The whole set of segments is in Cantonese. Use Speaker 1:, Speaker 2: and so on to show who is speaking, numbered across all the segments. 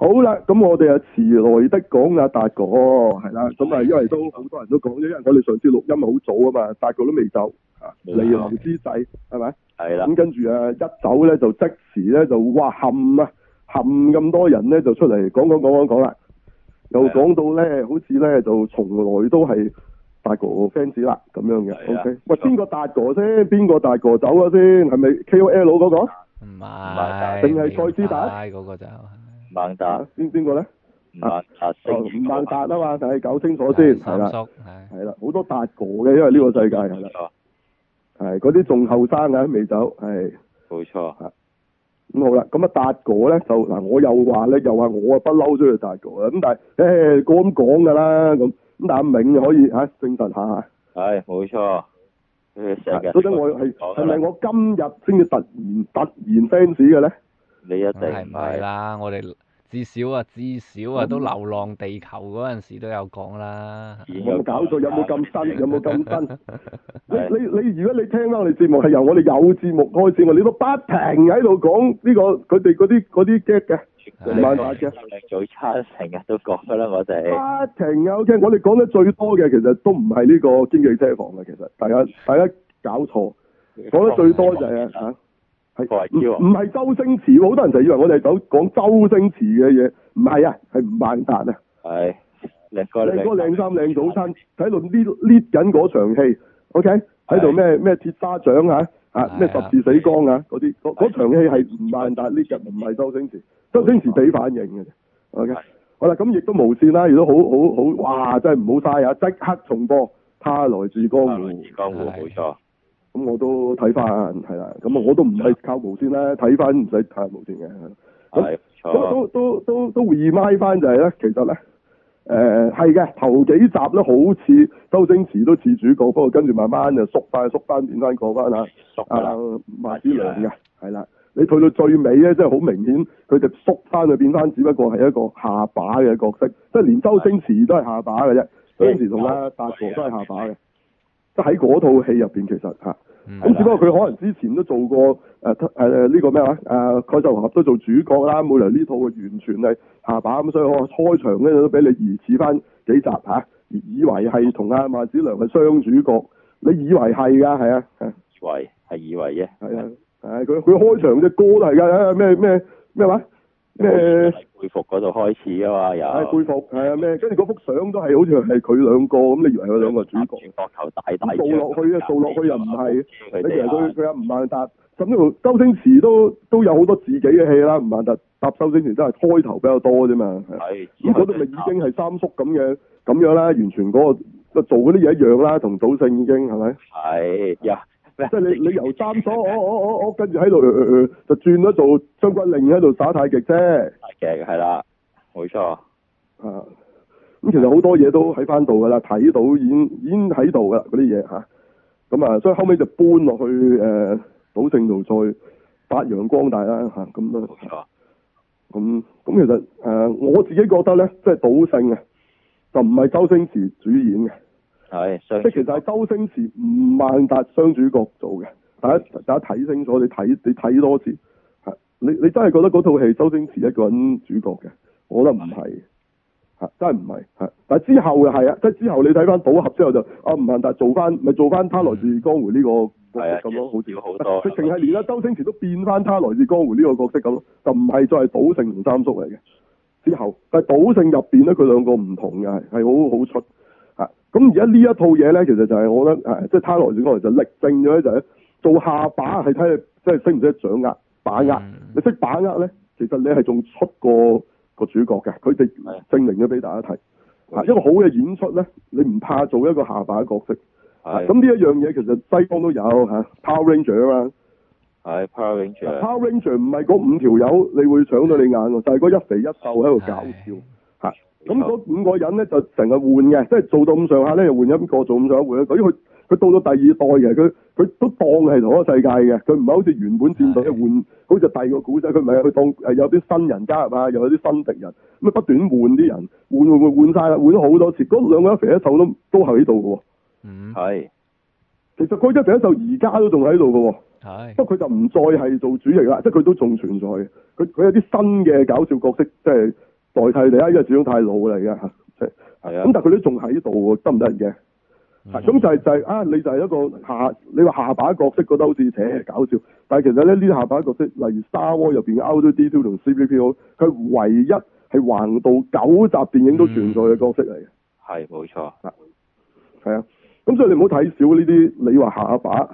Speaker 1: 好啦，咁我哋啊遲來得講啊達哥係啦，咁啊的因為都好多人都講咗，因為我哋上次錄音好早啊嘛，達哥都未走啊，離行的之際係咪？係啦。咁跟住啊一走咧就即時咧就哇冚啊冚咁多人咧就出嚟講講講講講啦，的又講到咧好似咧就從來都係達哥個 fans 啦咁樣嘅，O K。喂邊個達哥先？邊個達哥走咗先？係咪 K O L 嗰個？唔係是，定係蔡思達嗰個就是？萬達邊邊個咧？萬達升，吳孟達啊嘛，就係搞清楚先。係啦，係啦，好多達哥嘅，因為呢個世界係啦，係嗰啲仲後生嘅未走，係
Speaker 2: 冇錯。咁
Speaker 1: 好啦，咁啊達哥咧就嗱，我又話咧又話我啊不嬲都要達哥啊，咁但係誒咁講噶啦咁，咁但係阿銘又可以吓證實下。
Speaker 3: 係冇錯。
Speaker 4: 都得我係，係咪我
Speaker 1: 今日先至突然突然 fans 嘅咧？你一定係唔係啦？
Speaker 3: 我哋至少啊，至少啊，都流浪地球嗰陣時都有講啦。有冇搞錯有冇咁
Speaker 1: 新？有冇咁新？你你你，如果你聽翻我哋節目係由我哋有節目開始，我哋都不停喺度講呢個佢哋嗰啲嗰啲嘅嘅。慢慢聽。三日早
Speaker 4: 餐成日都講啦，我哋
Speaker 1: 不停有聽。我哋講得最多嘅其實都唔係呢個經紀車房嘅，其實大家大家搞錯。
Speaker 2: 講得最多
Speaker 1: 就係啊。係唔係周星馳？好多人就以為我哋係講講周星馳嘅嘢，唔係啊，係吳孟達啊。係，靚哥，靚哥，靚衫，靚早餐，睇到 l i lift 緊嗰場戲，OK，喺度咩咩鐵砂掌啊啊，咩十字死光啊嗰啲，嗰嗰場戲係吳孟達 lift 唔係周星馳，周星馳俾反應嘅。OK，好啦，咁亦都無綫啦，亦都好好好，哇，真係唔好嘥啊！即刻重播，他來自江湖，江湖冇錯。咁、嗯、我都睇翻，係啦。咁、嗯、我都唔係靠無線啦，睇翻唔使睇無線嘅。咁的那都、啊、都都都都 remind 翻就係、是、咧，其實咧，誒係嘅頭幾集咧，好似周星馳都似主角，不過跟住慢慢就縮翻縮翻變翻過翻嚇。的啊，麥子良嘅係啦。你退到最尾咧，即係好明顯，佢就縮翻去變翻，只不過係一個下把嘅角色，即係連周星馳都係下把嘅啫。周的星馳同阿的達哥都係下把嘅。喺嗰套戲入面，其實嚇咁，嗯嗯、只不過佢可能之前都做過誒誒呢個咩話誒《蓋世豪俠》都做主角啦，冇嚟呢套嘅完全係下把咁，所以我開場嗰陣都俾你疑似翻幾集、啊、以為係同阿馬子良嘅雙主角，你以為係啊係啊，係
Speaker 4: 係係以為
Speaker 1: 係以為嘅。啊，佢佢開場嘅歌都係㗎，咩咩咩話？咩佩服嗰度開始啊嘛，又佩服誒咩？跟住嗰幅相都係好似係佢兩個咁，你以為佢兩個
Speaker 4: 主角？國球大大做落去
Speaker 1: 啊，做落去又唔係。你其實佢佢阿吳孟達，甚至乎周星馳都都有好多自己嘅戲啦。吳孟達搭周星馳都係開頭比較多啫嘛。咁嗰度咪已經係三幅咁樣咁樣啦，完全嗰個做嗰啲嘢一樣啦，同賭聖已經係咪？係。即係你你由三所我我我我跟住喺度，就轉咗做喺度，將軍令喺度打太極啫。
Speaker 4: 太極係啦，冇錯
Speaker 1: 啊。咁其實好多嘢都喺翻度噶啦，睇到已經已經喺度噶啦，嗰啲嘢吓。咁啊，所以後尾就搬落去誒，賭聖度再發揚光大啦吓。咁都冇錯。咁咁錯、啊啊、其實誒、啊，我自己覺得咧，即係賭聖啊，就唔係周星馳主演嘅。係，即係其實係周星馳、吳孟達雙主角做嘅，大家大家睇清楚，你睇你睇多次，係你你真係覺得嗰套戲周星馳一個人主角嘅，我覺得唔係，吓的真係唔係吓，但係之後又係啊，即係之後你睇翻賭俠之後就啊吳孟達做翻，咪做翻他來自江湖呢個角色咁
Speaker 2: 咯，的好似好多，直情
Speaker 1: 係連周星馳都變翻他來自江湖呢個角色咁，就唔係再係賭聖同三叔嚟嘅，之後但係賭聖入邊咧佢兩個唔同嘅係好好出。咁而家呢一套嘢咧，其實就係我覺得，即、啊、係、就係、他來者，就力證咗就係做下把係睇你，即係識唔識掌握、把握。嗯、你識把握咧，其實你係仲出過個主角嘅。佢哋證明咗俾大家睇。啊，錯一個好嘅演出咧，你唔怕做一個下把嘅角色。咁呢一樣嘢其實西方都有嚇、啊，Power Ranger 啊嘛。係，Power Ranger。Power Ranger 唔係嗰五條友，你會搶到你眼喎，的就係嗰一肥一瘦喺度搞笑的咁嗰、嗯、五個人咧就成日換嘅，即係做到咁上下咧又換咗邊個，做咁上下換啦。佢佢到咗第二代嘅，佢佢都當係同一個世界嘅，佢唔係好似原本戰隊去換，好似第二個古仔，佢唔係去當有啲新人加入啊，又有啲新敵人，咁啊不斷換啲人，換換換換晒啦，換咗好多次。嗰兩個肥一手都都喺度嘅喎。嗯的，係。其實佢一肥一手而家都仲喺度嘅喎。
Speaker 2: 係的。不
Speaker 1: 過佢就唔再係做主役啦，即係佢都仲存在。佢佢有啲新嘅搞笑角色，即係。代替你啊，因為始終太老啦，而家係啊。咁但係佢都仲喺度得唔得嘅？咁、嗯、就係、是、就係、是、啊，你就係一個下你話下把角色，覺得好似誒、嗯、搞笑，但係其實咧呢啲下把角色，例如 Star Wars 入邊嘅 R2D2 同 C3PO，佢唯一係橫到九集電影都存在嘅角色嚟嘅。
Speaker 2: 係冇、嗯、的錯，
Speaker 1: 係啊。咁、啊、所以你唔好睇少呢啲，你話下把嚇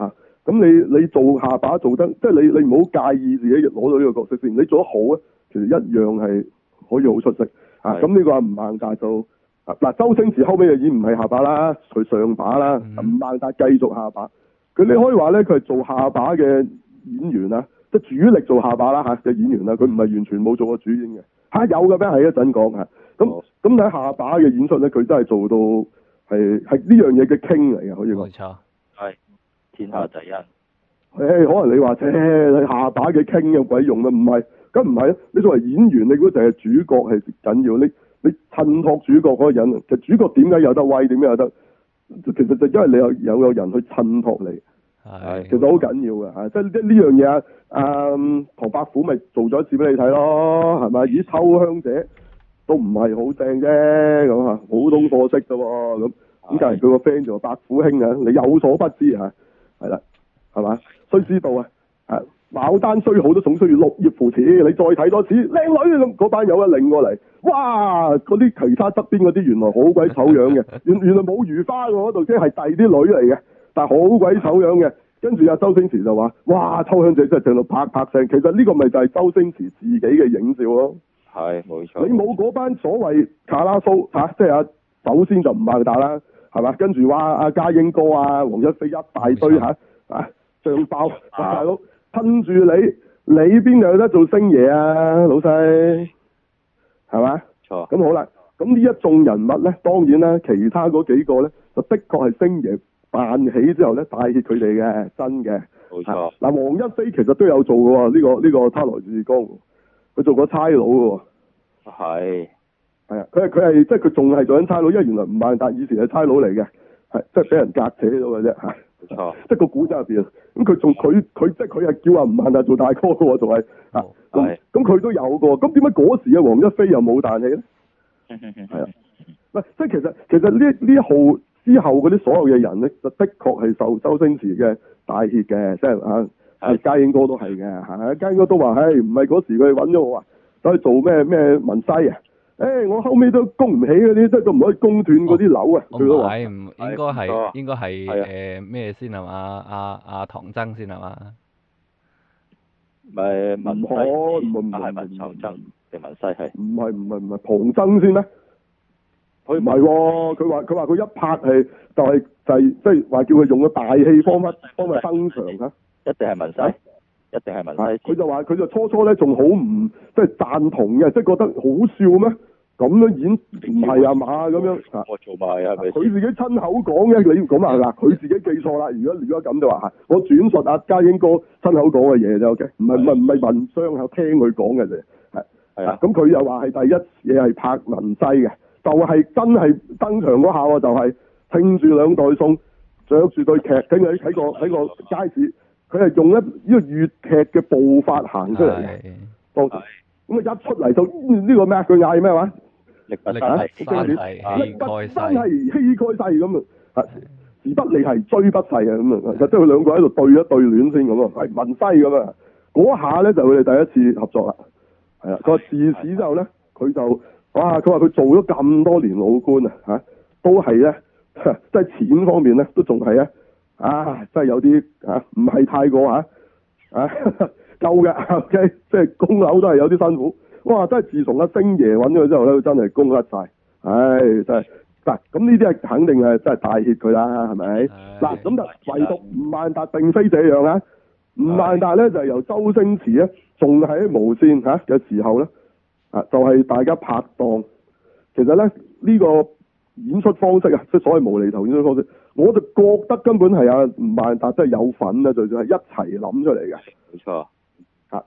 Speaker 1: 咁、啊、你你做下把做得即係你你唔好介意自己攞到呢個角色先，你做得好咧，其實一樣係。嗯可以好出色的啊！咁、這、呢個吳孟達就啊，嗱周星馳後尾就已唔係下把啦，佢上把啦。吳孟達繼續下把。佢你可以話咧，佢係做下把嘅演員啦，嗯、即係主力做下把啦吓嘅演員啦。佢唔係完全冇做過主演嘅吓、啊，有嘅咩？係一陣講咁咁喺下把嘅演出咧，佢真係做到係係呢樣嘢嘅 King 嚟嘅。可以冇錯，係天下第一。誒、啊欸，可能你話啫，你下把嘅 King 有鬼用啊？唔係。梗唔係你作為演員，你估淨係主角係緊要，你你襯托主角嗰個人，其實主角點解有得威？點解有得，其實就是因為你有有個人去襯托你，係
Speaker 2: 的，其實
Speaker 1: 好緊要嘅吓的、啊，即係呢樣嘢啊，嗯，唐伯虎咪做咗一次俾你睇咯，係咪？以秋香姐都唔係好正啫，咁啊，普通貨色啫，咁咁隔籬佢個 friend 就話，伯虎的兄啊，你有所不知吓、啊，係啦，係嘛，須知道啊，啊牡丹雖好都總需要綠葉扶持，你再睇多次靚女咁，嗰班友一擰過嚟，哇！嗰啲其他側邊嗰啲原來好鬼醜樣嘅，原原來冇如花嗰度即係第啲女嚟嘅，但係好鬼醜樣嘅。跟住阿周星馳就話：，哇！秋香姐真係正到啪啪聲。其實呢個咪就係周星馳自己嘅影照咯。
Speaker 2: 係冇
Speaker 1: 錯。你冇嗰班所謂卡拉蘇吓、啊，即係首先就吳孟達啦，係嘛？跟住話阿嘉英哥啊、黃一飛一大堆吓啊，醬爆、 啊、大佬。 跟住你，你邊度有得做星爺啊，老細，係嘛？錯錯。咁好啦，咁呢一眾人物咧，當然啦，其他嗰幾個咧，就的確係星爺扮起之後咧，帶挈佢哋嘅，真嘅。冇錯錯。嗱、啊，黃一飛其實都有做嘅，呢、這個呢、這個他來自江湖，佢做過差佬嘅。
Speaker 4: 係是。
Speaker 1: 係啊，佢係佢係，即係佢仲係做緊差佬，因為原來吳孟達以前係差佬嚟嘅，係即係俾人格扯咗嘅啫冇即係個古仔入邊，咁佢仲佢佢即係佢係叫阿吳孟達做大哥嘅喎，仲係咁咁佢都有嘅喎，咁點解嗰時啊黃一飛又冇彈起咧？
Speaker 2: 係
Speaker 1: 啊，即係其實其實呢呢號之後嗰啲所有嘅人咧，就的確係受周星馳嘅帶挈嘅，即係家英哥都係嘅，係家英哥都話唉，唔係嗰時佢揾咗我，走去做咩咩文西啊。誒，我後尾都供唔起嗰啲，係都唔可以供斷嗰啲樓啊！佢唔係唔
Speaker 3: 應該係應該係誒咩先係嘛？阿阿唐僧先係嘛？
Speaker 1: 係文西唔係唐僧，係文西係。唔係唔係唔係唐僧先咩？唔係，佢話佢話佢一拍係就係就係即係話叫佢用個大氣方法幫佢增長噶，
Speaker 4: 一定係文西。
Speaker 2: 一定係
Speaker 1: 文西。佢、啊、就話：佢就初初咧，仲好唔即係贊同嘅，即係覺得好笑咩？咁樣演唔係啊嘛咁樣。我、嗯、做埋係佢自己親口講嘅，你咁啊，嗱，佢自己記錯啦。如果如果咁就話，我轉述阿家英哥親口講嘅嘢啫，OK。唔係唔係唔係文商，我聽佢講嘅啫。係係的啊，咁佢又話係第一嘢係拍文西嘅，就係、是、真係登場嗰下啊，就係拎住兩袋餸，着住對劇，跟住喺個喺個街市，佢係用一呢個粵劇嘅步法行出嚟，咁啊一出嚟就呢、這個咩？佢嗌咩話？力不力大？翻嚟力拔山兮氣蓋世咁啊！時不利兮追不逝啊咁啊！即係佢兩個喺度對一對戀先咁啊，係文西咁啊！嗰下咧就佢哋第一次合作啦，係啦。佢話自此之後咧，佢就哇！佢話佢做咗咁多年老官啊，嚇都係咧，即、啊、係、即係、錢方面咧都仲係咧。啊，真係有啲啊唔係太過嚇，啊夠嘅，O K，即係供樓都係有啲辛苦，哇，真係自從阿星爺揾咗佢之後咧，哎，真係供甩晒。唉，啊，真係嗱，咁呢啲係肯定係真係大 heat 佢啦，係咪？嗱的，咁就，啊，唯獨吳孟達並非這樣啊，的吳孟達咧就係，由周星馳咧，仲喺無線吓嘅，啊，時候咧，啊，就係、是，大家拍檔。其實咧呢，這個演出方式啊，即係所謂無厘頭演出方式。我就覺得根本係啊孟達真係有份啊，最早係一齊諗出嚟嘅。冇錯，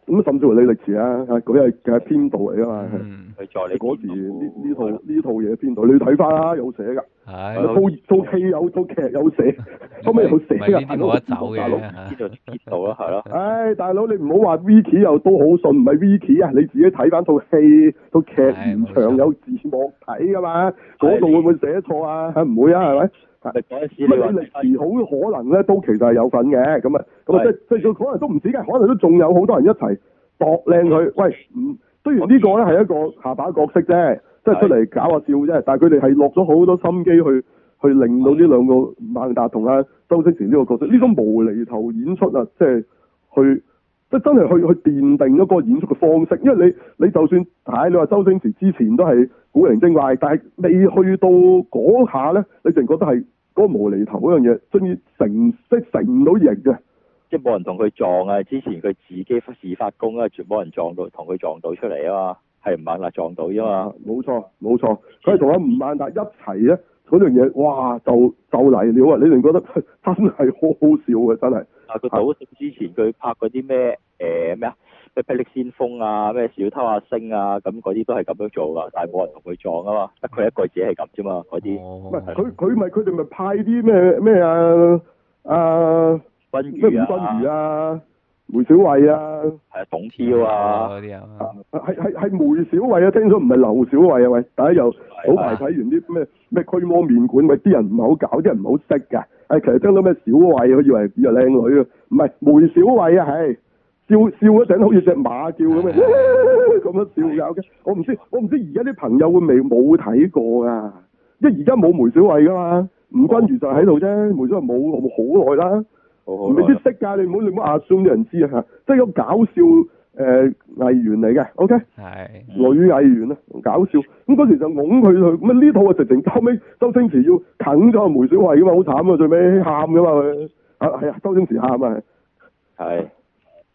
Speaker 1: 咁甚至乎李力持啊，佢係嘅編導嚟噶嘛。嗯，在你嗰時呢呢套呢套嘢編導，你要睇翻啦，有寫噶。唉，套套戲有套劇有寫，後尾有寫啊。唔係呢度我走嘅，大佬呢
Speaker 2: 度編導咯，係咯。
Speaker 1: 唉，大佬你唔好話 Viki 又都好信，唔係 Viki 啊，你自己睇翻套戲、套劇唔長，有字幕睇噶嘛，嗰度會唔會寫錯啊？嚇，唔會啊，係咪？啊！歷史好但可能咧，都其實係有份嘅。咁啊是，咁啊，即即係佢可能都唔止嘅，可能都仲有好多人一齊度靚佢。的喂，嗯，雖然呢個咧係一個下把角色啫，的即係出嚟搞下笑啫，但係佢哋係落咗好多心機去去令到呢兩個孟達同阿周星馳呢個角色呢的種無厘頭演出啊，即係去即係真係去去奠定一個演出嘅方式。因為你你就算睇你話周星馳之前都係。古靈精怪，但係未去到嗰下咧，你仲覺得係嗰個無厘頭嗰樣嘢，終於成，成，不成即成唔到型嘅，
Speaker 4: 即係冇人同佢撞啊！之前佢自己忽自發功啊，全部人撞到，同佢撞到出嚟啊嘛，係吳孟達撞到啫
Speaker 1: 嘛，啊，冇錯冇錯，佢同阿吳孟達一齊咧，嗰樣嘢哇就就嚟了啊！你仲覺得真係好好笑嘅，啊，真係
Speaker 4: 啊！佢早之前佢拍嗰啲咩誒咩啊？咩霹靂先鋒啊，咩小偷阿星啊，咁嗰啲都係咁樣做噶，但係冇人同佢撞啊嘛，得佢一個字係咁啫嘛，嗰啲。佢
Speaker 1: 佢咪佢哋咪派啲咩咩啊啊，咩吳君如啊，梅小惠啊。
Speaker 4: 係啊，董超啊嗰啲啊。
Speaker 1: 係係係梅小惠啊，聽咗唔係劉小慧啊喂，大家又好快睇完啲咩咩驅魔麵館，咪啲人唔好搞，啲人唔好識噶。係，其實聽到咩小惠啊，我以為又靚女啊，唔係梅小惠啊，係。笑笑一好似隻馬叫咁嘅，咁的樣笑有嘅的、okay.。我唔知，我唔知而家啲朋友會未冇睇過啊，因為而家冇梅小惠噶嘛，吳君如就喺度啫，哦、梅小惠冇好耐啦。
Speaker 2: 你好。唔識
Speaker 1: 噶，你唔好你唔好阿孫啲人知啊，即係個搞笑誒藝、呃、員嚟嘅，OK
Speaker 2: 的。係。
Speaker 1: 女藝員啊，搞笑。咁嗰時就拱佢去，咁啊呢套啊直情後尾周星馳要啃咗梅小惠噶嘛，好慘啊！最尾喊噶嘛佢，啊係啊，周星馳喊咪係。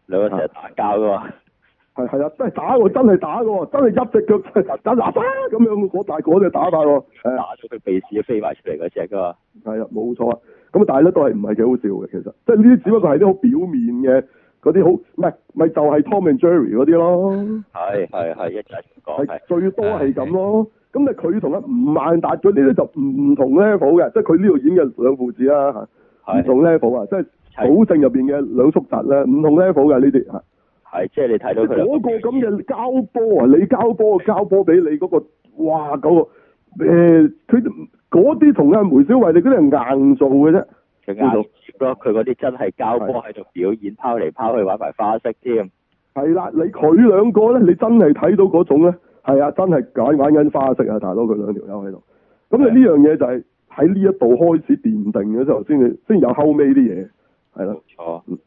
Speaker 1: 兩個成日打交噶嘛，係係真係打嘅，真係打嘅，真係一隻腳打打拿打咁樣，我、那、大個就打埋我，打咗佢
Speaker 4: 鼻屎飛埋出嚟嗰隻噶。
Speaker 1: 係啊，冇錯啊，咁但係咧都係唔係幾好笑嘅，其實是是，即係呢啲只不過係啲好表面嘅，嗰啲好唔係唔就係、是、Tom and Jerry 嗰啲咯。係係係，一齊講是是最多係咁咯。咁啊的，佢同阿吳孟達嗰啲咧就唔同 level 嘅，即係佢呢度演嘅兩父子啦，唔的同 level 啊，即、就、係、是。保證入邊嘅兩速達咧，唔同 level 嘅呢啲啊，係即係你睇到佢嗰個咁嘅交波啊，你交波交波俾你嗰個，哇九個誒，佢嗰啲同阿梅小慧，你嗰啲係硬做嘅啫，
Speaker 4: 佢嗰啲真係交波喺度表演，拋嚟拋去玩埋花式添。
Speaker 1: 係啦，你佢兩個咧，你真係睇到嗰種咧，係啊，真係假玩緊花式啊！大佬，佢兩條友喺度，咁你呢樣嘢就係喺呢一度開始奠定咗之後，先至先有後尾啲嘢。係咯，咁錯、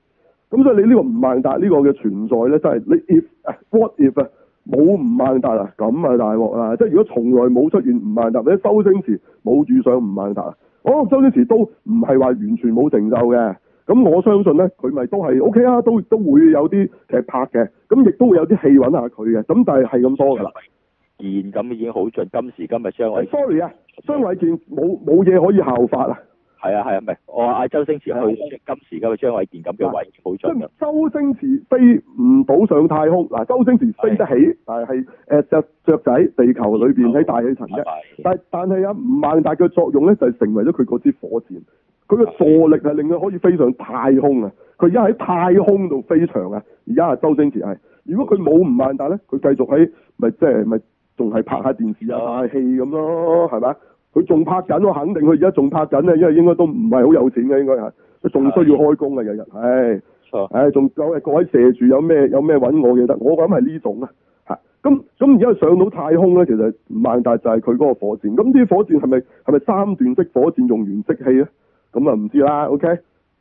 Speaker 1: 嗯、所以你呢個吳孟達呢個嘅存在呢，真、就、係、是、你 if、uh, what if 啊，冇吳孟達啊，咁啊大鑊啦！即係如果從來冇出現吳孟達，或者周星馳冇遇上吳孟達，哦，周星馳都唔係話完全冇成就嘅。咁我相信呢，佢咪都係 O K 啊，都都會有啲劇拍嘅，咁亦都會有啲戲揾下佢嘅。咁但係咁多噶啦，
Speaker 2: 然
Speaker 4: 咁已經好盡今時今日張衛。
Speaker 1: sorry 啊，張衛健冇冇嘢可以效法啦、啊
Speaker 4: 係啊係啊，咪我阿周星馳喺今時今日張衛健咁嘅位好出啊！
Speaker 1: 周星馳飛唔到上太空嗱，周星馳飛得起，但係誒隻雀仔地球裏邊喺大氣層啫。但但係阿吳孟達嘅作用咧，就成為咗佢嗰支火箭，佢嘅助力係令佢可以飛上太空啊！佢而家喺太空度飛翔啊！而家係周星馳係，如果佢冇吳孟達咧，佢繼續喺咪即係咪仲係拍下電視啊、拍下戲咁咯，係咪？佢仲拍緊喎，我肯定佢而家仲拍緊咧，因為應該都唔係好有錢嘅，應該係佢仲需要開工啊，日日，唉、哎，仲有誒各位射住有咩有咩揾我，我記得，我諗係呢種啊，咁咁而家上到太空咧，其實萬達就係佢嗰個火箭，咁啲火箭係咪係咪三段式火箭用完即棄呢？咁啊唔知啦，OK，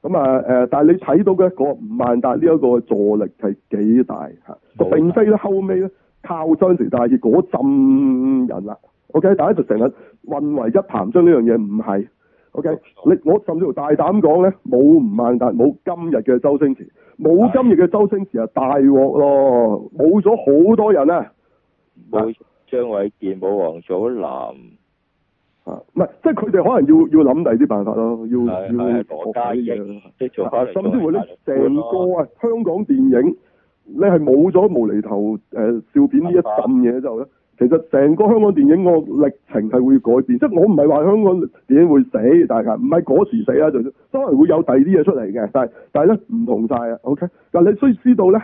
Speaker 1: 咁啊誒，但係你睇到嘅嗰、那個萬達呢一個助力係幾大嚇，是大並非後尾咧靠張時大熱嗰陣人啦。O、okay, K，大家就成日混為一談將呢樣嘢唔係。O、okay? K，、嗯、你我甚至乎大膽講咧，冇吳孟達，冇今日嘅周，周星馳，冇今日嘅周星馳啊，大鑊咯，冇咗好多人啊。
Speaker 2: 冇但張
Speaker 4: 衛健，冇王祖藍。
Speaker 1: 啊，唔係，即係佢哋可能要要諗第二啲辦法咯，要要學啲嘢、
Speaker 2: 啊。甚至乎你成個
Speaker 1: 啊香港電影，你係冇咗無厘頭誒、呃、笑片呢一陣嘢之後咧。其實成個香港電影個歷程係會改變，即、就、係、是、我唔係話香港電影會死，但係唔係嗰時死啦，就當然會有第二啲嘢出嚟嘅，但係但係咧唔同晒啊。OK，但係你需知道咧，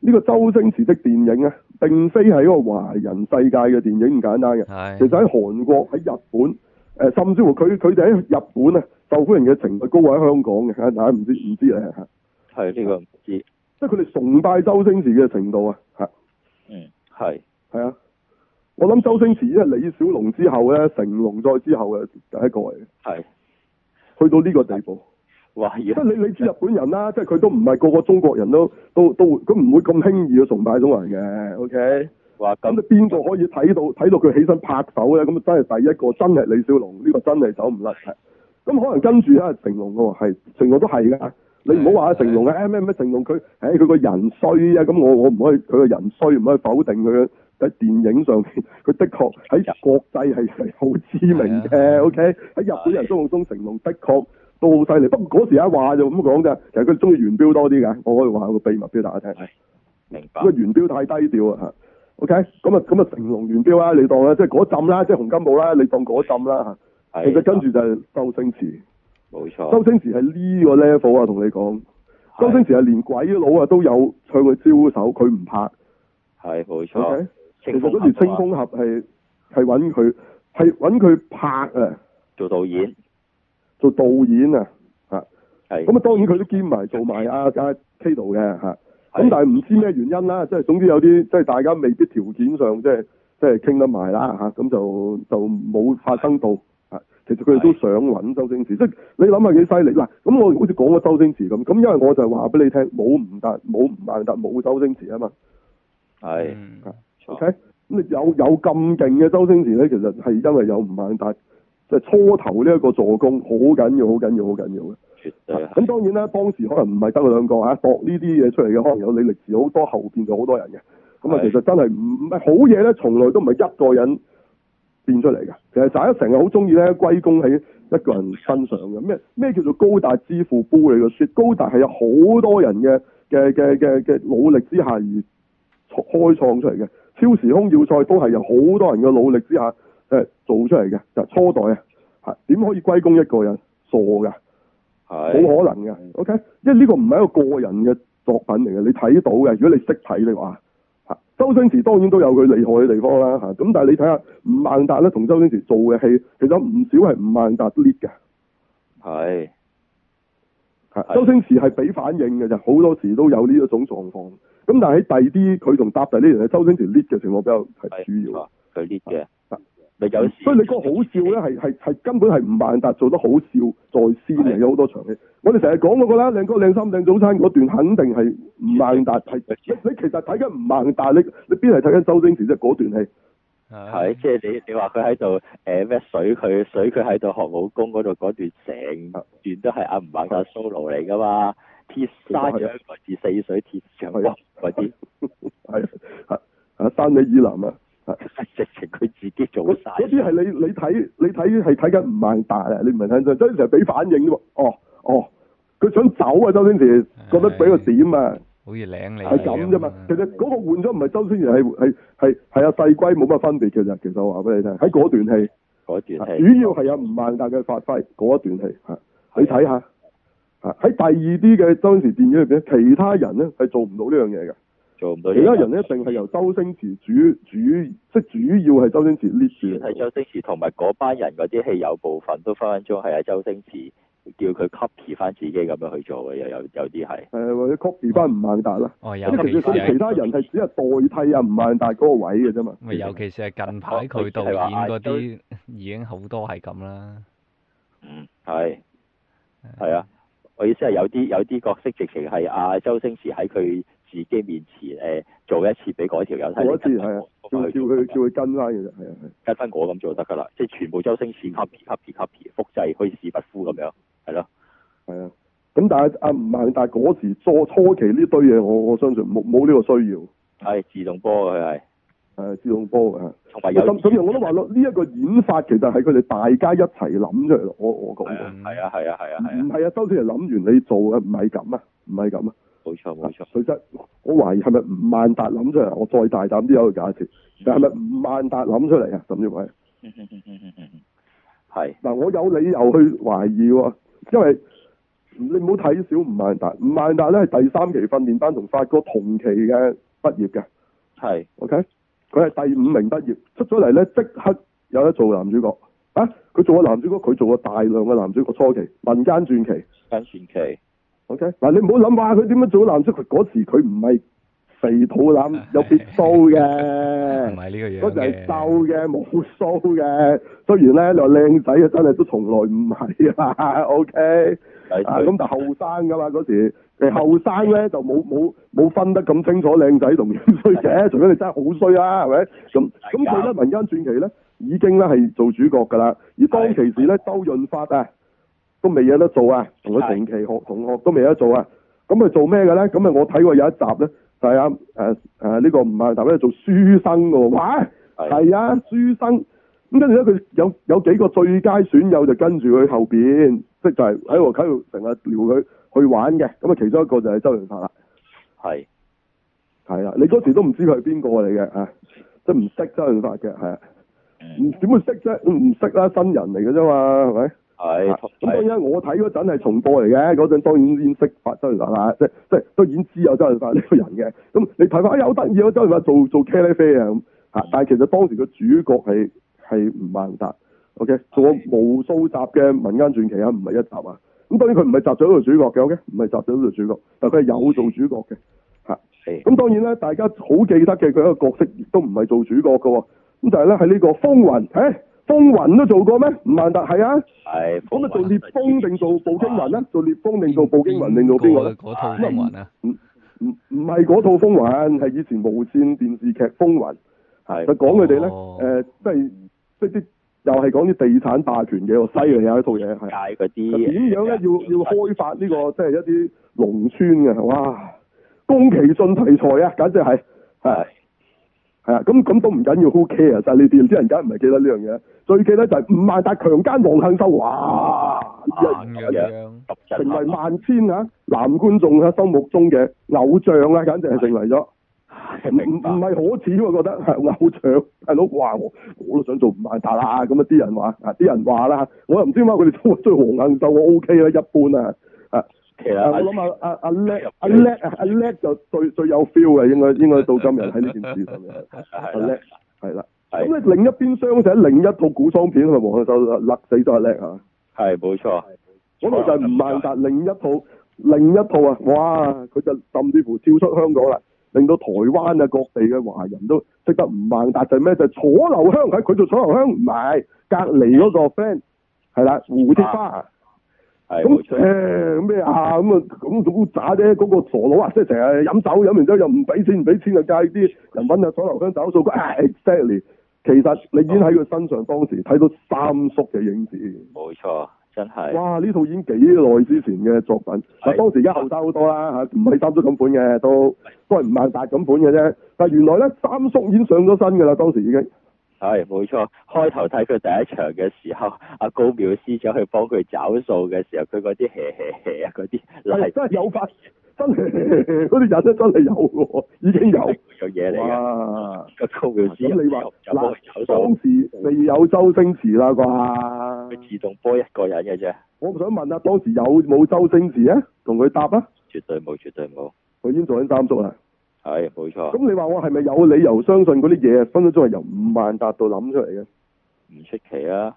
Speaker 1: 呢、這個周星馳的電影啊，並非係一個華人世界嘅電影咁簡單嘅。係是。其實喺韓國、喺日本，誒、呃，甚至乎佢佢哋喺日本啊，受歡迎嘅程度高過喺香港嘅，大家唔知唔知、嗯、啊吓。係呢個
Speaker 4: 唔
Speaker 1: 知。即係佢哋崇拜周星馳嘅程度啊。吓、啊。嗯，係係是啊。我諗周星馳，因為李小龍之後咧，成龍再之後嘅第一個嚟。
Speaker 4: 係是，
Speaker 1: 去到呢個地步，哇！即係你你知日本人啦、啊，即係佢都唔係個個中國人都都都咁唔會咁輕易去崇拜呢種人嘅。OK。哇！咁你邊個可以睇到睇到佢起身拍手咧？咁啊真係第一個真係李小龍呢、這個真係走唔甩。咁是可能跟住咧成龍嘅係，成龍都係噶的你唔好話啊成龍嘅咩咩，成龍佢誒，佢個人衰啊，咁我我唔可以佢個人衰唔可以否定佢。喺電影上面，佢的確喺國際係好知名嘅。O K，喺日本人心目中，成龍的確都好犀利。不過嗰時一話就咁講啫。其實佢中意元彪多啲嘅，我可以話下個秘密俾大家聽。
Speaker 2: 明白。咁啊元
Speaker 1: 彪太低調啊吓。O K，咁啊咁啊成龍元彪啦，你當啦，即係嗰陣啦，即係洪金寶啦，你當嗰陣啦吓。啊，其實跟住就係周星馳。冇
Speaker 2: 錯。周星馳係
Speaker 1: 呢個 level 啊，同你講。
Speaker 2: 周星馳係
Speaker 1: 連鬼佬啊都有向佢招手，佢唔拍。
Speaker 2: 係，冇錯。Okay?
Speaker 1: 其實嗰時青蜂俠係係揾佢，係揾佢拍啊，
Speaker 4: 做導演、啊，
Speaker 1: 做導演啊，啊係，咁啊是當然佢都兼埋做埋阿加 k a 嘅吓，
Speaker 2: 咁、啊、是但係唔
Speaker 1: 知咩原因啦，即係總之有啲即係大家未必條件上即係即係傾得埋啦吓，咁、啊啊啊、就就冇發生到啊。其實佢哋都想揾周星馳，即係是、啊就是、你諗下幾犀利嗱，咁我好似講個周星馳咁，咁因為我就話俾你聽，冇唔得，冇唔辦得，冇周星馳啊嘛，係是、嗯 O K，咁啊有有咁勁嘅周星馳咧，其實係因為有吳孟達，即係、初頭呢一個助攻好緊要，好緊要，好緊要嘅。咁當然啦，當時可能唔係得佢兩個啊，博呢啲嘢出嚟嘅，可能有李力持好多後邊嘅好多人嘅。咁啊，其實真係唔唔係好嘢咧，從來都唔係一個人變出嚟嘅。其實大家成日好中意咧，歸功喺一個人身上嘅。咩咩叫做高達之父煲嚟嘅？説高達係有好多人嘅嘅嘅嘅嘅努力之下而創開創出嚟嘅。超時空要塞都係由好多人嘅努力之下誒做出嚟嘅，就是、初代啊，點可以歸功一個人？傻噶，
Speaker 2: 係是，冇可能
Speaker 1: 嘅。OK，因為呢個唔係一個個人嘅作品嚟嘅，你睇到嘅。如果你識睇，你話周星馳當然都有佢厲害嘅地方啦。吓，咁但係你睇下，吳孟達咧同周星馳做嘅戲，其實唔少係吳孟達 lead 嘅。
Speaker 2: 係是，吓是，周星馳係
Speaker 1: 俾反應嘅，就好多時都有呢一種狀況。咁但係喺第二啲，佢同搭仔呢啲人周星馳 lead 嘅情況比較係主要，佢 lead 嘅，咪有，所以你講好笑咧，係係係根本係吳孟達做得好笑在先啊！有好多場戲，我哋成日講嗰個啦，靚哥靚衫靚早餐嗰段肯定係吳孟達係，你其實睇緊吳孟達，你你邊係睇緊周星馳啫？嗰段戲
Speaker 2: 係
Speaker 4: 即係你你話佢喺度誒甩水，佢水佢喺度學武功嗰度嗰段成段都係阿吳孟達 solo 嚟㗎嘛？鐵咗一來字，四、啊、水
Speaker 1: 鐵、啊啊、 上去。來啲，係啊啊山里以南啊，直情佢自己做嗰啲係你你睇你睇係睇緊吳孟達啊，你唔係睇到周星馳俾反應啫嘛。哦哦，佢想走啊，周星馳覺得俾個點
Speaker 3: 啊，好似領
Speaker 2: 你係咁
Speaker 1: 啫嘛。啊、其實嗰個換咗唔係周星馳，係係係係阿細龜冇乜分別。其實，其實我話俾你聽，喺嗰段戲，段戲是、啊、主要係有吳孟達嘅發揮嗰一段戲、啊啊、你睇下。喺第二啲嘅周星馳電影入邊，其他人咧係做唔到呢樣嘢嘅，
Speaker 2: 做唔到。其他人咧，
Speaker 1: 一定係由周星馳主主，即主要係周星馳 lead。係周
Speaker 4: 星馳同埋嗰班人嗰啲戲有部分都分分鐘係阿周星馳叫佢 copy 翻自己咁樣去做嘅，又有有啲係。
Speaker 1: 係或者 copy 翻吳孟達啦。
Speaker 4: 哦，有。其實其他
Speaker 1: 人係只係代替阿吳孟達嗰個位嘅啫嘛。尤
Speaker 3: 其是係近
Speaker 4: 排
Speaker 1: 佢導演嗰啲，
Speaker 3: 已經好多係咁啦。嗯，係。係啊。
Speaker 4: 我意思係有啲有啲角色直情係阿周星馳喺佢自己面前、呃、做一次俾嗰條友，睇，次
Speaker 1: 係啊，叫佢叫佢跟啦，其實係
Speaker 4: 跟翻我咁做就得㗎啦，即係全部周星馳 copy copy copy, copy 複製，好似不呼咁樣，係咯，係
Speaker 1: 啊，咁但係阿吳孟但係嗰時初初期呢堆嘢，我我相信冇冇呢個需要，
Speaker 4: 係自動波佢係。
Speaker 1: 係自動波嘅，咁所以我都話咯，呢一個演法其實係佢哋大家一齊諗出嚟。我我覺得係啊，係啊，係啊，唔係啊，啊，啊？周少爺諗完你做嘅，唔係咁啊，唔係咁啊，冇錯冇錯。其實我懷疑係咪吳孟達諗出嚟？我再大膽啲有個假設，但係咪吳孟達諗出嚟啊？甚至位，嗯係嗱，我有理由去懷疑喎，因為你唔好睇小吳孟達，吳孟達咧係第三期訓練班同發哥同期嘅畢業嘅，係，OK。佢係第五名畢業，出咗嚟咧即刻有得做男主角啊！佢做過男主角，佢做過大量嘅男主角，初期民間傳奇，傳奇，OK 嗱，你唔好諗話佢點樣做男主角，嗰時佢唔係肥肚腩，啊、有變粗嘅，唔係呢個嘢，
Speaker 2: 嗰時
Speaker 1: 係瘦嘅，冇粗嘅。雖然咧你話靚仔、okay? 他啊，真係都從來唔係啊，OK 啊，咁就後生噶嘛嗰時。後生咧就冇冇冇分得咁清楚，靚仔同衰仔。除非你真係好衰啊，係咪？咁咁佢咧民間傳奇咧，已經咧係做主角噶啦。吧而當其時咧，周潤發啊，都未有得做啊，同佢同期學同學都未有得做啊。咁佢做咩嘅咧？咁我睇過有一集咧，係啊誒誒呢個唔啊，大家做書生噶喎，係係吧啊書生。咁跟住咧，佢有有幾個最佳損友就跟住佢後邊，即就係喺度喺度成日撩佢。去玩嘅，咁啊，其中一個就係周潤發啦。
Speaker 4: 係是，
Speaker 1: 係啦、啊，你嗰時都唔知佢係邊個嚟嘅，即係唔識周潤發嘅，係啊，唔點、啊嗯、會識啫？唔識啦，新人嚟嘅啫嘛，係咪、
Speaker 2: 啊？係的。咁、啊、當，當
Speaker 1: 然我睇嗰陣係重播嚟嘅，嗰陣當然先識發周潤發啦，即係即係當然知有周潤發呢個人嘅。咁你睇法有，有得意咯，周潤發做做茄喱啡啊咁吓，嗯、但係其實當時個主角係係吳孟達。OK，做咗的無數集嘅民間傳奇啊，唔係一集啊。咁當然佢唔係集咗呢個主角嘅，OK，唔係集咗呢個主角，但佢係有做主角嘅，嚇的。係。咁當然咧，大家好記得嘅佢一個角色，亦都唔係做主角嘅。咁就係咧喺呢個風雲、欸《風雲》，誒《風雲》都做過咩？吳孟達係啊。係、嗯。
Speaker 2: 咁、嗯、啊，做
Speaker 1: 烈風定做步驚雲咧？做烈風定做步驚雲令到邊個咧？咁啊，風雲啊。唔唔唔係嗰套風雲，係以前無線電視劇《風雲》，係的、呃。就講佢哋咧，誒、就是，即係即係。又係講啲地產霸權嘅，犀利有一套嘢係。解啲點樣咧？要要開發呢、這個即係、就是、一啲農村嘅哇，宮崎駿題材啊，簡直係係啊！咁咁都唔緊要，好 care 曬呢啲，人梗唔係記得呢樣嘢？最記得就係吳孟達強奸黃杏秀，哇！啊、一樣成為萬千嚇、啊、男觀眾嘅、啊、心目中嘅偶像啦、啊，簡直係成為咗。唔唔係可恥、啊、我覺得係偶像。大佬話我，我都想做吳孟達啊。咁啊，啲人話啊，啲人話啦，我又唔知點解佢哋都話追黃杏秀，我 O K 啦，一般啊。啊，我諗下，阿阿叻阿叻阿叻就最最有 feel 嘅，應該應該到今日喺呢件事上面。阿叻係啦，咁的的你另一邊雙就另一套古裝片，係咪黃杏秀勒死都阿叻啊？係冇錯，嗰個就係吳孟達另一套另一套啊！哇，佢就甚至乎跳出香港啦。令到台灣啊，各地嘅華人都識得吳孟達，就咩就係、楚留香喺佢做楚留香，唔係隔離嗰個 friend 係啦，胡鐵花，咁咩啊咁、嗯錯呃、啊咁仲渣啫嗰個傻佬啊，即係成日飲酒飲完之後又唔俾錢唔俾錢，就介、是、啲人品啊楚留香走數嘅、啊、exactly，其實你已經喺佢身上當時睇到三叔嘅影子，
Speaker 4: 冇錯。
Speaker 1: 哇！呢套已經幾耐之前嘅作品，當是當時而家後生好多啦嚇，唔係三叔咁款嘅，都都係吳孟達咁款嘅啫。但原來咧，三叔已經上咗身㗎喇，當時已經,已經了了。
Speaker 2: 係冇
Speaker 4: 錯，開頭睇佢第一場嘅時候，阿高苗師想去幫佢找數嘅時候，佢嗰啲「嘿嘿嘿」，啊，嗰啲
Speaker 1: 真係有噶，真係嗰啲人真係有噶，已經有有嘢嚟嘅。個哇高苗師你話嗱，當時未有周星馳啦啩？佢自動波一個人嘅啫。我唔想問啊，當時有冇周星馳啊？同佢答啊？
Speaker 4: 絕對冇，絕對冇。
Speaker 1: 我已經做緊監督啦。係冇錯，咁你話我係咪有理由相信嗰啲嘢，分分鐘係由吳孟達度諗出嚟嘅？
Speaker 4: 唔出奇啊！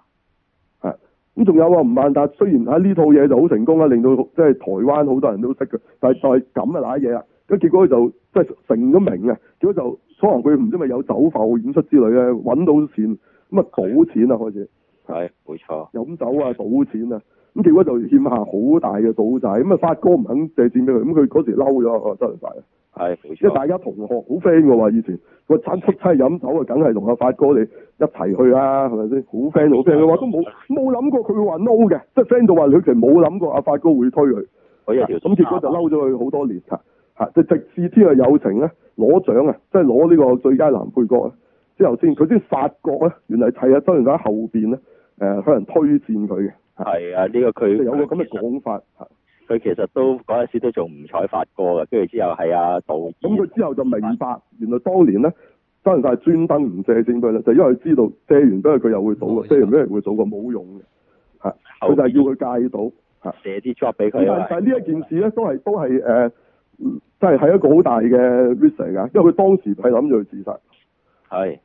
Speaker 1: 係，咁仲有啊，吳孟達雖然喺呢套嘢就好成功啊，令到即係台灣好多人都識嘅，但係再係咁啊，瀨嘢啊，咁結果佢就即係成咗名啊，結果就可能佢唔知咪有酒埠演出之類啊，搵到錢，咁啊賭錢啊。開始。
Speaker 4: 係，冇錯，
Speaker 1: 飲酒啊，賭錢啊。咁結果就欠下好大嘅賭債，咁啊發哥唔肯借錢俾佢，咁佢嗰時嬲咗啊周潤發啊，
Speaker 2: 即係大、哎、大家
Speaker 1: 同學好 friend 嘅話，以前個餐出親飲酒啊，梗係同阿發哥你一齊去啦，係咪先？好 friend 好 friend 嘅話都冇冇諗過佢會話嬲嘅，即係 friend 到話佢其實冇諗過阿發哥會推佢。咁、哎、結果就嬲咗佢好多年啊！嚇、哎，直至《天若有情》咧，攞獎啊，即係攞呢個最佳男配角啊！之後先佢先發覺咧，原來係睇下周潤發後邊咧，誒向人推薦佢嘅。係啊，呢、這
Speaker 4: 個佢有個咁嘅講法，佢其，其實都嗰陣時都仲唔采發哥嘅，跟住之後係阿導
Speaker 1: 演，咁佢之後就明白，啊、原來當年咧張氏係專登唔借錢俾咧，就因為知道借完俾佢，佢又會賭嘅，錯借完俾人會賭嘅，冇用嘅，吓、啊，佢後面 就係要佢戒賭，吓、
Speaker 4: 啊，寫啲 job 俾佢，但係
Speaker 1: 呢一件事咧，都係都係誒，即係係一個好大嘅 risk 嚟噶，因為佢當時係諗住去自殺，係、啊。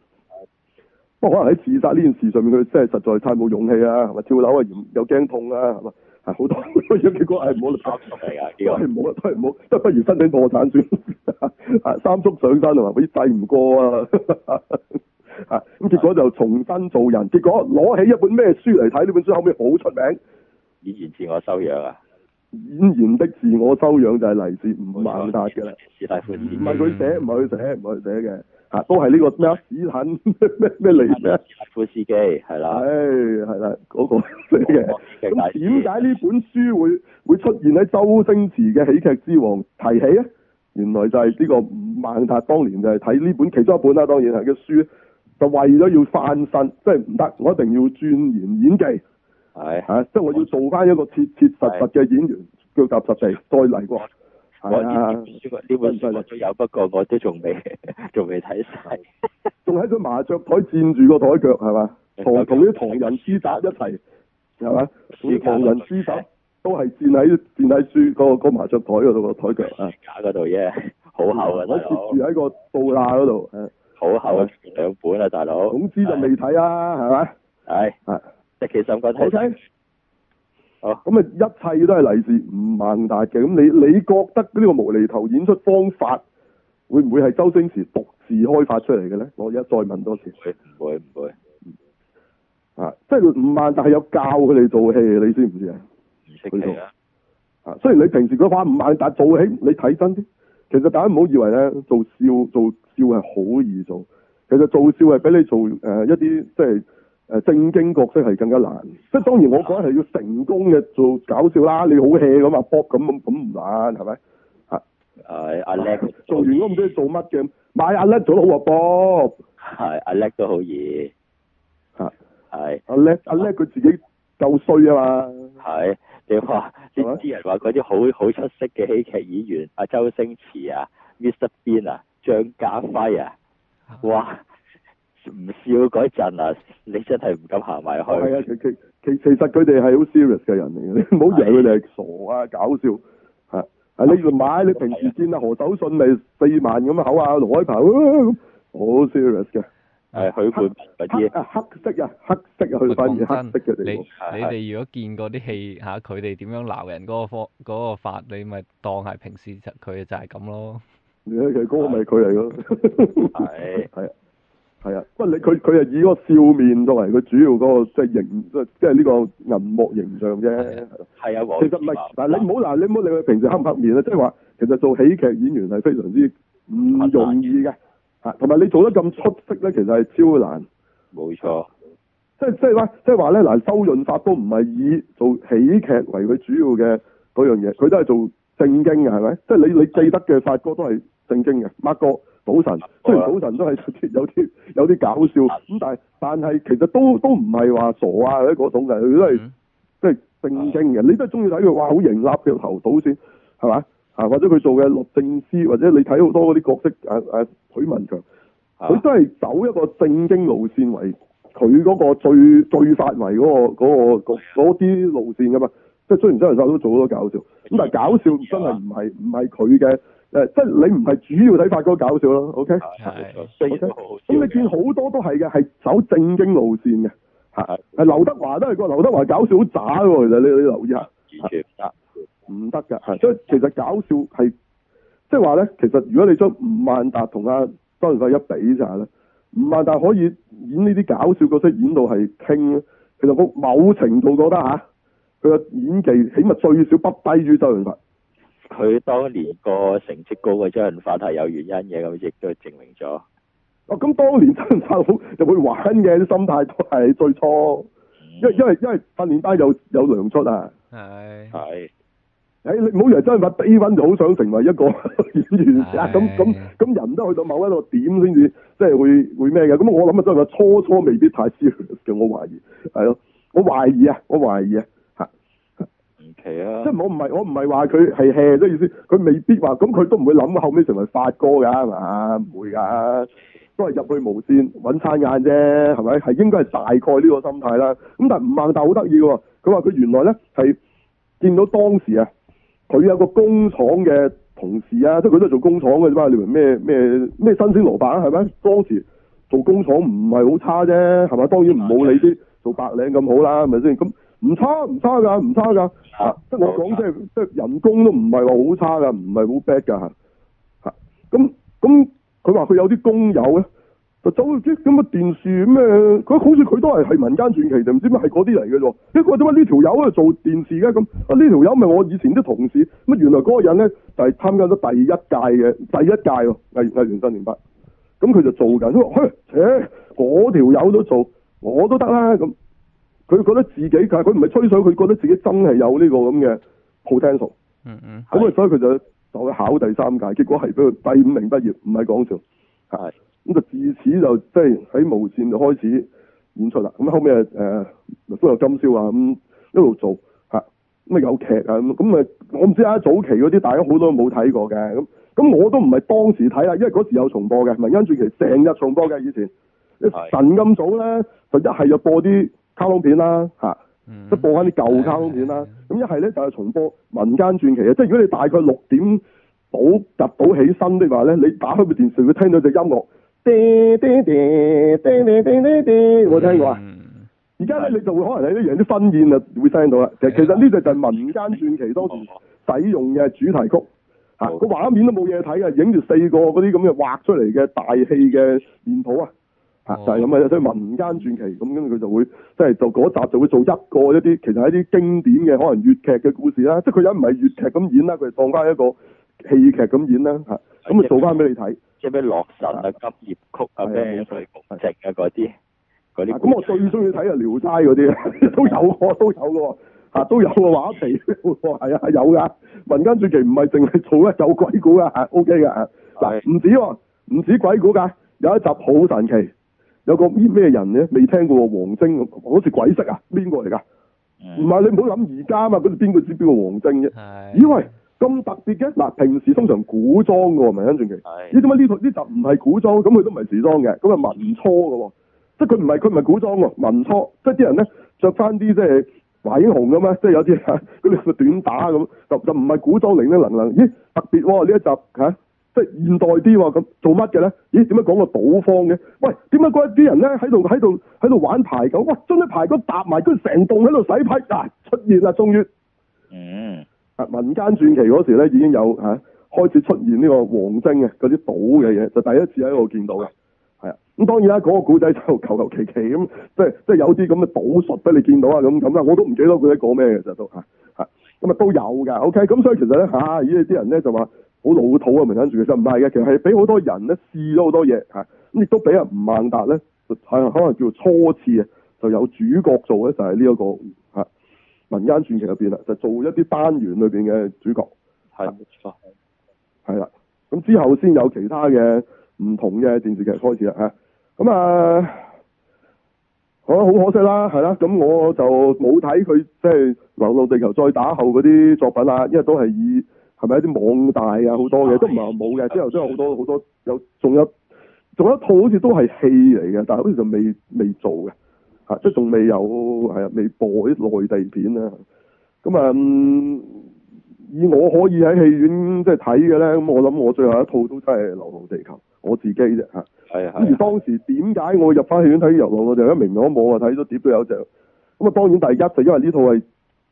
Speaker 1: 可能喺自殺呢件事上面，佢真係實在太冇勇氣啊，係咪跳樓啊？又驚痛啊，係咪係好多？咁結果係唔好，三叔嚟啊，結果係冇，係、哎、冇，即係不如申請破產算。啊、嗯， 三叔上山同埋佢抵唔過啊！嗯、 啊，咁結果就重新做人，結果攞起一本咩書嚟睇？呢本書後尾好出名。
Speaker 4: 以前自我修
Speaker 1: 養啊。演員的自我修養就係嚟自吳孟達嘅啦，唔係佢寫，唔係佢寫，唔係佢寫嘅，吓、啊、都係呢個咩史坦，咩咩黎咩？斯坦尼斯拉夫斯基係啦，係啦， 嗰、那個嚟嘅。咁點解呢本書會會出現喺周星馳嘅喜劇之王提起啊？原來就係呢個孟達當年就係睇呢本其中一本啦、啊，當然係嘅、那個、書，就為咗要翻身，即係唔得，我一定要鑽研演技。係吓，即係我要做翻一個切切實實嘅演員，腳踏實地再嚟過。係啊，呢本書
Speaker 4: 我都有，不過我都仲未，仲未睇晒，
Speaker 1: 仲喺個麻雀台佔住個台腳係嘛？同同啲同人師侄一齊係嘛？同同人師侄都係站喺站喺書個個麻雀台嗰度個台腳啊，假嗰度啫，好厚啊！我貼住喺個布罅嗰度，好厚兩本啊，大佬。總之就未睇啦，係嘛？係係。其實我該睇，好啊！咁啊，一切都係嚟自吳孟達嘅。咁你你覺得呢個無厘頭演出方法會唔會係周星馳獨自開發出嚟嘅咧？我而家再問多次，唔會唔會，會啊！即係吳孟達係有教佢哋做戲，你知唔知道不啊？唔識做。啊！啊，雖然你平時佢話吳孟達做戲，你睇真啲，其實大家唔好以為咧做笑做笑係好易做，其實做笑係俾你做誒、呃、一啲即係。誒，正經角色係更加難，即係當然，我講係要成功嘅做搞笑啦，你好 hea 咁啊，啵咁咁唔難係咪？啊，係阿叻，做完都唔知做乜嘅，買阿叻做好囉噃，
Speaker 4: 係阿叻都好易。
Speaker 1: 吓係阿叻阿叻佢自己夠衰啊嘛，
Speaker 4: 係你話你知人話嗰啲好好出色嘅喜劇演員，阿周星馳啊，Mr. Bean 啊，張家輝啊，哇！唔笑嗰陣啊，你真係唔敢行埋去。
Speaker 1: 係啊，其其其實佢哋係好 serious 嘅人嚟，你唔好以為佢哋係傻啊搞笑。係啊，你嚟買，你平時見啊何守信咪四萬咁嘅口啊，盧海鵬咁，好 serious 嘅。係許冠傑。啊黑色啊黑色啊許冠傑。講真，你你
Speaker 3: 哋如果見過啲戲嚇，佢哋點樣鬧人嗰個方嗰個法，你咪當係平時就佢就係咁咯。
Speaker 1: 你啊，其實嗰個咪佢嚟咯。係。係啊。係啊，不過你佢佢以嗰個笑面作為佢主要嗰個即係形，即係呢個銀幕形象啫。係啊，是
Speaker 4: 啊我其實唔係，
Speaker 1: 哇你唔好嗱，你唔好理佢平時黑唔黑面啊？即係話，其實做喜劇演員係非常之唔容易嘅。吓，同埋你做得咁出色咧，其實係超難。
Speaker 4: 冇
Speaker 1: 錯錯。即係即係話，即係話咧，嗱、就是，周潤發都唔係以做喜劇為佢主要嘅嗰樣嘢，佢都係做正經嘅，係咪？即係、啊、你你記得嘅發哥都係正經嘅，乜哥。賭神，雖然賭神都係有啲有啲搞笑咁，但係但係其實都都唔係話傻啊嗰啲種嘅，佢都係即係正經嘅。嗯、你都係中意睇佢話好型立嘅頭賭先係咪？啊或者佢做嘅律政司，或者你睇好多嗰啲角色誒誒許文強，佢都係走一個正經路線為佢嗰個最最發圍嗰、嗰個、嗰個啲路線噶嘛。即係雖然周潤發都做好多搞笑，咁但係搞笑真係唔係唔係佢嘅。誒，即係你唔係主要睇發哥搞笑咯，OK？咁你見好多都係嘅，係走正經路線嘅，係係的的劉德華都係個劉德華搞笑好渣喎，其實你你，你留意下，唔得續，唔得㗎的，的所以其實搞笑係即係話咧，其實如果你將吳孟達同阿周潤發一比就係咧，吳孟達可以演呢啲搞笑的角色演到係傾，其實我某程度覺得吓，佢、啊、嘅演技起碼最少不低於周潤發。
Speaker 4: 佢當年個成績高嘅周潤發係有原因嘅，咁亦都證明咗。
Speaker 1: 哦、啊，咁當年周潤發好又會玩嘅，心態都係最初，因、嗯、因為因為訓練班有有糧出啊。係係是，誒是，你唔好以為周潤發低分就好想成為一個演員啊！咁咁咁， 人都去到某一度點先至，即係會會咩嘅？咁我諗啊，周潤發初初未必太燒叫我懷疑係咯，我懷疑啊，我懷疑啊。係啊，即係我唔係我唔係話佢係 hea 即意思，佢未必話咁，佢都唔會諗後尾成為發哥㗎嘛，唔會㗎，都係入去無線揾餐晏啫，係咪？係應該係大概呢個心態啦。咁但係吳孟達好得意嘅，佢話佢原來咧係見到當時啊，佢有一個工廠嘅同事啊，即係佢都係做工廠嘅啫嘛，你話咩咩咩新鮮蘿蔔啊，係咪？當時做工廠唔係好差啫，係咪？當然唔冇你啲做白領咁好啦，係咪先咁？唔差唔差噶、啊啊啊啊，唔、啊、差噶、啊，即係我講即係即係人工都唔係話好差噶、啊，唔係好 bad 噶。咁、啊、咁，佢話佢有啲工友咧，就走去啲咁嘅電視咩？佢好似佢都係係民間傳奇就唔知咩係嗰啲嚟嘅啫。咦？點解呢條友啊做電視嘅？咁啊呢條友咪我以前啲同事？乜原來嗰個人咧就係、是、參加咗第一屆嘅，第一屆咯。藝藝員訓練班咁佢就做緊。佢話，嘿，切，嗰條友都做，我都得啦。咁。佢覺得自己，佢佢唔係吹水，佢覺得自己真係有呢個咁嘅 potential。嗯。
Speaker 2: 嗯嗯，咁啊是，
Speaker 1: 所以佢就就去考第三屆，結果係俾佢第五名畢業，唔係講笑。係咁就自此就即係喺無線就開始演出啦。咁後尾誒都有今宵啊，咁一路做嚇咁啊有劇啊咁啊，我唔知啊早期嗰啲大家好多冇睇過嘅咁，咁我都唔係當時睇啦，因為嗰時有重播嘅，咪跟住其實成日重播嘅以前是神咁早咧就一係就播啲。卡通片啦，嚇，即播翻啲舊卡通片啦。咁一係咧就係重播民間傳奇啊。即係如果你大概六點早入到起身的話咧，你打開個電視會聽到隻音樂，我聽過啊。而家咧你就會可能喺啲人啲婚宴啊會聽到啦。其實呢隻就係民間傳奇當時使用嘅主題曲，吓個畫面都冇嘢睇啊，影住四個嗰啲咁嘅畫出嚟嘅大戲嘅臉譜啊。啊，就係咁啊，即係民間傳奇咁，跟住佢就會即係就嗰集就會做一個一啲，其實係一啲經典嘅可能粵劇嘅故事啦。即係佢而家唔係粵劇咁演啦，佢放翻一個戲劇咁演啦。係，咁啊做翻俾你睇，即
Speaker 4: 係咩《洛神》啊，《金葉曲》啊，《咩水滸傳》啊嗰啲，
Speaker 1: 嗰啲。咁我最中意睇就《聊齋》嗰啲都有喎，都有咯，嚇都有個話題喎。係啊，有噶民間傳奇唔係淨係做咧，有鬼故噶，係 O K 嘅。嗱，唔止喎，唔止鬼故㗎，有一集好神奇。有個咩人咧？未聽過王晶，好似鬼色啊？邊個嚟噶？唔係 Yeah. 你唔好諗而家啊！咁邊個知邊個王晶啫？Yeah. 咦喂，咁特別嘅嗱，平時通常古裝噶喎，唔係甄俊奇？咦，點解呢套呢集唔係古裝？咁佢都唔係時裝嘅，咁係民初噶喎，即係佢唔係佢唔係古裝喎，民初，即係啲人咧着翻啲即係華英雄咁啊，即係有啲佢哋短打咁，就就唔係古裝嚟咧，能能咦特別喎呢一集吓。即係現代啲喎，咁做乜嘅咧？咦，點解講個賭坊嘅？喂，點解嗰啲人咧喺度喺度喺度玩牌九？哇，將啲牌九搭埋，跟住成棟喺度洗牌啊！出現啦，終於，嗯，啊、民間傳奇嗰時咧已經有吓、啊、開始出現呢個王晶嘅嗰啲賭嘅嘢，就第一次喺度見到嘅，係、嗯、啊。咁當然啦，嗰個古仔就求求其其咁，即係即係有啲咁嘅賭術俾你見到啊，咁咁啦，我都唔記得佢喺講咩嘅，就都吓吓，咁啊，啊、嗯、都有嘅。OK，咁所以其實咧吓、啊，咦，啲人咧就話。好老土嘅、啊、民間傳奇就唔係嘅，其實係俾好多人咧試咗好多嘢嚇，咁亦都俾阿吳孟達咧係可能叫做初次啊，就有主角做咧就係呢一個嚇民間傳奇入邊啦，就做一啲單元裏邊嘅主角，
Speaker 4: 係冇錯，
Speaker 1: 係啦，咁之後先有其他嘅唔同嘅電視劇開始啦嚇，咁啊好可惜啦，係啦，咁我就冇睇佢即係流浪地球再打後嗰啲作品啦，因為都係以係咪一啲網大啊？好多嘢都唔係話冇嘅，之後都有好多好多有，仲有仲有一套好似都係戲嚟嘅，但係好似就未未做嘅，吓即係仲未有係啊未播啲內地片啊。咁啊、嗯，以我可以喺戲院即係睇嘅咧，咁我諗我最後一套都真係《流浪地球》，我自己啫吓。係啊，咁而當時點解我入翻戲院睇《流浪》我就明明一明我一望啊，睇咗碟都有隻咁啊。當然第一就因為呢套係。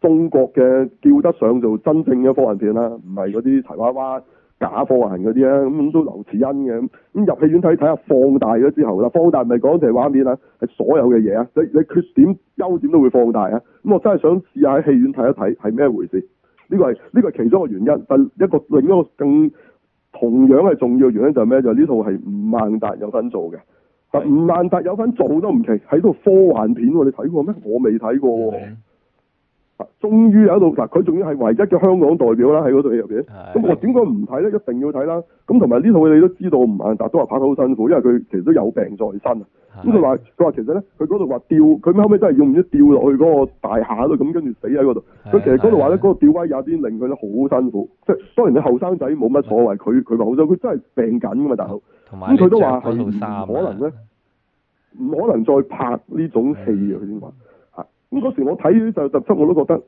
Speaker 1: 中國嘅叫得上做真正嘅科幻片啦，唔係嗰啲柴娃娃假科幻嗰啲啊，咁都劉慈欣嘅咁，咁入戲院睇睇下放大咗之後啦，放大唔係講剩畫面啊，係所有嘅嘢啊，你你缺點優點都會放大啊，咁我真係想試下喺戲院睇一睇係咩回事，呢個係呢個係其中一個原因，但一個另一個更同樣係重要嘅原因就係咩？就係呢套係吳孟達有份做嘅，但吳孟達有份做都唔奇，喺套科幻片你睇過咩？我未睇過喎。啊！終於有一套嗱，佢仲要係唯一嘅香港代表啦，喺嗰度入邊。咁的我點解唔睇咧？一定要睇啦！咁同埋呢套戲你都知道，吳孟達都話拍得好辛苦，因為佢其實都有病在身。係的。
Speaker 2: 咁佢話：
Speaker 1: 佢話其實咧，佢嗰度話吊，佢後尾真係用唔知吊落去嗰個大廈度，咁跟住死喺嗰度。佢的其實嗰度話咧，嗰的個吊威亞先令佢咧好辛苦。即係當然你，啊、有你後生仔冇乜所謂。佢佢話好咗，佢真係病緊㗎嘛，大佬。
Speaker 2: 同埋。佢都話唔可能
Speaker 1: 咧，唔可能再拍呢種戲啊！佢先話？咁嗰時我睇就特輯，我都覺得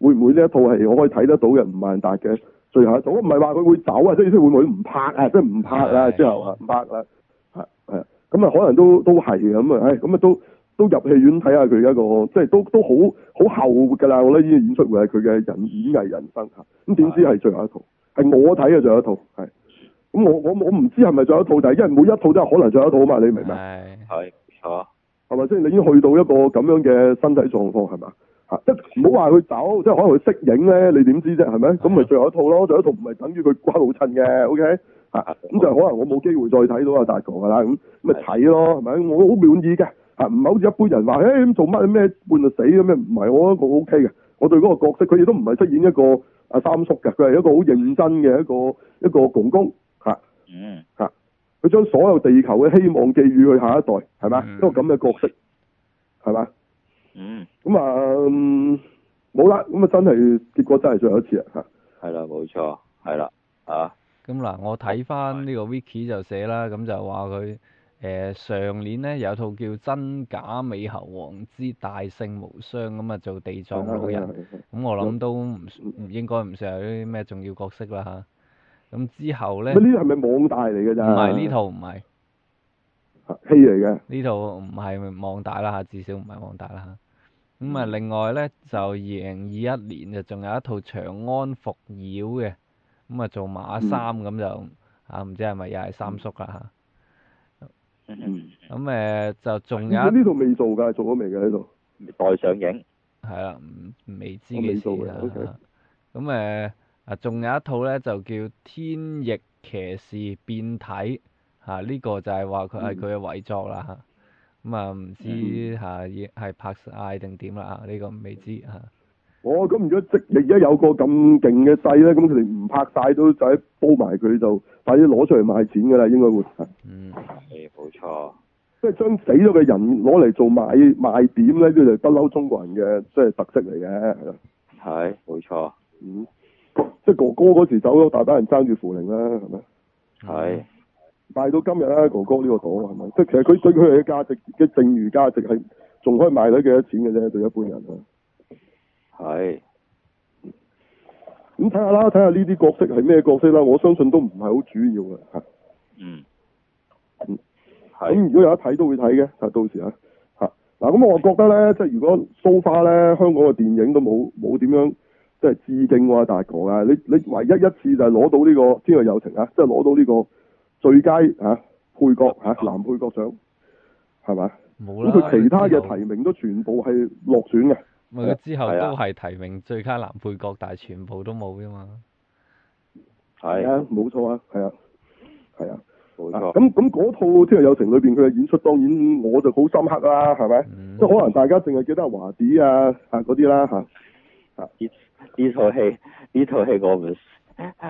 Speaker 1: 會唔會呢一套係我可以睇得到嘅？吳孟達嘅最後一套，我唔係話佢會走啊，即係會唔會唔拍啊？即係唔拍啊之後啊，唔的拍啦，係係咁啊，可能都都係咁啊，唉，咁啊都都入戲院睇下佢一家個，即係都都好好後活㗎啦。我覺得呢個演出會係佢嘅人演藝人生嚇。咁點知係最後一套，係的我睇嘅最後一套係。咁我我我唔知係咪最後一套，但係因為每一套都有可能最後一套啊嘛，你明唔
Speaker 2: 明？係，係唔錯。
Speaker 1: 係咪即先？你已經去到一個咁樣嘅身體狀況，係嘛？吓，即係唔好話去走，即係可能去適應咧，你點知啫？係咪？咁咪最後一套咯，最後一套唔係等於佢瓜老襯嘅，OK？吓，咁就可能我冇機會再睇到啊，大哥噶啦，咁咁咪睇咯，係咪？我的好滿意嘅，吓，唔係好似一般人話，誒、欸，咁做乜咩半路死咁樣，唔係，不是我一個 OK 嘅，我對嗰個角色，佢亦都唔係出演一個阿三叔嘅，佢係一個好認真嘅一個一個公公，吓，嗯，吓。佢將所有地球嘅希望寄予佢下一代，係嘛？都、嗯、個咁嘅角色，係嘛、嗯？嗯。咁啊，冇啦。咁啊，真係結果真係最後一次啊！係
Speaker 3: 啦，冇錯，係啦，啊。咁嗱，我睇翻呢個 wiki 就寫啦，咁的就話佢誒上年咧有套叫《真假美猴王之大聖無雙》，咁啊做地藏老人，咁我諗都唔唔、嗯、應該唔算係啲咩重要角色啦嚇。啊。咁之後咧，呢個係
Speaker 1: 咪網大嚟嘅咋？唔係呢套唔係戲嚟嘅。
Speaker 3: 呢套唔係網大啦嚇，至少唔係網大啦嚇。咁啊，嗯、另外咧就二零二一年就仲有一套《長安伏妖》嘅，咁啊做馬三咁、嗯、就啊，唔知係咪又係三叔啦嚇。咁誒、嗯、就仲有，有？呢
Speaker 1: 套未做㗎，做咗未嘅喺
Speaker 3: 度？待上映。係啊，未知嘅事啊。咁誒？啊，仲有一套咧，就叫《天翼騎士變體》，嚇呢個就係話佢係佢嘅遺作啦。咁啊，唔知嚇係拍晒定點啦？啊，呢個未知嚇。
Speaker 1: 哦，咁如果即係而家有個咁勁嘅勢咧，咁佢哋唔拍晒，都就喺煲埋佢就快啲攞出嚟賣錢噶啦，應該會。嗯，
Speaker 2: 係冇錯。
Speaker 1: 即係將死咗嘅人攞嚟做賣賣點咧，呢個就係不嬲中國人嘅即係特色嚟嘅。
Speaker 2: 係，冇錯。
Speaker 1: 嗯。即係哥哥嗰時走咗，大把人爭住扶靈啦，係咪是？係。賣到今日啊，哥哥呢個檔係咪？即係其實佢對佢哋嘅價值嘅剩餘價值係仲可以賣到幾多錢嘅啫，對一般人啊。
Speaker 4: 係是。
Speaker 1: 咁睇下啦，睇下呢啲角色係咩角色啦。我相信都唔係好主要嘅，吓、啊啊。嗯。嗯。係。咁如果有得睇都會睇嘅，啊到時啊吓。嗱咁，我啊覺得咧，即係如果 so far 咧，香港嘅電影都冇冇點樣。即係致敬喎、啊，大哥啊！你你唯一一次就係攞到呢個天、啊《天若有情》啊，即係攞到呢個最佳啊配角吓男、啊、配角獎，係咪？冇啦。咁佢其他嘅後提名都全部係落選嘅。
Speaker 3: 咪佢之後都係提名最佳男配角，啊、但係全部都冇㗎嘛。係啊，冇錯啊，係啊，係啊，
Speaker 1: 冇錯。咁咁嗰套《天若有情》裏邊佢嘅演出，當然我就好深刻啦，係咪？嗯、即係可能大家淨係記得華仔啊啊嗰啲啦吓啊。呢
Speaker 4: 套戲呢套戲我唔，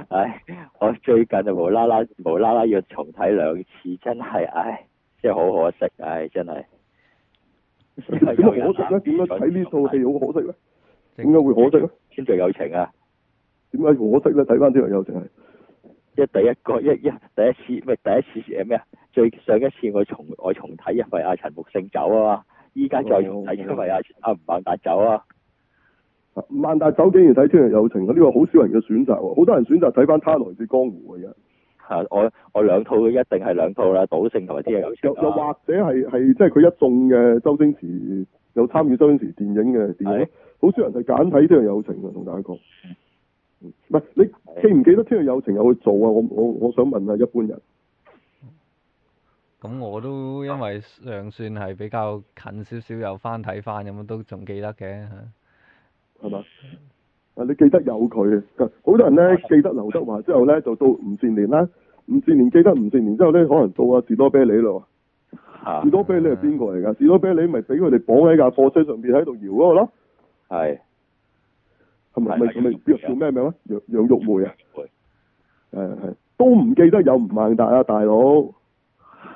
Speaker 4: 唉，我最近就無啦啦無啦啦要重睇兩次，真係唉，真係好可惜，唉，真係。點解可點解
Speaker 1: 睇呢套戲好可惜咧？
Speaker 4: 點解、啊、會可惜
Speaker 1: 咧？天若有情啊？點解可惜咧？睇翻天若有情。
Speaker 4: 一第一個一一第一次咩？第一次係咩啊？最上一次我重我重睇因為阿陳木勝走啊嘛，依家再睇因為阿阿吳孟達走啊。
Speaker 1: 萬大走竟然睇《天若有情》啊？呢個好少人嘅選擇，好多人選擇睇翻《他來自江湖》嘅人。
Speaker 4: 吓、啊、我我兩套一定係兩套啦，賭聖同埋《天若有情》啊又或
Speaker 1: 者係係即係佢一眾嘅周星馳有參與周星馳電影嘅電影，好的少人係揀睇《天若有情》嘅。同大家講，唔係的你記唔記得《天若有情》有去做啊？我我我想問下一般人
Speaker 3: 咁我都因為尚算係比較近少少，有翻睇翻咁都仲記得嘅。
Speaker 1: 係嘛？啊，你記得有佢？好多人咧記得劉德華之後咧，就到吳倩蓮啦。吳倩蓮記得吳倩蓮之後咧，可能到阿士多啤梨咯。嚇、啊！士多啤梨係邊個嚟㗎？啊、士多啤梨咪俾佢哋綁喺架貨車上邊喺度搖嗰個咯。
Speaker 4: 係是。係咪？係咪？叫咩
Speaker 1: 名啊？楊楊玉梅啊。梅。係都唔記得有吳孟達啊，大佬。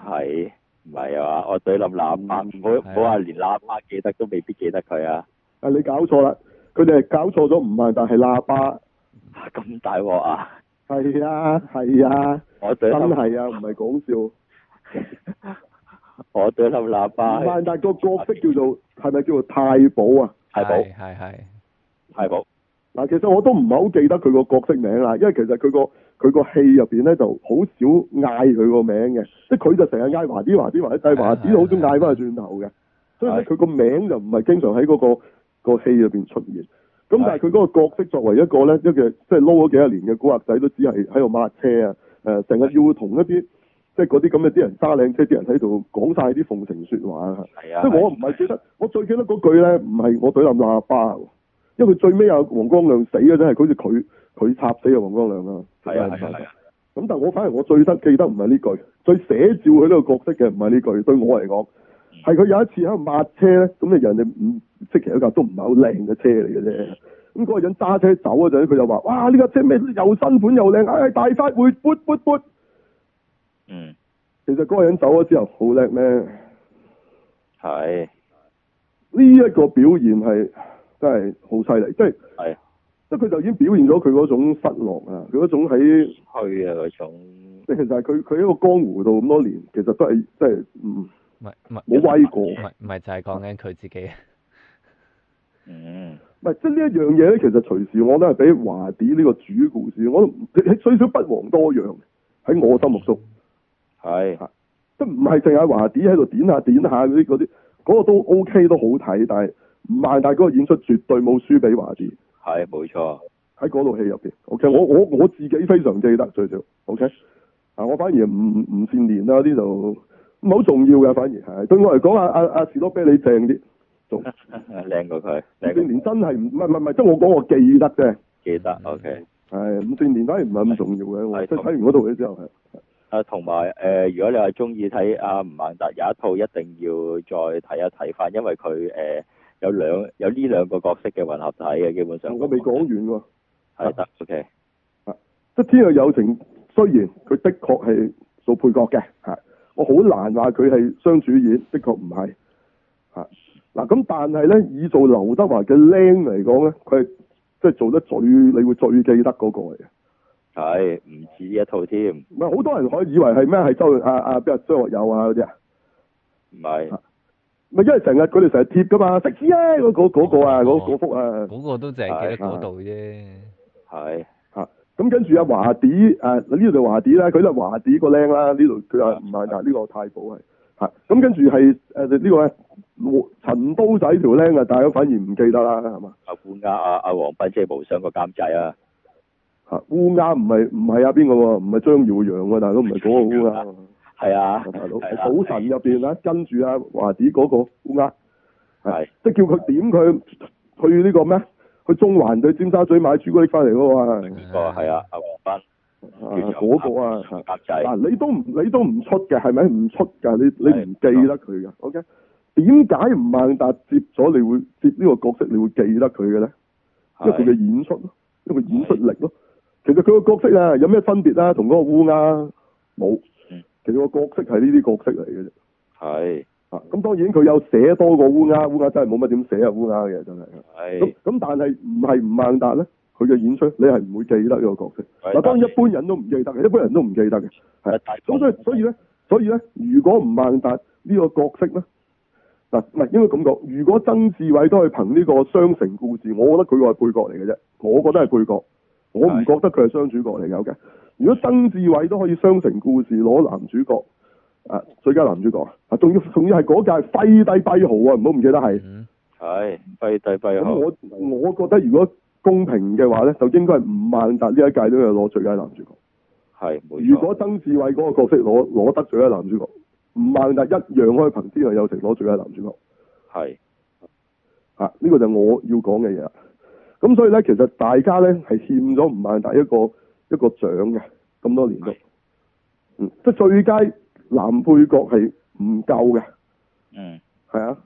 Speaker 1: 係。
Speaker 4: 唔係啊我最諗喇叭，我我話、嗯、連喇叭記得都未必記得佢啊。
Speaker 1: 啊！你搞錯啦。佢哋係搞錯咗，唔係但係喇叭，
Speaker 4: 咁大鑊啊！
Speaker 1: 係啊，係啊，我真係啊，唔係講笑。
Speaker 4: 我懟笠喇叭，唔係
Speaker 1: 但是個角色叫做係咪是是叫做太保啊？太保，
Speaker 4: 係係太保。
Speaker 1: 嗱，其實我都唔係好記得佢個角色名啦，因為其實佢個佢個戲入邊咧就好少嗌佢個名嘅，即係佢就成日嗌華啲、華啲、華子，但係華子好少嗌翻去轉頭嘅，所以佢個名就唔係經常喺嗰個，個戲裏邊出現，咁但係佢嗰個角色作為一個咧，一個即係撈咗幾十年嘅古惑仔，都只係喺度抹車，呃就是、車啊！誒，成日要同一啲，即係嗰啲咁嘅啲人揸靚車，啲人喺度講晒啲奉承說話啊！即係我唔係記得，啊、我最記得嗰句咧，唔係我懟冧喇叭，因為佢最尾阿黃光亮死嗰陣係好似佢，佢插死啊黃光亮啊！係啊係啊，咁、啊、但係我反而我最得記得唔係呢句，最寫照佢呢個角色嘅唔係呢句，對我嚟講。係佢有一次喺度抹車咧，咁你人哋唔識其一架都唔係好靚嘅車嚟嘅啫。咁、那、嗰個人揸車走嗰陣，佢就話：哇！呢架車咩又新款又靚，唉、哎、大發會撥撥撥！噗噗噗，
Speaker 2: 嗯，
Speaker 1: 其實嗰個人走咗之後好叻咩？
Speaker 2: 係的，
Speaker 1: 呢一個表現係真係好犀利，即係的即係佢就已經表現咗佢嗰種失落啊，佢嗰種喺虛啊嗰種。其實佢佢喺個江湖度咁多年，其實都係即
Speaker 3: 唔係唔係冇威過，唔係就係講緊佢自己。
Speaker 1: 嗯，唔係即係呢一樣嘢咧，其實隨時我都係俾華 Dee 呢個主故事，我都，雖少不遑多讓喺我的心目中。
Speaker 2: 係是，
Speaker 1: 都唔係淨係華 Dee 喺度點下點下嗰啲嗰啲，嗰個都 OK 都好睇，但係孟達嗰個演出絕對冇輸俾華 Dee。
Speaker 4: 係，冇錯。
Speaker 1: 喺嗰套戲入邊，OK，我我我自己非常記得最少，OK，啊，我反而唔唔唔善念啦，呢度。唔好重要嘅，反而係對我嚟講，阿阿阿士多啤梨正啲，仲
Speaker 2: 靚過佢。五十
Speaker 1: 年真係唔唔唔，即係我講我記得啫，
Speaker 4: 記得。O K，
Speaker 1: 係五十年反而唔係咁重要嘅。我睇完嗰套嘅之後，
Speaker 4: 啊，同埋誒是、呃，如果你係中意睇阿吳孟達有一套，一定要再睇一睇翻，因為佢誒、呃、有兩有呢兩個角色嘅混合體嘅，基本上。
Speaker 1: 我未講完喎。
Speaker 4: 係得是。O K，啊，
Speaker 1: 即、okay、《天若有情》，雖然佢的確係做配角嘅，吓。我好難話佢係雙主演，的確唔係，吓嗱咁，但係咧以做劉德華嘅靚嚟講咧，佢即係做得最你會最記得嗰個嚟
Speaker 4: 嘅。係唔止一套添。
Speaker 1: 唔係好多人可以以為係咩係周啊啊邊個張學友啊嗰啲是啊？唔係。
Speaker 3: 咪因
Speaker 1: 為成日佢哋成日貼噶嘛，識字啊！嗰、嗰、嗰個啊，嗰幅啊。嗰個都淨係記喺嗰度啫。係。咁跟住阿華弟，誒、啊、呢度就華弟啦，佢得華弟個靚啦，呢度佢阿唔係啊呢個太保係，咁跟住係誒呢個咧，陳刀仔條靚啊，大家反而唔記得啦，係嘛？
Speaker 4: 烏鴉啊，阿黃斌姐，係無雙個監
Speaker 1: 製啊，嚇烏鴉唔係唔係阿邊個喎？唔係張耀揚啊，但都唔係嗰個烏鴉，係 啊，啊，啊，大佬，賭神入邊啊，啊面呢跟住阿華弟嗰個烏鴉係，啊啊、即叫佢點佢去呢個咩？去中環對尖沙咀買朱古力翻嚟嗰個啊，
Speaker 2: 係啊，阿黃斌，
Speaker 1: 嗰個啊，阿仔，你都唔你都唔出嘅係咪唔出噶？你你唔記得佢噶？OK？點解吳孟達接咗你會接呢個角色？你會記得佢嘅咧？即係佢嘅演出咯，因為演出力咯。其實佢個、個角色啊，有咩分別啦？同嗰個烏鴉冇，其實個角色係呢啲角色嚟嘅啫，係。咁、啊、當然佢有寫多過烏鴉，烏鴉真係冇乜點寫啊！烏鴉嘅真係，咁咁的但係唔係吳孟達咧？佢嘅演出你係唔會記得呢個角色。嗱的當然一般人都唔記得嘅，一般人都唔記得嘅。係。咁所以所以咧，所以咧，如果吳孟達呢個角色咧，嗱，唔係應該咁講。如果曾志偉都係憑呢個雙城故事，我覺得佢個係配角嚟嘅啫。我覺得係配角，
Speaker 2: 我唔覺
Speaker 1: 得佢係雙主角嚟嘅。的如果曾志偉都可以雙城故事攞男主角。啊！最佳男主角啊！仲要仲要係嗰屆係係跛豪啊！唔好唔記得係，
Speaker 4: 係係跛豪。嗯、我
Speaker 1: 我覺得如果公平嘅話咧，嗯、就應該係吳孟達呢一屆都係攞最佳男主角。
Speaker 2: 係冇錯。如果
Speaker 1: 曾志偉嗰個角色攞攞得最佳男主角，吳孟達一樣可以憑天若有情攞最佳男主角。係是。啊！呢個就係我要講嘅嘢啦。咁所以咧，其實大家咧係欠咗吳孟達一個一個獎嘅，咁多年都，是嗯，即係最佳。男配角係唔夠嘅，嗯，係啊，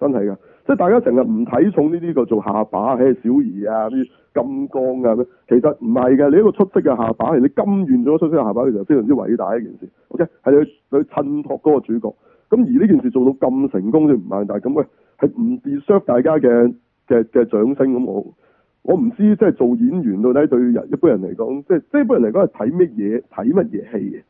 Speaker 1: 真係㗎，即係大家成日唔睇重呢啲個做下把，係小兒啊啲金剛啊，其實唔係嘅。你一個出色嘅下把，把，你甘願咗出色嘅下把的，其實非常之偉大一件事，OK，係去去襯托嗰個主角。咁而呢件事做到咁成功，就唔難，但係咁喂，係唔 deserve 大家嘅嘅嘅掌聲。咁我我唔知即係做演員到底對人一般人嚟講，即係一般人嚟講係睇乜嘢睇乜嘢戲嘅？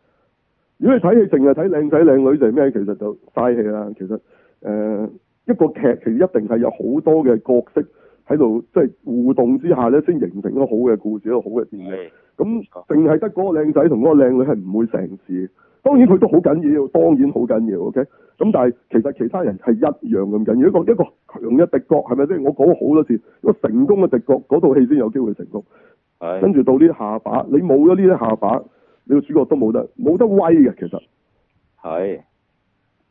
Speaker 1: 如果你睇戲淨係睇靚仔靚女，就係咩？其實就嘥氣啦。其實誒、呃、一個劇其實一定係有好多嘅角色喺度，即、就、係、是、互動之下咧，先形成一個好嘅故事，一個好嘅電影。咁淨係得嗰個靚仔同嗰個靚女係唔會成事。當然佢都好緊要，當然好緊要。OK、嗯。咁但係其實其他人係一樣咁緊要。如果一個一個強嘅敵角係咪？即係我講好多次，一個成功嘅敵角嗰套戲先有機會成功。跟住、嗯、到呢啲下把，你冇咗呢啲下把。你個主角都冇得，冇得威嘅，其實係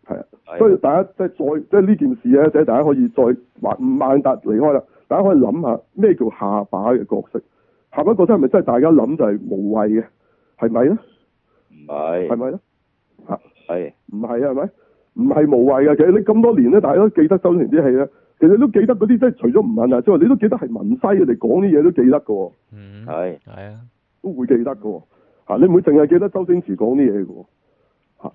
Speaker 1: 係啊，的的所以大家即係再即係呢件事咧，即係大家可以再萬萬達離開啦。大家可以諗下咩叫下把嘅角色，下把角色係咪真係大家諗就係無謂嘅？係咪咧？唔係是，係咪咧？吓係的，唔係啊？係咪？唔係無謂嘅，其實你咁多年咧，大家都記得周星馳啲戲咧，其實都記得嗰啲，即係除咗吳孟達之外，你都記得係文西啊，佢哋講啲嘢都記得嘅。的得的嗯，係係啊，都會記得嘅。吓、啊、你唔會淨係記得周星馳講啲嘢嘅，吓、啊、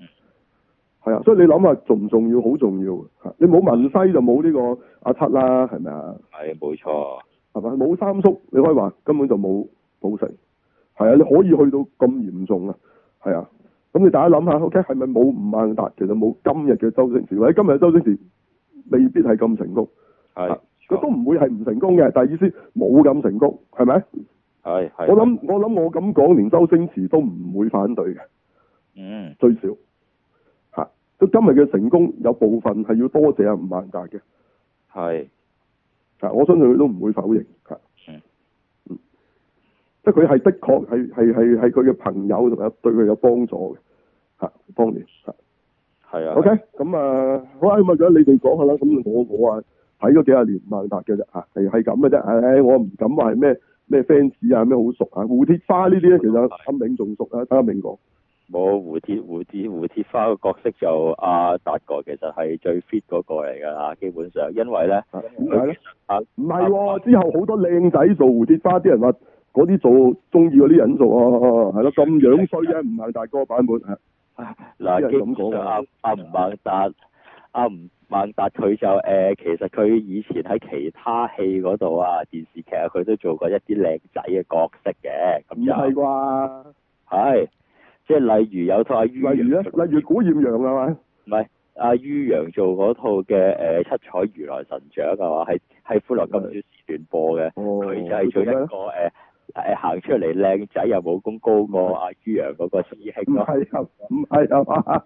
Speaker 1: 係、嗯、啊，所以你諗下重唔重要？好重要嘅、啊，你冇文西就冇呢個阿七啦，係咪啊？係冇錯，係咪？冇三叔，你可以話根本就冇寶成，係啊，你可以去到咁嚴重啊，係啊，咁你大家諗下，OK，係咪冇吳孟達，其實冇今日嘅周星馳，或者今日嘅周星馳未必係咁成功，係佢都唔會係唔成功嘅，但係意思冇咁成功，係咪？係，我諗我諗我咁講，連周星馳都唔會反對嘅，嗯，最少吓、啊，今日嘅成功有部分係要多謝阿吳孟達嘅，係、啊，我相信佢都唔會否認，吓、啊，嗯，即係佢係的確係係係係佢嘅朋友同埋對佢有幫助嘅，吓、啊，當年，係啊，OK，咁啊，好啦，咁啊，你哋講下啦，咁我我啊睇咗幾廿年吳孟達嘅啫，吓，係係咁嘅啫，啊啊，我唔敢話係咩。咩 fans 啊？咩好熟啊？胡鐵花呢啲咧，其實阿明仲熟啊，阿明講。
Speaker 2: 冇胡
Speaker 4: 鐵，胡鐵胡鐵花個角色就阿達哥，其實係最 fit 嗰個嚟噶，基本上因為咧，啊
Speaker 1: 唔係，之後好多靚仔做胡鐵花啲人話，嗰啲做中意嗰啲人做啊，係咯咁樣衰啫，唔係大哥版本啊。
Speaker 4: 嗱，咁講啊唔係達。阿吳、嗯、孟達佢就誒、呃，其實佢以前喺其他戲嗰度啊，電視劇啊，佢都做過一啲靚仔嘅角色嘅，咁唔係
Speaker 1: 啩？
Speaker 4: 係，即係例如有一套阿于，例如咧，
Speaker 1: 例如古艷陽啊嘛，唔
Speaker 4: 係阿于洋做嗰套嘅誒、呃、七彩如來神掌啊嘛，係係《是歡樂今宵》時段播嘅，佢、哦、就係做一個誒。係行出嚟靚仔又武功高過阿、啊、朱陽嗰個師兄咯，唔係啊，唔係啊嘛，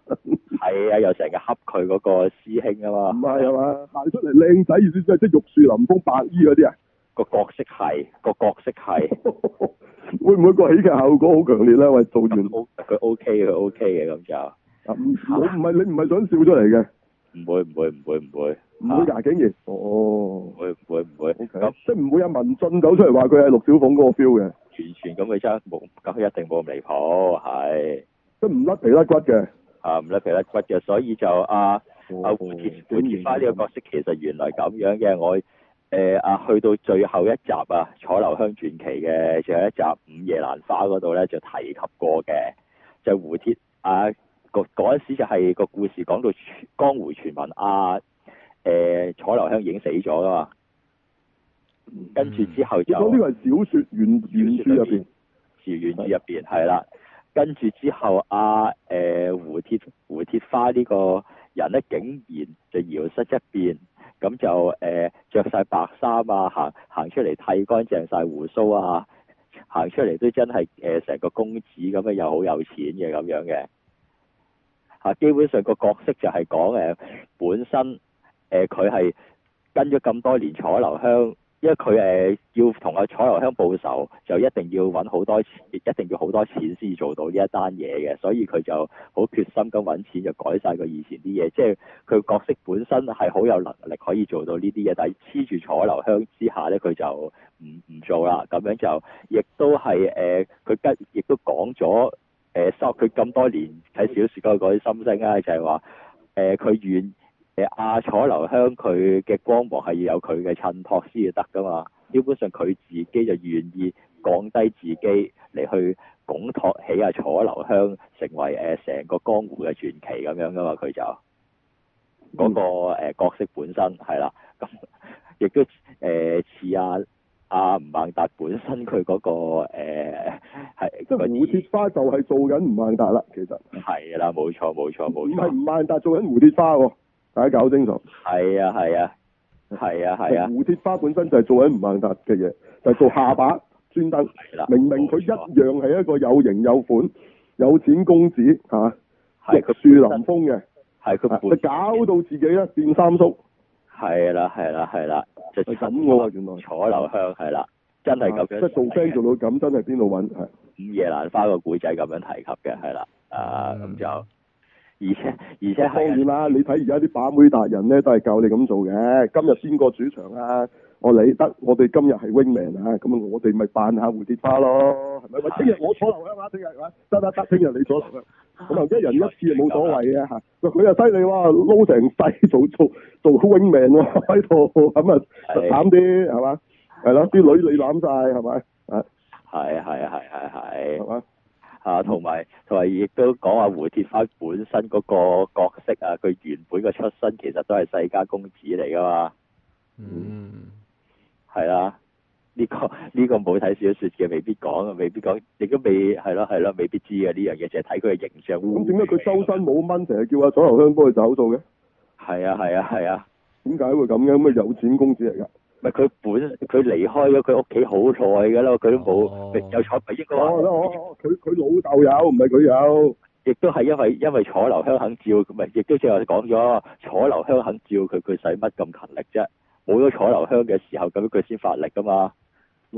Speaker 4: 係啊又成日恰佢嗰個師兄啊嘛，唔係啊嘛，行
Speaker 1: 的出嚟靚仔意思即係即係玉樹臨風白衣嗰啲啊，
Speaker 4: 個角色係、
Speaker 1: 個角色係， 會唔會個喜劇效果好強烈咧？喂，做完
Speaker 4: O 佢 OK 佢 OK 嘅
Speaker 1: 咁就，咁、啊、我唔係你唔係想笑出嚟嘅。
Speaker 2: 唔會唔會唔會唔會，唔會廿會、啊、竟然。
Speaker 1: 哦，唔
Speaker 2: 會唔會唔會，咁 okay, 那即
Speaker 1: 係唔會有民俊走出嚟話佢係陸小鳳嗰個 feel 嘅，
Speaker 4: 完全咁嘅啫，冇咁佢一定冇咁離譜，係，
Speaker 1: 都唔甩皮甩骨嘅，
Speaker 4: 啊唔甩皮甩骨嘅，所以就啊、哦、啊胡鐵胡鐵花呢個角色、嗯、其實原來咁樣嘅，我誒、呃、啊去到最後一集啊《楚留香傳奇》嘅最後一集《午夜蘭花》嗰度咧就提及過嘅，就胡鐵啊。嗰嗰陣時就係個故事講到江湖傳聞啊，誒、呃，楚留香已經死咗啦嘛，跟住之後就呢、嗯、個係
Speaker 1: 小說、原遠書入邊，
Speaker 4: 住遠入邊係啦。跟住之後、啊，阿、呃、誒胡鐵胡鐵花呢個人咧，竟然就搖身一變咁就誒著晒白衫啊，行行出嚟剃乾淨晒鬍鬚啊，行出嚟都真係誒成個公子咁樣，又好有錢嘅咁樣嘅。啊，基本上個角色就係講誒本身誒，佢係跟咗咁多年楚留香，因為佢誒要同阿楚留香報仇，就一定要揾好多錢，一定要好多錢先做到呢一單嘢嘅，所以佢就好決心咁揾錢，就改晒佢以前啲嘢，即係佢角色本身係好有能力可以做到呢啲嘢，但係黐住楚留香之下咧，佢就唔唔做啦，咁樣就亦都係誒，佢跟亦都講咗。誒，收佢咁多年喺小說嗰啲心聲啦、啊，就係話誒，佢願誒阿、呃、楚留香佢嘅光芒係要有佢嘅襯托先至得噶嘛。基本上佢自己就願意降低自己嚟去拱托起阿楚留香成為誒成個江湖嘅傳奇咁樣噶嘛。佢就嗰、嗰個、嗯呃、角色本身係啦，咁亦、嗯、都誒似啊。呃啊吳孟達本身佢嗰個誒
Speaker 1: 係即係蝴蝶花就係做緊吳孟達啦，其實
Speaker 4: 係啦，冇錯冇錯冇錯，唔係吳
Speaker 1: 孟達做緊蝴蝶花，大家搞清楚。
Speaker 4: 係啊係啊
Speaker 1: 係啊係啊，蝴蝶花本身就係做緊吳孟達嘅嘢，就係做下巴專登。係啦，明明佢一樣係一個有型有款有錢公子，吓，
Speaker 2: 佢玉樹臨
Speaker 1: 風嘅，係佢搞到自己變三叔。
Speaker 4: 係啦，係啦，係啦，就咁我喎，原來坐留香，係啦，
Speaker 1: 真係咁，即做 friend 做到咁，真係邊度搵？五
Speaker 4: 夜蘭花個古仔咁樣提及嘅，係啦，啊咁就，
Speaker 1: 而且而且當然啦，你睇而家啲把妹達人咧，都係教你咁做嘅。今日先過主場啊？我理得，我哋今日係 Wingman 啊，咁我哋咪扮下蝴蝶花咯，係咪？喂，聽日我坐樓香啊，聽日啊得啊得，聽日你坐留香。咁啊，一人一次就啊，冇所謂嘅嚇。佢又犀利哇，撈成世做做做永命喎喺度。咁啊，慘啲係嘛？係咯，啲女你攬晒，係咪？
Speaker 4: 係係係係係。係嘛？嚇，同埋同埋，亦都講下胡鐵花本身嗰個角色啊，佢原本嘅出身其實都係世家公子嚟噶嘛。嗯，係啦。呢、這個呢、這個冇睇小説嘅，未必講，未必講，亦都未係咯係咯，未必知啊！呢樣嘢就係睇佢嘅形象。咁點
Speaker 1: 解佢周身冇蚊，成日的叫阿楚留香幫佢找數嘅？
Speaker 4: 係啊係啊係啊！
Speaker 1: 點解會咁樣？嘅？有錢公子嚟㗎！唔係佢本佢離開咗佢屋企好彩㗎啦，佢都冇有彩
Speaker 4: 埋應過。佢
Speaker 1: 佢、啊啊啊、老豆有，唔係佢有。
Speaker 4: 亦都係因為因為楚留香肯照，咁咪亦都正話講咗。楚留香肯照佢，佢使乜咁勤力啫？冇咗楚留香嘅時候，咁佢先發力㗎嘛～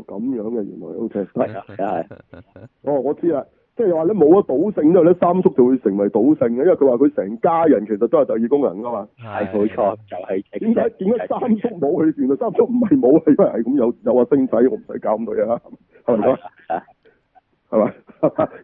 Speaker 4: 咁樣嘅原來 O K
Speaker 1: 係啊，係
Speaker 2: ，okay.
Speaker 1: 哦，我知啦，即係話咧冇咗賭聖之後咧，三叔就會成為賭聖嘅，因為佢話佢成家人其實都係特異功能噶嘛。係冇 錯，就係點解點解三叔冇？ 原來三叔唔係冇，係因為係咁有有阿星仔，我唔使搞咁多嘢啦。係咪？係咪？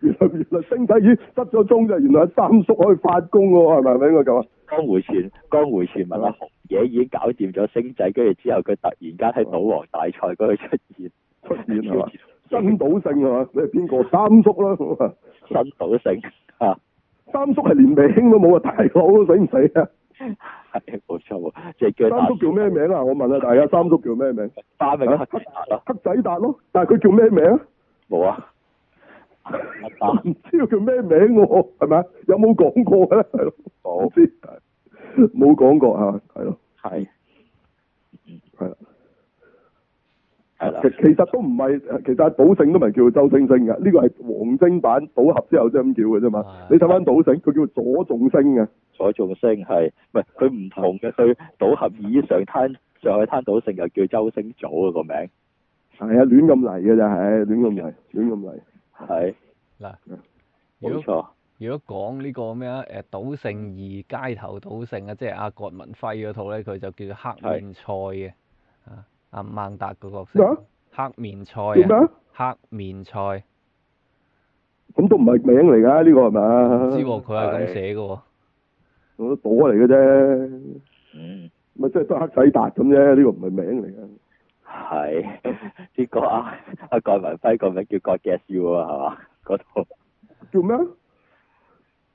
Speaker 1: 原來原來星仔已失咗蹤就，原來三叔可以發功噶喎，係咪？咁啊，
Speaker 4: 江回前江回前問阿，紅吧野已經搞掂咗星仔，跟住之後佢突然間喺賭王大賽嗰度出現，出現係嘛？
Speaker 1: 新賭聖係嘛？你係邊個？三叔啦，
Speaker 4: 新賭聖吓，
Speaker 1: 三叔係連名都冇啊，大佬，都死唔死啊？係冇錯，即係叫三叔叫咩名啊？我問下大家，三叔叫咩名？達明啊，黑仔達咯，但係佢叫咩名？冇啊。 我唔知道叫咩名，係咪有冇講過咧？係 咯， 冇冇講過吓，係咯， 係係啦，其其實都唔係，其實賭聖都唔係叫周星星嘅，呢個係黃晶版賭俠之後先咁叫嘅啫嘛。吧你睇翻賭聖，佢叫左仲星嘅，
Speaker 4: 左仲星係，唔係佢唔同嘅。佢賭俠以上攤，上海攤賭聖又叫周星祖個名，
Speaker 1: 係啊，亂咁嚟嘅就係，亂咁嚟，亂咁嚟。Okay. 係嗱，係，
Speaker 4: 如果，冇
Speaker 3: 錯。如果講呢個咩啊？誒《賭聖二》《街頭賭聖》啊，即係阿郭文輝嗰套咧，佢就叫做黑面菜嘅。係啊！阿孟達嗰個角色，咩？黑面菜啊，咩？黑面菜。
Speaker 1: 咁都唔係名嚟㗎？呢個係咪？唔知喎、啊，佢係咁寫嘅喎、啊。我都賭嚟嘅啫。咪即係得黑仔達咁啫？呢個唔係名嚟嘅。
Speaker 4: 係，呢個啊阿蓋文輝個名叫 God bless you 啊，係嘛？嗰套
Speaker 3: 叫咩？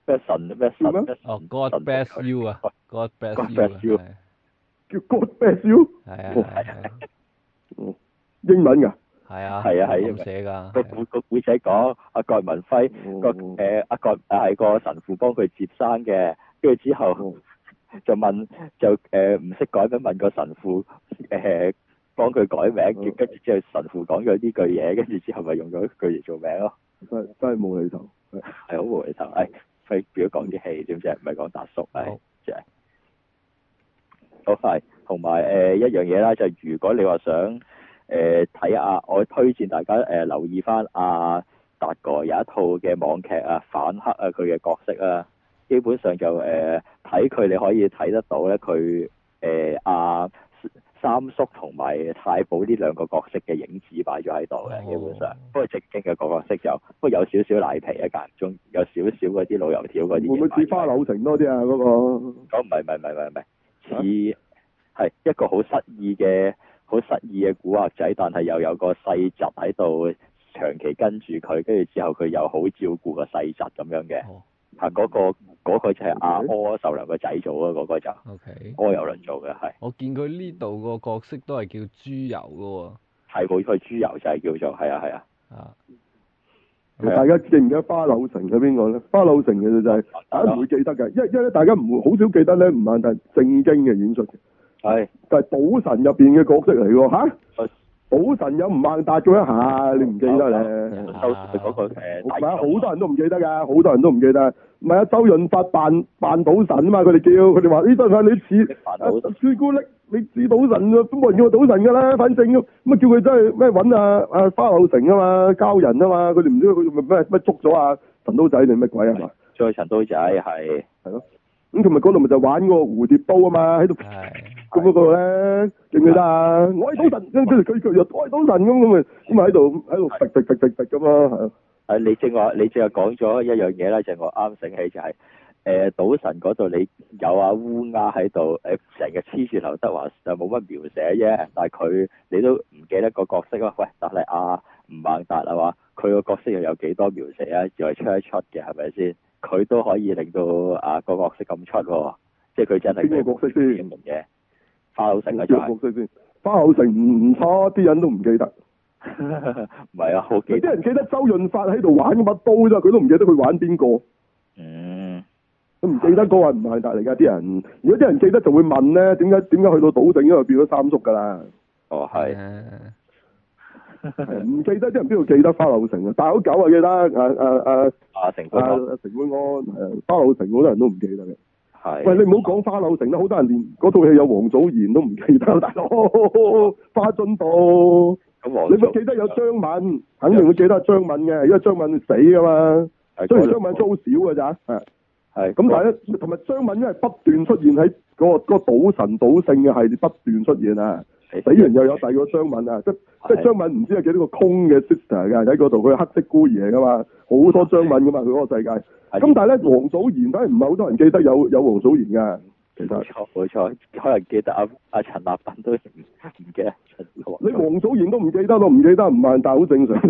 Speaker 3: 咩神咩？哦，God bless you 啊，God bless
Speaker 1: you 啊，叫 God bless you，係啊係啊，
Speaker 3: 嗯，英文噶，
Speaker 1: 係啊係啊係咁寫
Speaker 3: 噶，
Speaker 4: 個故個故仔講阿蓋文輝個誒阿蓋係個神父幫佢接生嘅，跟住之後就問就誒唔識講咁問個神父誒。幫佢改名，跟住之後神父講咗啲句嘢，跟住之後咪用咗句嘢做名咯。真係冇厘頭，係好冇厘頭。係係， 主要講啲戲，知唔知唔係講達叔係好。好。好係。同埋誒一樣嘢啦，就係、如果你話想誒睇、呃、啊，我推薦大家誒、呃、留意翻阿、啊、達哥有一套嘅網劇啊，反黑啊，佢嘅角色啊，基本上就誒睇佢你可以睇得到咧，佢、呃、誒啊。三叔同埋太保呢兩個角色嘅影子擺咗喺度嘅，基本上 不過正經嘅個角色就，不過有少少奶皮啊，間中，有少少嗰啲老油條嗰啲。會似
Speaker 1: 花柳城多啲啊？嗰、嗰個？
Speaker 4: 嗰，唔係唔係唔係唔係似係一個好失意嘅好失意嘅古惑仔，但係又有個細侄喺度長期跟住佢，跟住之後佢又好照顧個細侄咁樣嘅。 係嗰、那個、那個就係阿柯受良個仔做啊，嗰個就
Speaker 3: 柯有倫做嘅係。我見佢呢度個角色都係叫豬油噶喎、哦。係佢，佢豬油就係、是、叫做係啊係啊。啊！
Speaker 1: 啊啊大家記唔記得花柳城係邊個咧？花柳城其實就係，唔會記得嘅，哦、因因為咧大家唔會好的少記得咧，唔係但係正經嘅演出嘅，係的就係賭神入邊嘅角色嚟喎吓。啊啊賭神有吳孟達咗一下，你唔記得咧？
Speaker 2: 周，嗰個誒，唔係啊！
Speaker 1: 好、啊、多人都唔記得噶，好多人都唔記得。唔係啊，周潤發扮扮賭神啊嘛，佢哋叫佢哋話：呢張片你似朱古力，你似賭神啊！都冇人叫我賭神噶啦，反正咁，咁啊叫佢真係咩搵啊啊花柳城啊嘛，交人啊嘛，佢哋唔知佢咪咩咩捉咗啊神刀仔定乜鬼係、啊、嘛？
Speaker 4: 再神刀仔係係咯，咁
Speaker 1: 同埋嗰度咪就玩個蝴蝶刀啊嘛，喺度。咁的不過咧記唔記得啊？我喺賭神跟住佢又我喺賭神，咁咁啊，咁咪喺度喺度揈揈揈揈揈咁
Speaker 4: 啊！啊！你正話，你正話講咗一樣嘢咧，就係我啱醒起，就係誒賭神嗰度你有阿烏鴉喺度，誒成日黐住劉德華就冇乜描寫啫。但係佢你都唔記得個角色啊？喂，但係阿吳孟達話佢個角色又有幾多描寫啊？又係出一出嘅係咪先？佢都可以令到啊、嗰個角色咁出，即係佢真係幾唔同嘅。
Speaker 1: 花柳城啊，講個故事先。花柳城唔差，啲、嗯、人都唔記得。
Speaker 4: 唔係 啊，好。有啲人記
Speaker 1: 得周潤發喺度玩嗰把刀咋，佢都唔記得佢玩邊個。嗯。佢唔記得嗰位，唔係達嚟噶，啲人的如果啲人記得，就會問咧：點解點解去到島頂度變咗三叔噶啦？
Speaker 4: 哦，係。
Speaker 1: 唔 記得，啲人邊度記得花柳城啊？大口九啊記得啊啊啊！阿、啊啊、成、阿、啊、安、啊、花柳城好多人都唔記得嘅。喂，你唔好講花柳城啦，好多人連嗰套戲有王祖賢都唔記得大佬。花樽度，
Speaker 2: 你會記得有
Speaker 1: 張敏，的肯定會記得阿張敏嘅，因為張敏死噶嘛。雖然的張敏好少嘅咋。係。係。咁但係咧，同埋張敏因為不斷出現喺嗰的、那個嗰、那個那個、賭神賭聖嘅系列不斷出現啊。死人又有第二個張敏啊！即即張敏唔知係幾多個空嘅 sister 噶喺嗰度，佢係的黑色孤兒嚟噶嘛，好多張敏噶嘛，佢嗰個世界。咁的但係咧，王祖賢反而唔係好多人記得有有王祖賢噶冇
Speaker 4: 錯冇錯，可能記得阿阿陳立品都唔唔記得。記得王你王
Speaker 1: 祖賢都唔記得咯，唔記得吳孟達好正常。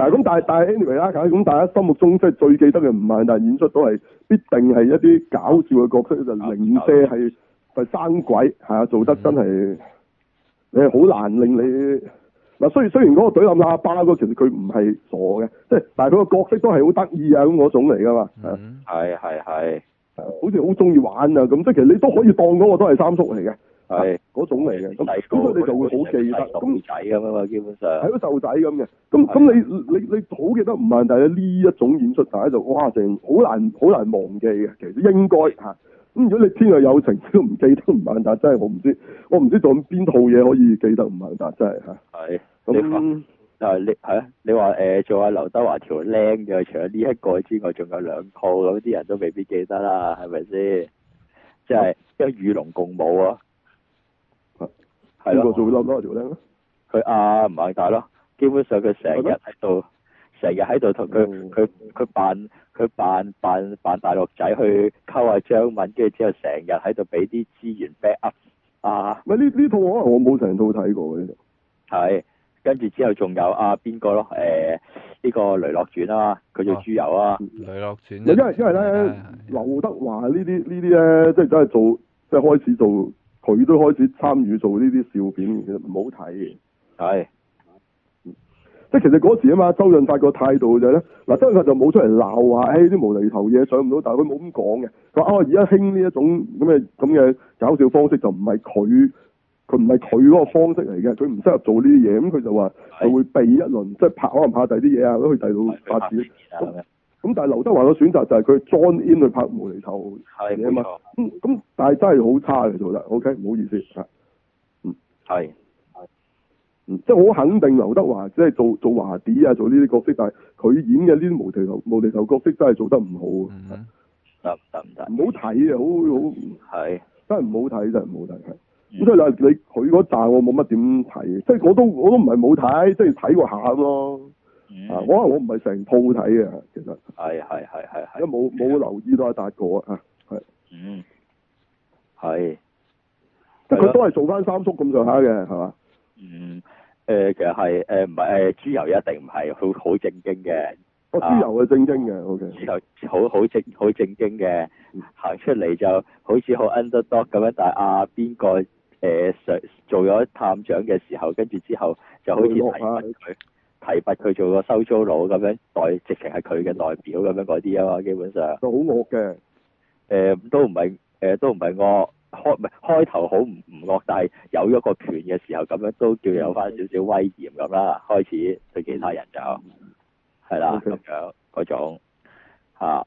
Speaker 1: 但係咁，但係但係 anyway 啦，咁大家心目中即係最記得嘅吳孟達演出都係必定係一啲搞笑嘅角色，就零舍係。係生鬼做得真係你好難令你嗱，雖雖然嗰個隊冧阿爸嗰個，其實佢唔係傻嘅，即係但係佢個角色都係好得意啊，咁嗰種嚟噶嘛，
Speaker 2: 係係
Speaker 1: 係，好似好中意玩啊咁，即係其實你都可以當咗我都係三叔嚟嘅，係嗰種嚟嘅，咁咁你就會好記得，咁仔噶嘛，基本上係個豆仔咁嘅，咁咁你你你好記得唔係，但係呢一種演出大家就哇，成好難好難忘記嘅，其實應該吓。咁如果你天，天若有情都唔記得吳孟達，但真係我唔知，我唔知做邊套嘢可以記得吳孟達，但真係
Speaker 2: 嚇。
Speaker 1: 係
Speaker 4: 咁，但係你係啊？你話誒、啊呃、做阿劉德華條靚嘅，除咗呢一個之外，仲有兩套咁啲人都未必記得啦，係咪先？即係因為與龍共舞啊！係啦、
Speaker 1: 啊啊，做多條靚囉，仲
Speaker 4: 佢啊吳孟達咯，基本上佢成日喺度。成日喺度同佢佢佢扮佢扮扮扮大陸仔去溝下張敏，跟住之後成日喺度俾啲資源 back up 啊！
Speaker 1: 咪呢呢套我我冇成套睇過嘅，
Speaker 4: 係跟住之後仲有啊，邊個咯？誒、呃、呢、呢個雷、啊啊啊《雷洛傳》啊，佢做豬油啊，
Speaker 2: 《雷洛傳》因為因為咧，
Speaker 1: 劉德華呢啲呢啲咧，即係真係做即係開始做，佢都開始參與做呢啲笑片，其實唔好睇嘅係。即係其實嗰時啊嘛，周潤發個態度就係咧，嗱周潤發就冇出嚟鬧話，誒啲無厘頭嘢上唔到，但係佢冇咁講嘅，佢話哦而家興呢一種咁嘅咁嘅搞笑方式就唔係佢，佢唔係佢嗰個方式嚟嘅，佢唔適合做呢啲嘢，咁佢就話係會避一輪，的即係拍可能拍第啲嘢啊，咁去第二度發展指。咁但係劉德華嘅選擇就係佢裝 In 去拍無厘頭嘢啊嘛，咁咁但係真係好差嘅做啦，OK，唔好意思啊，的嗯係。即係好肯定劉德華，即係做做華 Dee 啊，做呢啲角色，但係佢演嘅呢啲無厘頭無厘頭角色真係做得唔好啊！得得得，唔好睇啊！好好係真係唔好睇，真係唔好睇。咁所以你佢嗰集我冇乜點睇，即係我都我都唔係冇睇，即係睇過下咁
Speaker 2: 咯。
Speaker 1: 啊，我可能我唔係成套睇嘅，其實
Speaker 2: 係係
Speaker 4: 係
Speaker 1: 係，因為冇冇留意到阿達哥啊，係
Speaker 4: 嗯
Speaker 1: 係，即係佢都係做翻三叔咁上下嘅，係嘛？嗯。
Speaker 4: 誒其、呃、實係誒唔係誒豬油一定唔係好好正經嘅。
Speaker 1: 哦，豬油係正經嘅，OK。
Speaker 4: 豬油好好正好正經嘅，嗯、行出嚟就好似好 underdog 咁樣，但係阿邊個誒上、呃、做咗探長嘅時候，跟住之後就好似提拔佢，提拔佢做個收租佬咁樣代，直情係佢嘅代表咁樣嗰啲啊嘛，基本上。都好惡嘅？誒、呃、都唔係誒都唔係惡。開唔係開頭好唔唔惡，但係有咗個權嘅時候，咁樣都叫有返少少威嚴咁啦。嗯、開始對其他人就係啦，咁樣嗰種吓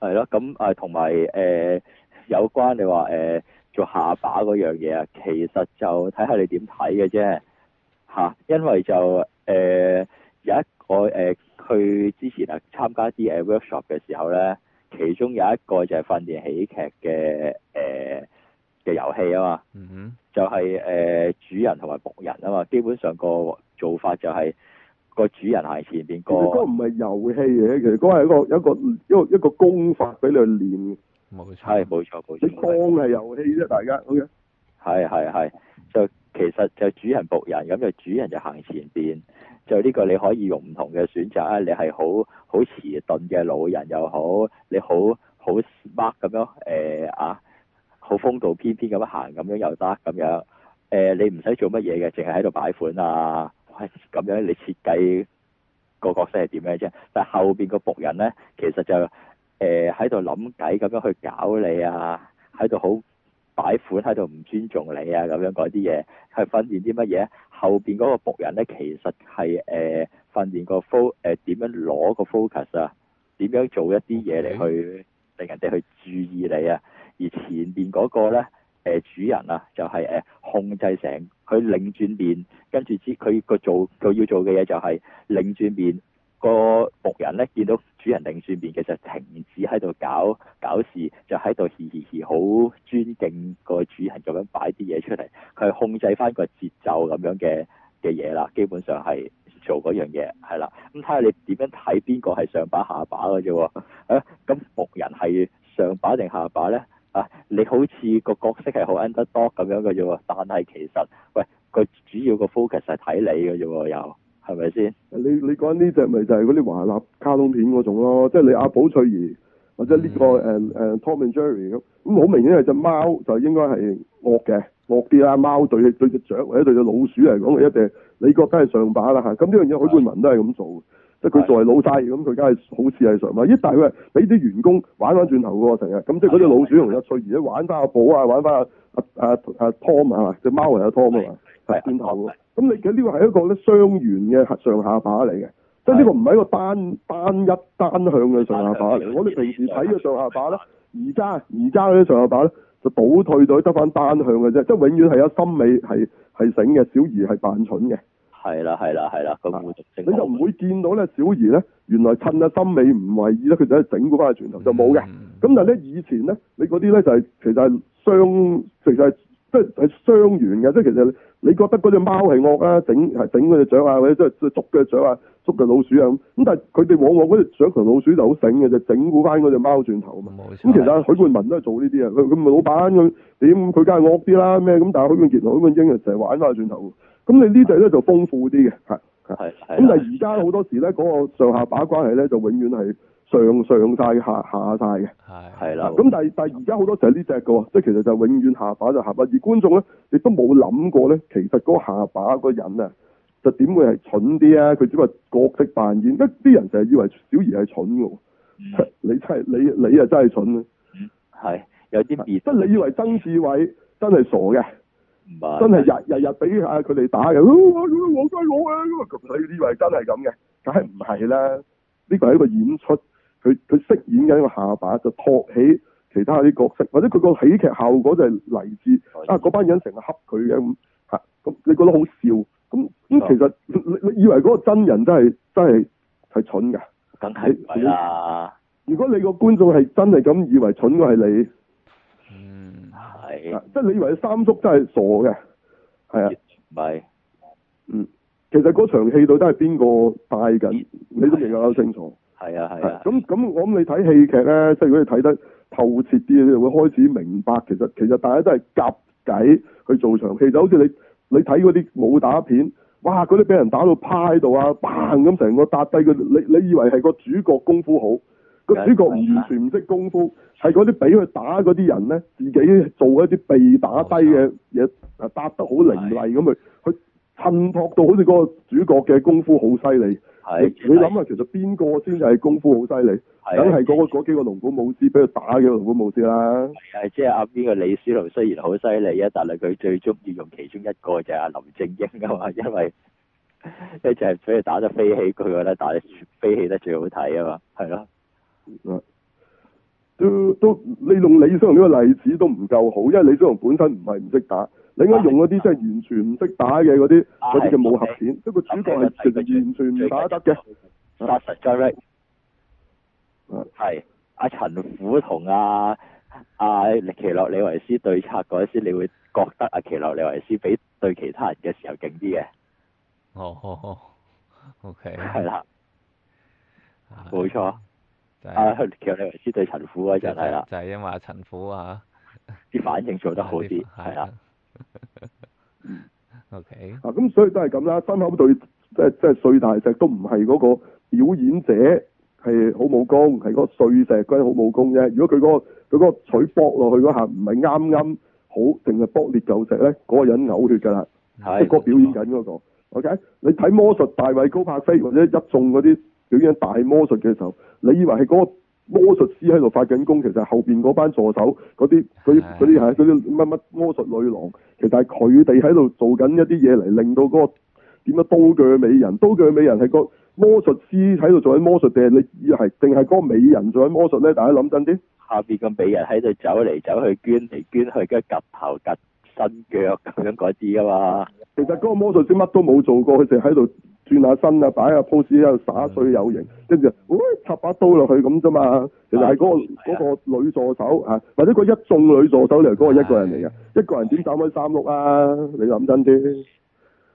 Speaker 4: 係咯。咁、啊、誒，同埋誒有關你話誒、呃、做下把嗰樣嘢啊，其實就睇下你點睇嘅啫吓。因為就誒、呃、有一個誒，佢、呃、之前啊參加啲誒 workshop 嘅時候咧。其中有一個就係訓練喜劇嘅誒嘅遊戲啊嘛，mm hmm. 就係、係呃、主人同埋僕人啊嘛，基本上個做法就係個主人喺前面、嗰個、其如果
Speaker 1: 唔係遊戲嘅，其實都係一個一個一個一個功法俾你練。冇錯
Speaker 4: 冇錯冇錯，錯錯你
Speaker 1: 講係遊戲啫，大家
Speaker 4: 好嘅，係、okay mm hmm. 就。其實就主人僕人咁，就主人就行前邊，就呢個你可以用唔同嘅選擇啊！你係好好遲鈍嘅老人又好，你好好 smart 咁樣誒、呃、啊，好風度翩翩咁樣行咁樣又得咁樣誒，你唔使做乜嘢嘅，淨係喺度擺款啊，啊、咁樣你設計個角色係點樣啫？但後邊個僕人咧，其實就誒喺度諗計咁樣去搞你啊，喺度好～擺款喺度唔尊重你啊咁樣嗰啲嘢，係訓練啲乜嘢？後邊嗰個僕人咧，其實係誒、呃、訓練個 focus 誒、呃、點樣攞個 focus 啊，點樣做一啲嘢嚟去令人哋去注意你啊。而前邊嗰個咧誒、呃、主人啊，就係、是、誒、呃、控制成佢擰轉面，跟住之佢個做佢要做嘅嘢就係擰轉面。個僕人咧見到主人定説面，其實停止喺度搞搞事，就喺度嘻嘻嘻，好尊敬個主人咁樣擺啲嘢出嚟，佢控制翻個節奏咁樣嘅嘅嘢啦，基本上係做嗰樣嘢係啦。咁睇下你點樣睇邊個係上把下把嘅啫喎？啊，咁僕人係上把定下把咧？啊，你好似個角色係好 underdog 咁樣嘅啫喎，但係其實喂，佢主要個 focus 係睇你嘅啫喎又。係咪
Speaker 1: 先？你你講呢隻咪就係嗰啲華納卡通片嗰種咯，即係你阿寶翠兒或者呢、這個誒誒、mm hmm. uh, uh, Tom and Jerry 咁，咁、嗯、好明顯係隻貓就應該係惡嘅，惡啲啦。貓對對隻雀或者對隻老鼠嚟講，mm hmm. 一定你覺得係上把啦咁呢、嗯、樣嘢許冠文都係咁做。Mm hmm. 佢作為老細，咁佢梗係好似係常嘛。一但係喂，俾啲員工玩翻轉頭嘅喎，成日咁，即係嗰啲老鼠同阿翠兒咧玩翻阿寶啊，玩翻阿啊啊啊 Tom 啊，隻貓又阿 Tom 啊，係轉頭嘅。咁你嘅呢個係一個咧雙元嘅上下把嚟嘅，即係呢個唔係一個單單一單向嘅上下把嚟。我哋平時睇嘅上下把咧，而家而家嘅上下把咧就倒退到得翻單向嘅啫。即係永遠係有心理係係醒嘅，小兒係扮蠢嘅。
Speaker 4: 係啦，係啦，係啦，咁會你就唔
Speaker 1: 會見到咧，小兒咧，原來趁阿心美唔為意咧，佢就係整蠱翻個轉頭就冇嘅。咁、嗯嗯、但係咧，以前咧，你嗰啲咧就係其實係相，其實係即係雙元嘅，即、就、係、是、其實你覺得嗰隻貓係惡呀，整係整嗰隻掌啊，或者即係捉嘅掌啊，捉嘅老鼠啊咁。咁但係佢哋往往嗰隻掌同老鼠就好醒嘅，就整蠱翻嗰隻貓轉頭啊嘛。
Speaker 2: 咁其實許
Speaker 1: 冠文都係做呢啲啊，佢咁咪老闆點，佢梗係惡啲啦咩？咁但係許冠杰、許冠英就成日玩翻個轉頭。咁你呢隻咧就豐富啲嘅，
Speaker 2: 係，咁但係而
Speaker 1: 家好多時咧嗰個上下把關係咧就永遠係上上晒、下下晒嘅，
Speaker 2: 係啦。咁
Speaker 1: 但係但係而家好多時就係呢隻嘅，即係其實就永遠下把就下把，而觀眾咧亦都冇諗過咧，其實嗰下把嗰人啊，就點會係蠢啲啊？佢只不過角色扮演，一啲人就係以為小儀係蠢喎。你真係你你啊真係蠢啊，係有啲，即你以為曾志偉真係傻嘅。
Speaker 2: 是真係日
Speaker 1: 日日俾阿佢哋打嘅，好犀利嘅咁啊！你以為真係咁嘅，梗係唔係啦？呢個係一個演出，佢佢飾演嘅一個下巴，就托起其他啲角色，或者佢個喜劇效果就係嚟自的啊。啊！嗰班人成日恰佢嘅咁，咁你覺得好笑？咁咁其實，哦、你，你以為嗰個真人真係真係係蠢嘅？梗係係啦！如果你個觀眾係真係咁以為蠢嘅係你。嗯 啊、即係你以為你三叔真係傻嘅，係啊，唔係，嗯，其實嗰場戲到底係邊個帶緊，It s 你都未搞清楚。
Speaker 2: 係啊，係
Speaker 1: 啊。咁咁、啊，我諗你睇戲劇咧，即係如果你睇得透徹啲，你就會開始明白，其實其實大家都係夾計去做場戲。就好似你你睇嗰啲武打片，哇！嗰啲俾人打到趴喺度啊嘭咁成個笪低個，你你以為係個主角功夫好？個主角唔完全唔識功夫，係嗰啲俾佢打嗰啲人咧，自己做一啲被打低嘅嘢，打啊，打得好凌厲咁啊，佢襯托到好似個主角嘅功夫好犀利。係、啊、你諗下、啊，其實邊個先係功夫好犀利？
Speaker 4: 梗係嗰
Speaker 1: 嗰幾個龍虎武師俾佢打嘅龍虎武師啦。
Speaker 4: 係即係阿邊個李小龍雖然好犀利啊，但係佢最中意用其中一個就係阿林正英噶嘛，因為一直係俾佢打得飛起，佢覺得打飛起得最好睇啊嘛，係咯、啊。
Speaker 2: 啊、
Speaker 1: 嗯！都都，你用李小龍呢個例子都唔夠好，因為李小龍本身唔係唔識打，你而家用嗰啲真係完全唔識打嘅嗰啲，嗰啲叫武俠線，即係主角係其實完全唔打得嘅。
Speaker 4: 啊，係阿陳虎同阿阿奇洛李維斯對策嗰時，你會覺得阿、啊、奇洛李維斯比對其他人嘅時候勁啲嘅。
Speaker 3: 哦，OK，係啦，冇錯。
Speaker 4: 啊！其實李維斯對陳虎啊，真係啦，就係、
Speaker 3: 是、因為陳虎啊，啲反應
Speaker 4: 做得
Speaker 2: 好啲，係 Okay. 啊。O
Speaker 1: K。啊，咁所以都係咁啦。山口對即係即係碎大石，都唔係嗰個表演者係好武功，係個碎石嗰好武功啫。如果佢嗰、那個佢嗰個取剝落去嗰下唔係啱啱好，淨係剝裂舊石咧，嗰、那個人嘔血㗎啦。係
Speaker 2: 吧。即嗰個
Speaker 1: 表演緊嗰、那個。O K 錯。Okay? 你睇魔術大衞高柏飛或者一眾嗰啲。表演大魔術嘅時候，你以為係嗰個魔術師喺度發緊功，其實後邊嗰班助手、嗰啲、嗰啲、啲係嗰啲乜乜魔術女郎，其實係佢哋喺度做緊一啲嘢嚟令到嗰個點啊刀鋸美人，刀鋸美人係個魔術師喺度做緊魔術定係你係定係嗰個美人做緊魔術咧？大家諗緊啲。
Speaker 4: 下邊個美人喺度走嚟走去，捐嚟捐去，跟住夾頭夾身腳咁樣嗰啲啊嘛。
Speaker 1: 其實嗰個魔術師乜都冇做過，佢淨係喺度。轉下身啊，擺下 pose 喺度耍水有型，跟住，嘩、哦、插把刀落去咁啫嘛。其實係嗰、那個嗰、哎、呀個女助手啊，哎、呀或者個一眾女助手嚟嗰、那個一個人嚟噶，哎、呀一個人點斬開三碌啊？你諗真啲，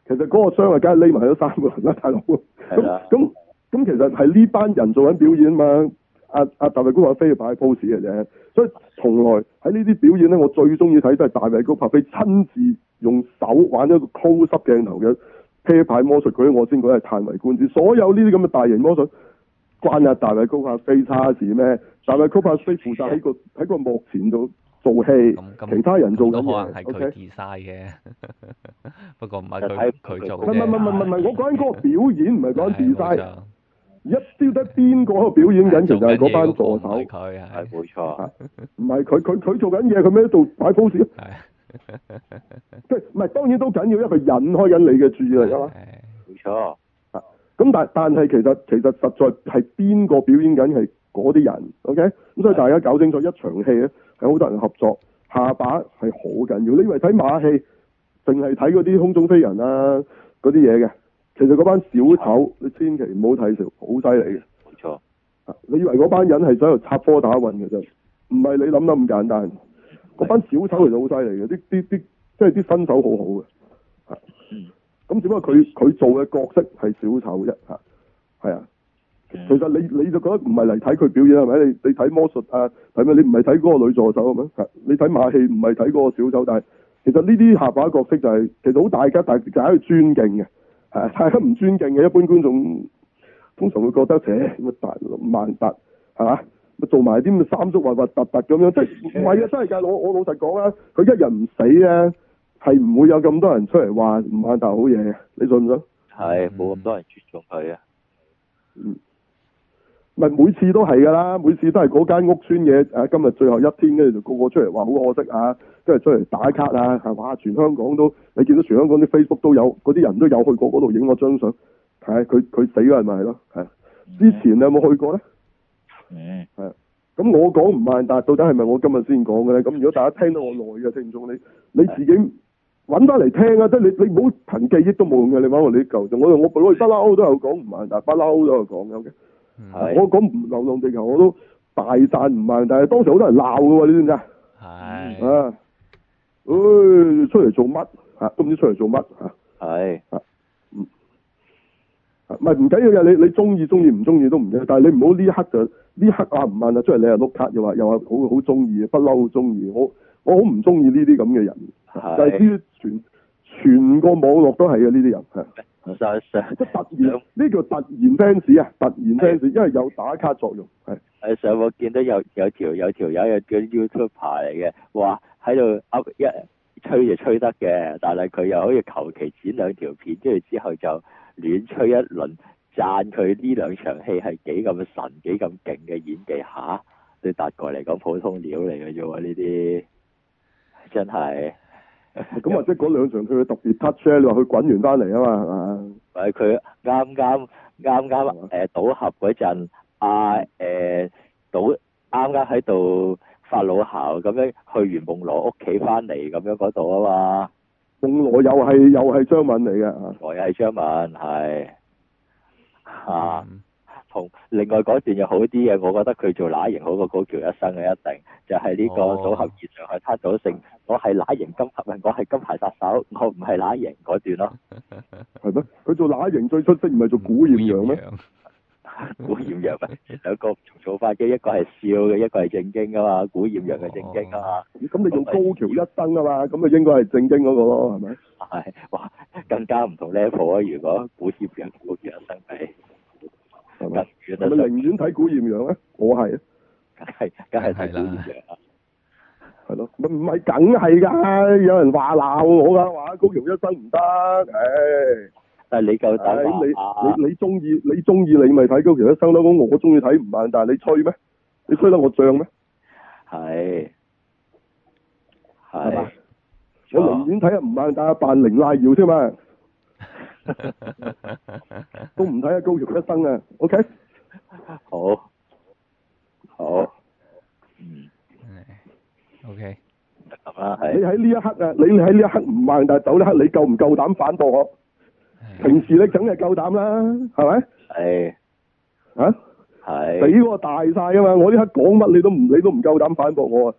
Speaker 1: 其實嗰個箱啊，梗係匿埋咗三個人啦，大佬、哎呀。咁咁咁，其實係呢班人做緊表演啊嘛。阿阿大衛高柏飛要擺 pose 嘅啫，所以從來喺呢啲表演咧，我最中意睇都係大衛高柏飛親自用手玩一個 close 鏡頭嘅。p 牌魔術佢我先覺得係嘆為觀止，所有呢啲咁嘅大型魔術，關阿大衛高柏飛差事咩？大衛高柏飛負責喺個喺個幕前度做戲，其他人做嘅都可能係佢
Speaker 3: design 嘅。不過唔係佢佢就。啫。唔唔
Speaker 1: 唔唔唔，我講嗰個表演唔係講 design。一招得邊個喺度表演緊，就係嗰班助手。係冇錯。唔係佢佢佢做緊嘢，佢咩做擺 pose？即係唔係？ 當然都緊要，一個引開緊你嘅注意力啊，冇錯。咁錯但但係其實其實實在係邊個表演緊係嗰啲人，OK？咁 所以大家搞清楚一場戲咧係好多人合作，下把係好緊要。你以為睇馬戲淨係睇嗰啲空中飛人啦嗰啲嘢嘅，其實嗰班小丑 你千祈唔好睇成好犀利嘅，
Speaker 2: 冇錯錯、
Speaker 1: 啊。你以為嗰班人係想度插科打諢嘅啫，唔係你諗得咁簡單。嗰班小丑其實好犀利嘅，啲啲啲即係啲新手好好嘅，
Speaker 2: 嚇，
Speaker 1: 咁只不過佢佢做嘅角色係小丑啫，嚇，係啊，其實你你就覺得唔係嚟睇佢表演係咪？你你睇魔術啊係咪？你唔係睇嗰個女助手係咪？你睇馬戲唔係睇嗰個小丑，但係其實呢啲下把角色就係、是、其實好大家大家要尊敬嘅，係大家唔尊敬嘅一般觀眾通常會覺得誒乜達萬達係嘛？做埋啲三叔核核突突咁樣，即係，唔係啊，真係噶！我我老實講啦，佢一日唔死咧，係唔會有咁多人出嚟話唔翻頭好嘢，你信唔信？係，冇
Speaker 4: 咁多人絕咗佢啊。嗯，
Speaker 1: 咪每次都係噶啦，每次都係嗰間屋村嘢。啊，今日最後一天，跟住就個個出嚟話好可惜啊，跟住出嚟打卡啊，係嘛？全香港都，你見到全香港啲 Facebook 都有，嗰啲人都有去過嗰度影我張相。係，佢、啊、佢死咗人係咪咯？係，嗯、之前你有冇去過咧？誒，係咁 Yeah. 我講吳孟達到底係咪我今日先講嘅咧？咁如果大家聽到我耐嘅聽眾，你你自己搵翻嚟聽啊！即係你你唔好憑記憶都冇用嘅。你問我你舊嘅，我我我不嬲都有講吳孟達，不嬲都有講嘅。Okay、
Speaker 2: 的我
Speaker 1: 講流浪地球，我都大讚吳孟達。但係當時好多人鬧嘅喎，你知唔知的啊？係、哎、啊，誒，出嚟做乜吓？都唔知出嚟做乜吓？係啊，唔係唔緊要嘅，你你中意中意唔中意都唔緊要，但係你唔好呢一刻就。啲黑啊唔問啊，問出嚟，你又碌卡又話又話好好中意，不嬲中意。我我好唔中意呢啲咁嘅人，就係啲全全個網絡都係啊，呢啲人。係，上上突然呢個、嗯、突然 fans 啊，突然 fans，的因為有打卡作用。係，
Speaker 4: 喺上個見到有有條有條友有嗰啲 YouTube 嚟嘅，話喺度 up 一吹就吹得嘅，但係佢又可以求其剪兩條片跟住之後就亂吹一輪。讚佢呢兩場戲係幾咁神，幾咁勁嘅演技吓、啊！對達哥嚟講，普通料嚟嘅啫喎，呢啲真係
Speaker 1: 咁，或者嗰兩場佢特別 touch 你，話佢滾完翻嚟啊嘛，係嘛？
Speaker 4: 誒，佢啱啱啱啱誒，賭俠嗰陣，阿誒賭啱啱喺度發老校，咁樣去完夢羅屋企翻嚟，咁樣嗰度啊嘛。夢
Speaker 1: 羅又係又係張敏嚟嘅，
Speaker 4: 羅又係張敏係。嗯、啊，同另外嗰段又好啲嘅，我覺得佢做乸型好過高橋一生嘅一定，就係、是、呢個組合現場係佢組成，哦、我係乸型金合運，我係金牌殺手，我唔係乸型嗰段咯、啊，係咩
Speaker 1: 佢做乸型最出色，唔係做古艷陽咩？古艷
Speaker 4: 陽啊，兩個草草花機，一個係笑嘅，一個係正經噶嘛。古艷陽係正經啊嘛。
Speaker 1: 咁你用高橋一生啊嘛，咁咪應該係正經嗰個咯，係咪？
Speaker 4: 係，哇，更加唔同 level 啊！如果古艷陽、高橋一生比，咁，我
Speaker 1: 寧願睇古艷陽啊，我係
Speaker 4: 啊，係，梗係睇古艷
Speaker 1: 陽啊，係咯，唔係，梗係噶，有人話鬧我噶，話高橋一生唔得，唉。但係你夠膽嘛？你你你中意你中意你咪睇《高橋一生》咯，咁我中意睇吳孟達，你吹咩？你吹得我漲咩？係係，我寧願睇阿吳孟達扮零奈瑤先嘛，
Speaker 4: 都唔
Speaker 1: 睇下高橋一生》啊。OK，好，好，嗯
Speaker 3: ，OK，你喺
Speaker 1: 呢一刻啊，你喺呢一刻吳孟達走呢刻，你夠唔夠膽反駁我？平時你梗係夠膽啦，係咪？係是啊，比是我大晒啊嘛！我呢刻講乜你都唔你都唔夠膽反駁我
Speaker 4: 啊！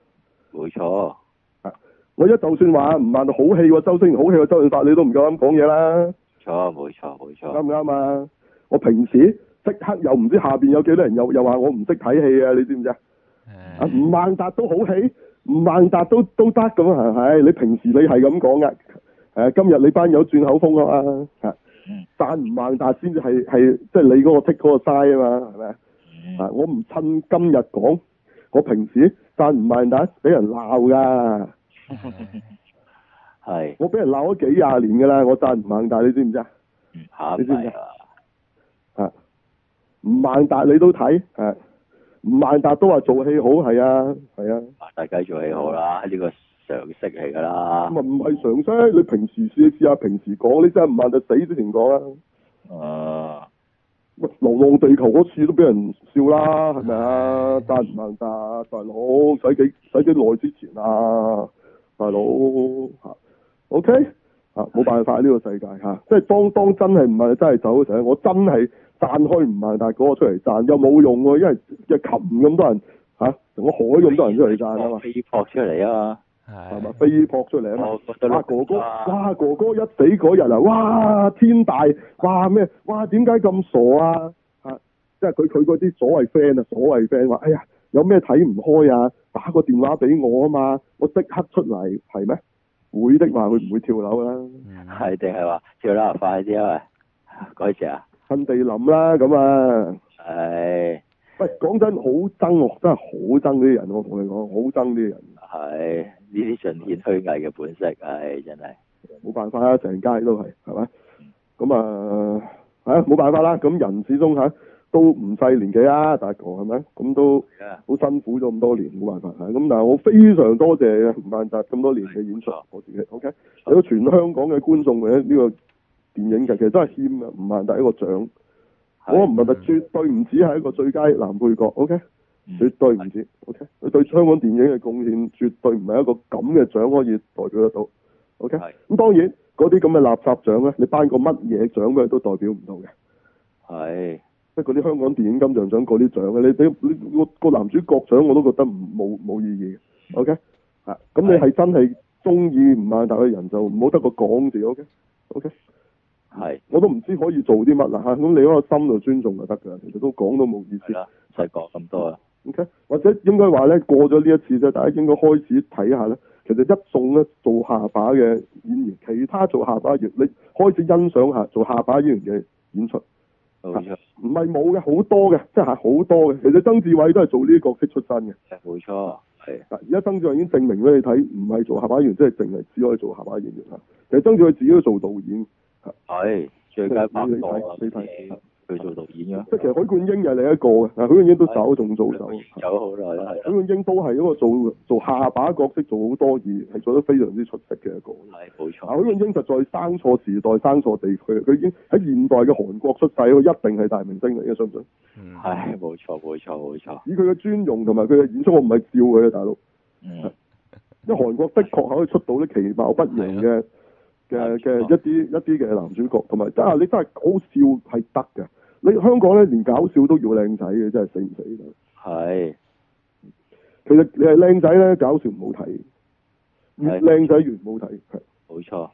Speaker 4: 冇錯錯、
Speaker 1: 啊，我一就算話吳孟達好戲喎，周星好戲喎，周潤發你都唔夠膽講嘢啦！
Speaker 2: 錯，冇錯，冇
Speaker 1: 錯，啱唔啱啊？我平時即刻又唔知道下邊有幾多人又又話我唔識睇戲啊？你知唔知、哎、啊？啊，吳孟達都好戲，吳孟達都都得咁係你平時你係咁講噶？誒、啊，今日你班友轉口風啊，啊贊唔孟達先至係係，即係、嗯就是、你嗰個剔嗰個嘥啊嘛，係咪、嗯、啊？我唔趁今日講，我平時贊唔孟達俾人鬧噶，係 我俾人鬧咗幾廿年噶啦，我贊唔孟達，你知唔知、嗯、是不是啊？你知唔知啊？吓，孟達你都睇，誒、啊，孟達都話做戲好，係啊，係啊，孟
Speaker 4: 達做戲好啦，呢、嗯這個。
Speaker 1: 常識嚟噶啦，唔係常識。你平時試試下，平時講你真係唔慢就死之前講啊。哦、啊，咪流浪，浪地球嗰次都俾人笑啦，係咪啊？讚唔慢，大大佬使幾使幾耐之前啊，大佬吓，O K 啊，冇辦法呢、啊啊啊、個世界吓、啊，即係當當真係唔慢，真係走上我真係讚開唔慢，但係嗰個出嚟讚又冇用、啊，因為一群咁多人吓，同、啊、個海咁多人出嚟讚啊嘛，呢啲搏
Speaker 4: 出嚟啊係咪飛撲
Speaker 1: 出嚟啊嘛！哥哥，哇哥哥一死嗰日啊，哇天大哇咩哇點解咁傻啊吓！即係佢佢嗰啲所謂 friend 啊，所謂 friend 話哎呀有咩睇唔開啊，打個電話俾我啊嘛，我即刻出嚟係咩？會的話會唔會跳樓啊。
Speaker 2: 係定係
Speaker 1: 話跳樓快啲啊？嗰時啊，肯定諗啦咁啊！係喂、哎，講真好憎，真係好憎呢啲人，我同你講好憎呢啲人。
Speaker 4: 係呢啲盡天虛偽嘅本色，係的、哎、真係
Speaker 1: 冇辦法啦，成街都係，係咪？咁、嗯、啊，吓冇辦法啦。咁人始終吓都唔細年紀啊，達哥係咪？咁都好的辛苦咗咁多年，冇辦法吓。咁但係我非常多謝吳孟達咁多年嘅演出，的我自己 OK 錯。有全香港嘅觀眾喺呢個電影嘅，其實真係欠啊，吳孟達一個獎，的我吳孟達絕對唔止係一個最佳男配角，OK。絕對唔止的，OK？佢對香港電影嘅貢獻絕對唔係一個咁嘅獎可以代表得到，OK？咁的當然嗰啲咁嘅垃圾獎咧，你頒個乜嘢獎咩都代表唔到嘅。係的，即係嗰啲香港電影金像獎嗰啲獎咧，你俾你個個男主角獎我都覺得唔冇冇意義嘅，OK？係的，咁你係真係中意吳孟達嘅人就唔好得個講字，OK？OK？係，okay? Okay? 的我都唔知可以做啲乜啊嚇，咁你嗰個心度尊重就得㗎，其實都講都冇意思。
Speaker 4: 啦，就講咁多啦。
Speaker 1: OK，或者應該話咧過咗呢一次啫，大家應該開始睇下咧。其實一眾咧做下把嘅演員，其他做下把嘅演員，你開始欣賞一下做下把演員嘅演出。唔係冇嘅，好多嘅，即係好多嘅。其實曾志偉都係做呢個角色出身嘅。
Speaker 2: 冇錯，
Speaker 1: 係。嗱，而家曾志偉已經證明俾你睇，唔係做下把演員，即係淨係只可以做下把演員啦。其實曾志偉自己都做導演。係，最近拍佢做導演㗎，即係其實許冠英又係另一個嘅，啊許冠英都走仲做走好耐啦，許冠英都係一個做做下把角色做好多嘢，係做得非常之出色嘅一個，係冇錯。許冠英實在生錯時代，生錯地區，佢已經喺現代嘅韓國出世，佢一定係大明星嚟嘅，相信。嗯，
Speaker 4: 冇錯冇錯冇錯，
Speaker 1: 以佢嘅尊容同埋佢嘅演出，我唔係笑佢嘅大佬。嗯，
Speaker 2: 因
Speaker 1: 為韓國的確可以出到啲其貌不揚嘅嘅嘅一啲一啲嘅男主角，同埋真係你真係搞笑係得嘅。你香港咧，連搞笑都要靚仔嘅，真係死唔死得？係，其實你係靚仔咧，搞笑唔好睇，越靚仔越唔好睇，係。冇錯，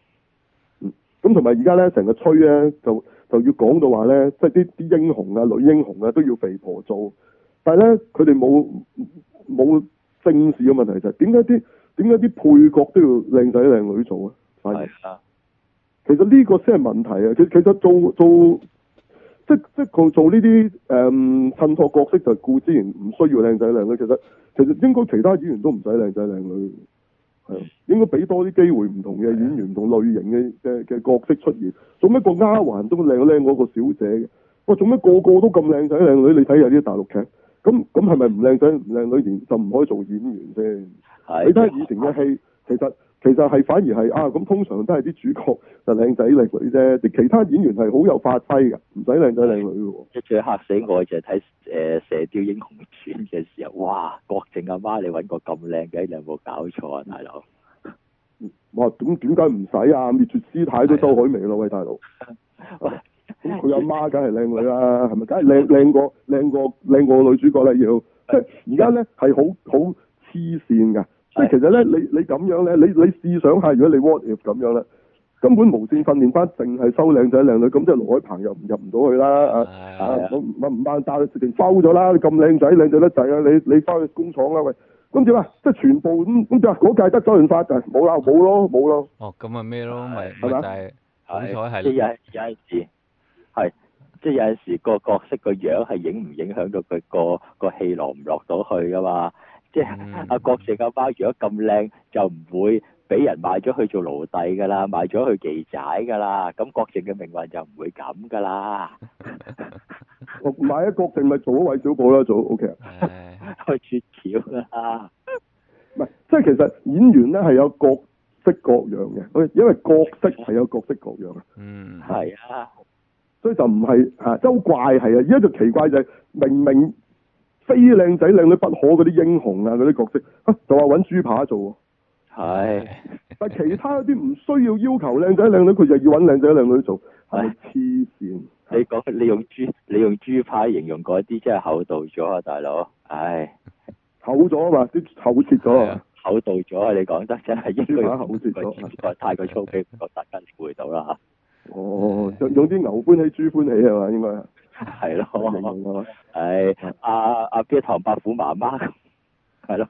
Speaker 1: 嗯，咁同埋而家咧，成個吹咧，就就要講到話咧，即係啲啲英雄啊、女英雄啊，都要肥婆做，但係咧，佢哋冇冇正視嘅問題就係，點解啲點解啲配角都要靚仔靚女做啊？係啊，其實呢個先係問題啊！其實做做做。即即佢做呢啲嗯，襯托角色就固之然唔需要靚仔靚女，其實其實應該其他演員都唔使靚仔靚女，係應該俾多啲機會唔同嘅演員、唔的同類型嘅嘅嘅角色出現。做咩個丫鬟都靚靚嗰個小姐嘅？喂、啊，做咩個個都咁靚仔靚女？你睇下啲大陸劇，咁咁係咪唔靚仔唔靚女就唔可以做演員先？的你睇下以前嘅戲，其實。其實係反而係啊，咁通常都係啲主角就靚仔靚女啫，其他演員係好有發揮嘅，唔使靚仔靚女嘅。
Speaker 4: 最吓死我就，就睇誒《射鵰英雄傳》嘅時候，哇！郭靖阿媽你搵個咁靚嘅，你有冇搞錯啊，大佬？
Speaker 1: 我點點解唔使啊？滅絕師太都周海媚咯，喂、啊，大佬。咁佢阿媽梗係靚女啦，係咪？梗係靚靚過靚過靚過女主角啦要。即係而家咧係好好黐線噶。即係其實咧，你你咁樣咧，你你試想下，如果你 what if 咁樣咧，根本無線訓練班淨係收靚仔靚女，咁即係羅海鵬又入唔到去啦。係的啊，咁唔唔掹渣，直情收咗啦。咁靚仔靚仔得滯啊！你你翻去工廠啦喂。咁點呀？即係全部咁，跟住嗰屆得周潤發就冇啦，冇咯，冇咯。
Speaker 3: 沒了沒了哦，咁咪咩咯？咪係咪啊？係的。是是即係有有陣時，
Speaker 4: 係即係有陣時個角色個樣係影唔影響到佢個個戲落唔落到去噶嘛？即係阿郭靖嘅包，如果咁靚，就唔會俾人賣咗去做奴隸噶啦，賣咗去做妓仔噶啦。咁郭靖嘅命運就唔會咁噶啦。
Speaker 1: 賣咗郭靖咪做咗韋小寶啦，做 O K 啊，
Speaker 4: 去絕橋
Speaker 1: 啦。唔係，即係其實演員咧係有各式各樣嘅，因為因為角色係有各式各樣嘅。嗯，係啊，所以就唔係啊，真係好怪係啊！而家就奇怪就係明明。非靚仔靚女不可嗰啲英雄啊，嗰啲角色，啊、就話揾豬扒做、啊，係。 但其他啲唔需要要求靚仔靚女，佢就要揾靚仔靚女做，係黐線。
Speaker 4: 你講你用豬你用豬扒形容嗰啲真係厚道咗啊，大佬，唉，
Speaker 1: 厚咗啊嘛，啲厚切咗，
Speaker 4: 厚道咗啊！你講得真係應該厚切咗，太過粗鄙，唔覺得跟唔會到啦。
Speaker 1: 哦， 用用啲牛歡喜豬歡喜係嘛，應該。係咯，
Speaker 4: 係阿阿咩唐伯虎媽媽，
Speaker 1: 係
Speaker 4: 咯，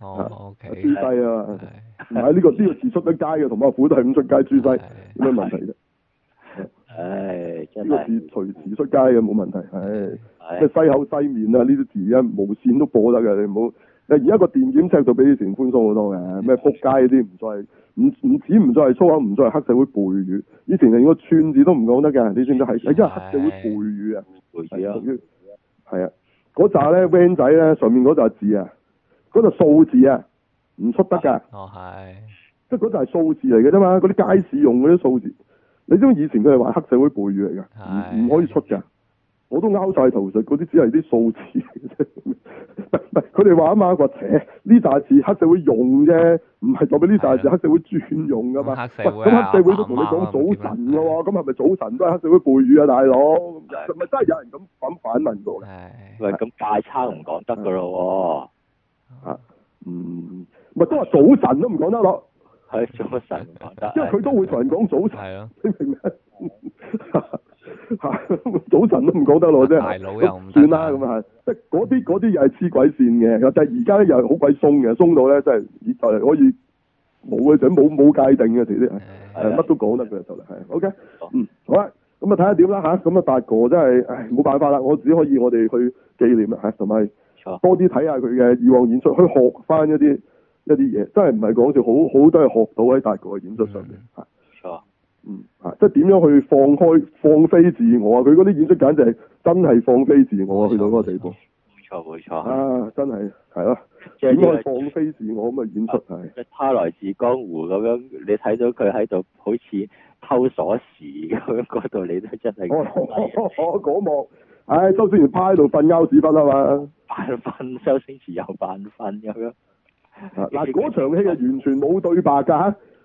Speaker 4: 哦 OK，豬西啊
Speaker 1: 唔係呢個呢個字出得街嘅，同伯虎都係唔出街豬西，有咩問題啫？唉，呢個字隨時出街嘅冇問題，係即係西口西面啊，呢啲字啊無線都播得嘅，你唔好。誒而家個電檢尺度比以前寬鬆好多嘅，咩撲街嗰啲唔再，唔唔止唔再係粗口，唔再係黑社會背語。以前連個串字都唔講得嘅，你知唔知係係即係黑社會背語啊？係背語啊，係啊，嗰扎咧 van 仔咧上面嗰扎字啊，嗰度數字啊，唔出得㗎。哦，係，即係嗰度係數字嚟嘅啫嘛，嗰啲街市用嗰啲數字，你知唔知以前佢係話黑社會背語嚟㗎？唔唔可以出㗎。我都拗晒頭，實嗰啲只係啲數字佢哋話啊嘛，佢邪呢大字黑社會用啫，唔係代俾呢大字的黑社會專用噶嘛。咁黑，啊、黑社會都同你講早晨嘅喎，咁係咪早晨都係黑社會背語啊，大佬？咪的真係有人咁咁反問我咧？
Speaker 4: 唔係咁大餐唔講得
Speaker 1: 嘅咯喎。的啊，嗯，咪都話早晨都唔講得咯。
Speaker 4: 係早晨唔講因為佢都
Speaker 1: 會同人講早晨。啊的。你明唔明？ 吓， 早晨都唔講得咯，啫，大佬又唔算啦了，咁啊、嗯，即係嗰啲啲又係黐鬼線嘅，就係而家咧又係好鬼鬆嘅，鬆到咧真係就係、是、可以冇嘅，就冇冇界定嘅，直接係乜都講得嘅。就嚟，係，OK，嗯，好啊，咁啊睇下點啦吓，咁啊達哥真係，唉，冇辦法啦，我只可以我哋去紀念啦吓，同、啊、埋多啲睇下佢嘅以往演出，去學翻一啲一啲嘢，真係唔係講笑，好好都係學到喺達哥嘅演出上面、嗯嗯，啊，即係點樣去放開放飛自我啊？佢嗰啲演出簡直係真係放飛自我啊！冇錯，去到嗰個地方，冇錯冇錯啊！真係係咯，咁咪、這個、放飛自我咁嘅演出係、就係。佢、啊就係、他來自江湖
Speaker 4: 咁樣，你睇到佢喺度好似偷鎖匙咁樣嗰度，你都真係。
Speaker 1: 我嗰幕，唉、哦哦那個哎，周星馳趴喺度瞓鳩屎忽係嘛？扮瞓周星馳又扮瞓咁樣啊！嗱、啊，嗰、就係、場戲係完全冇對白噶。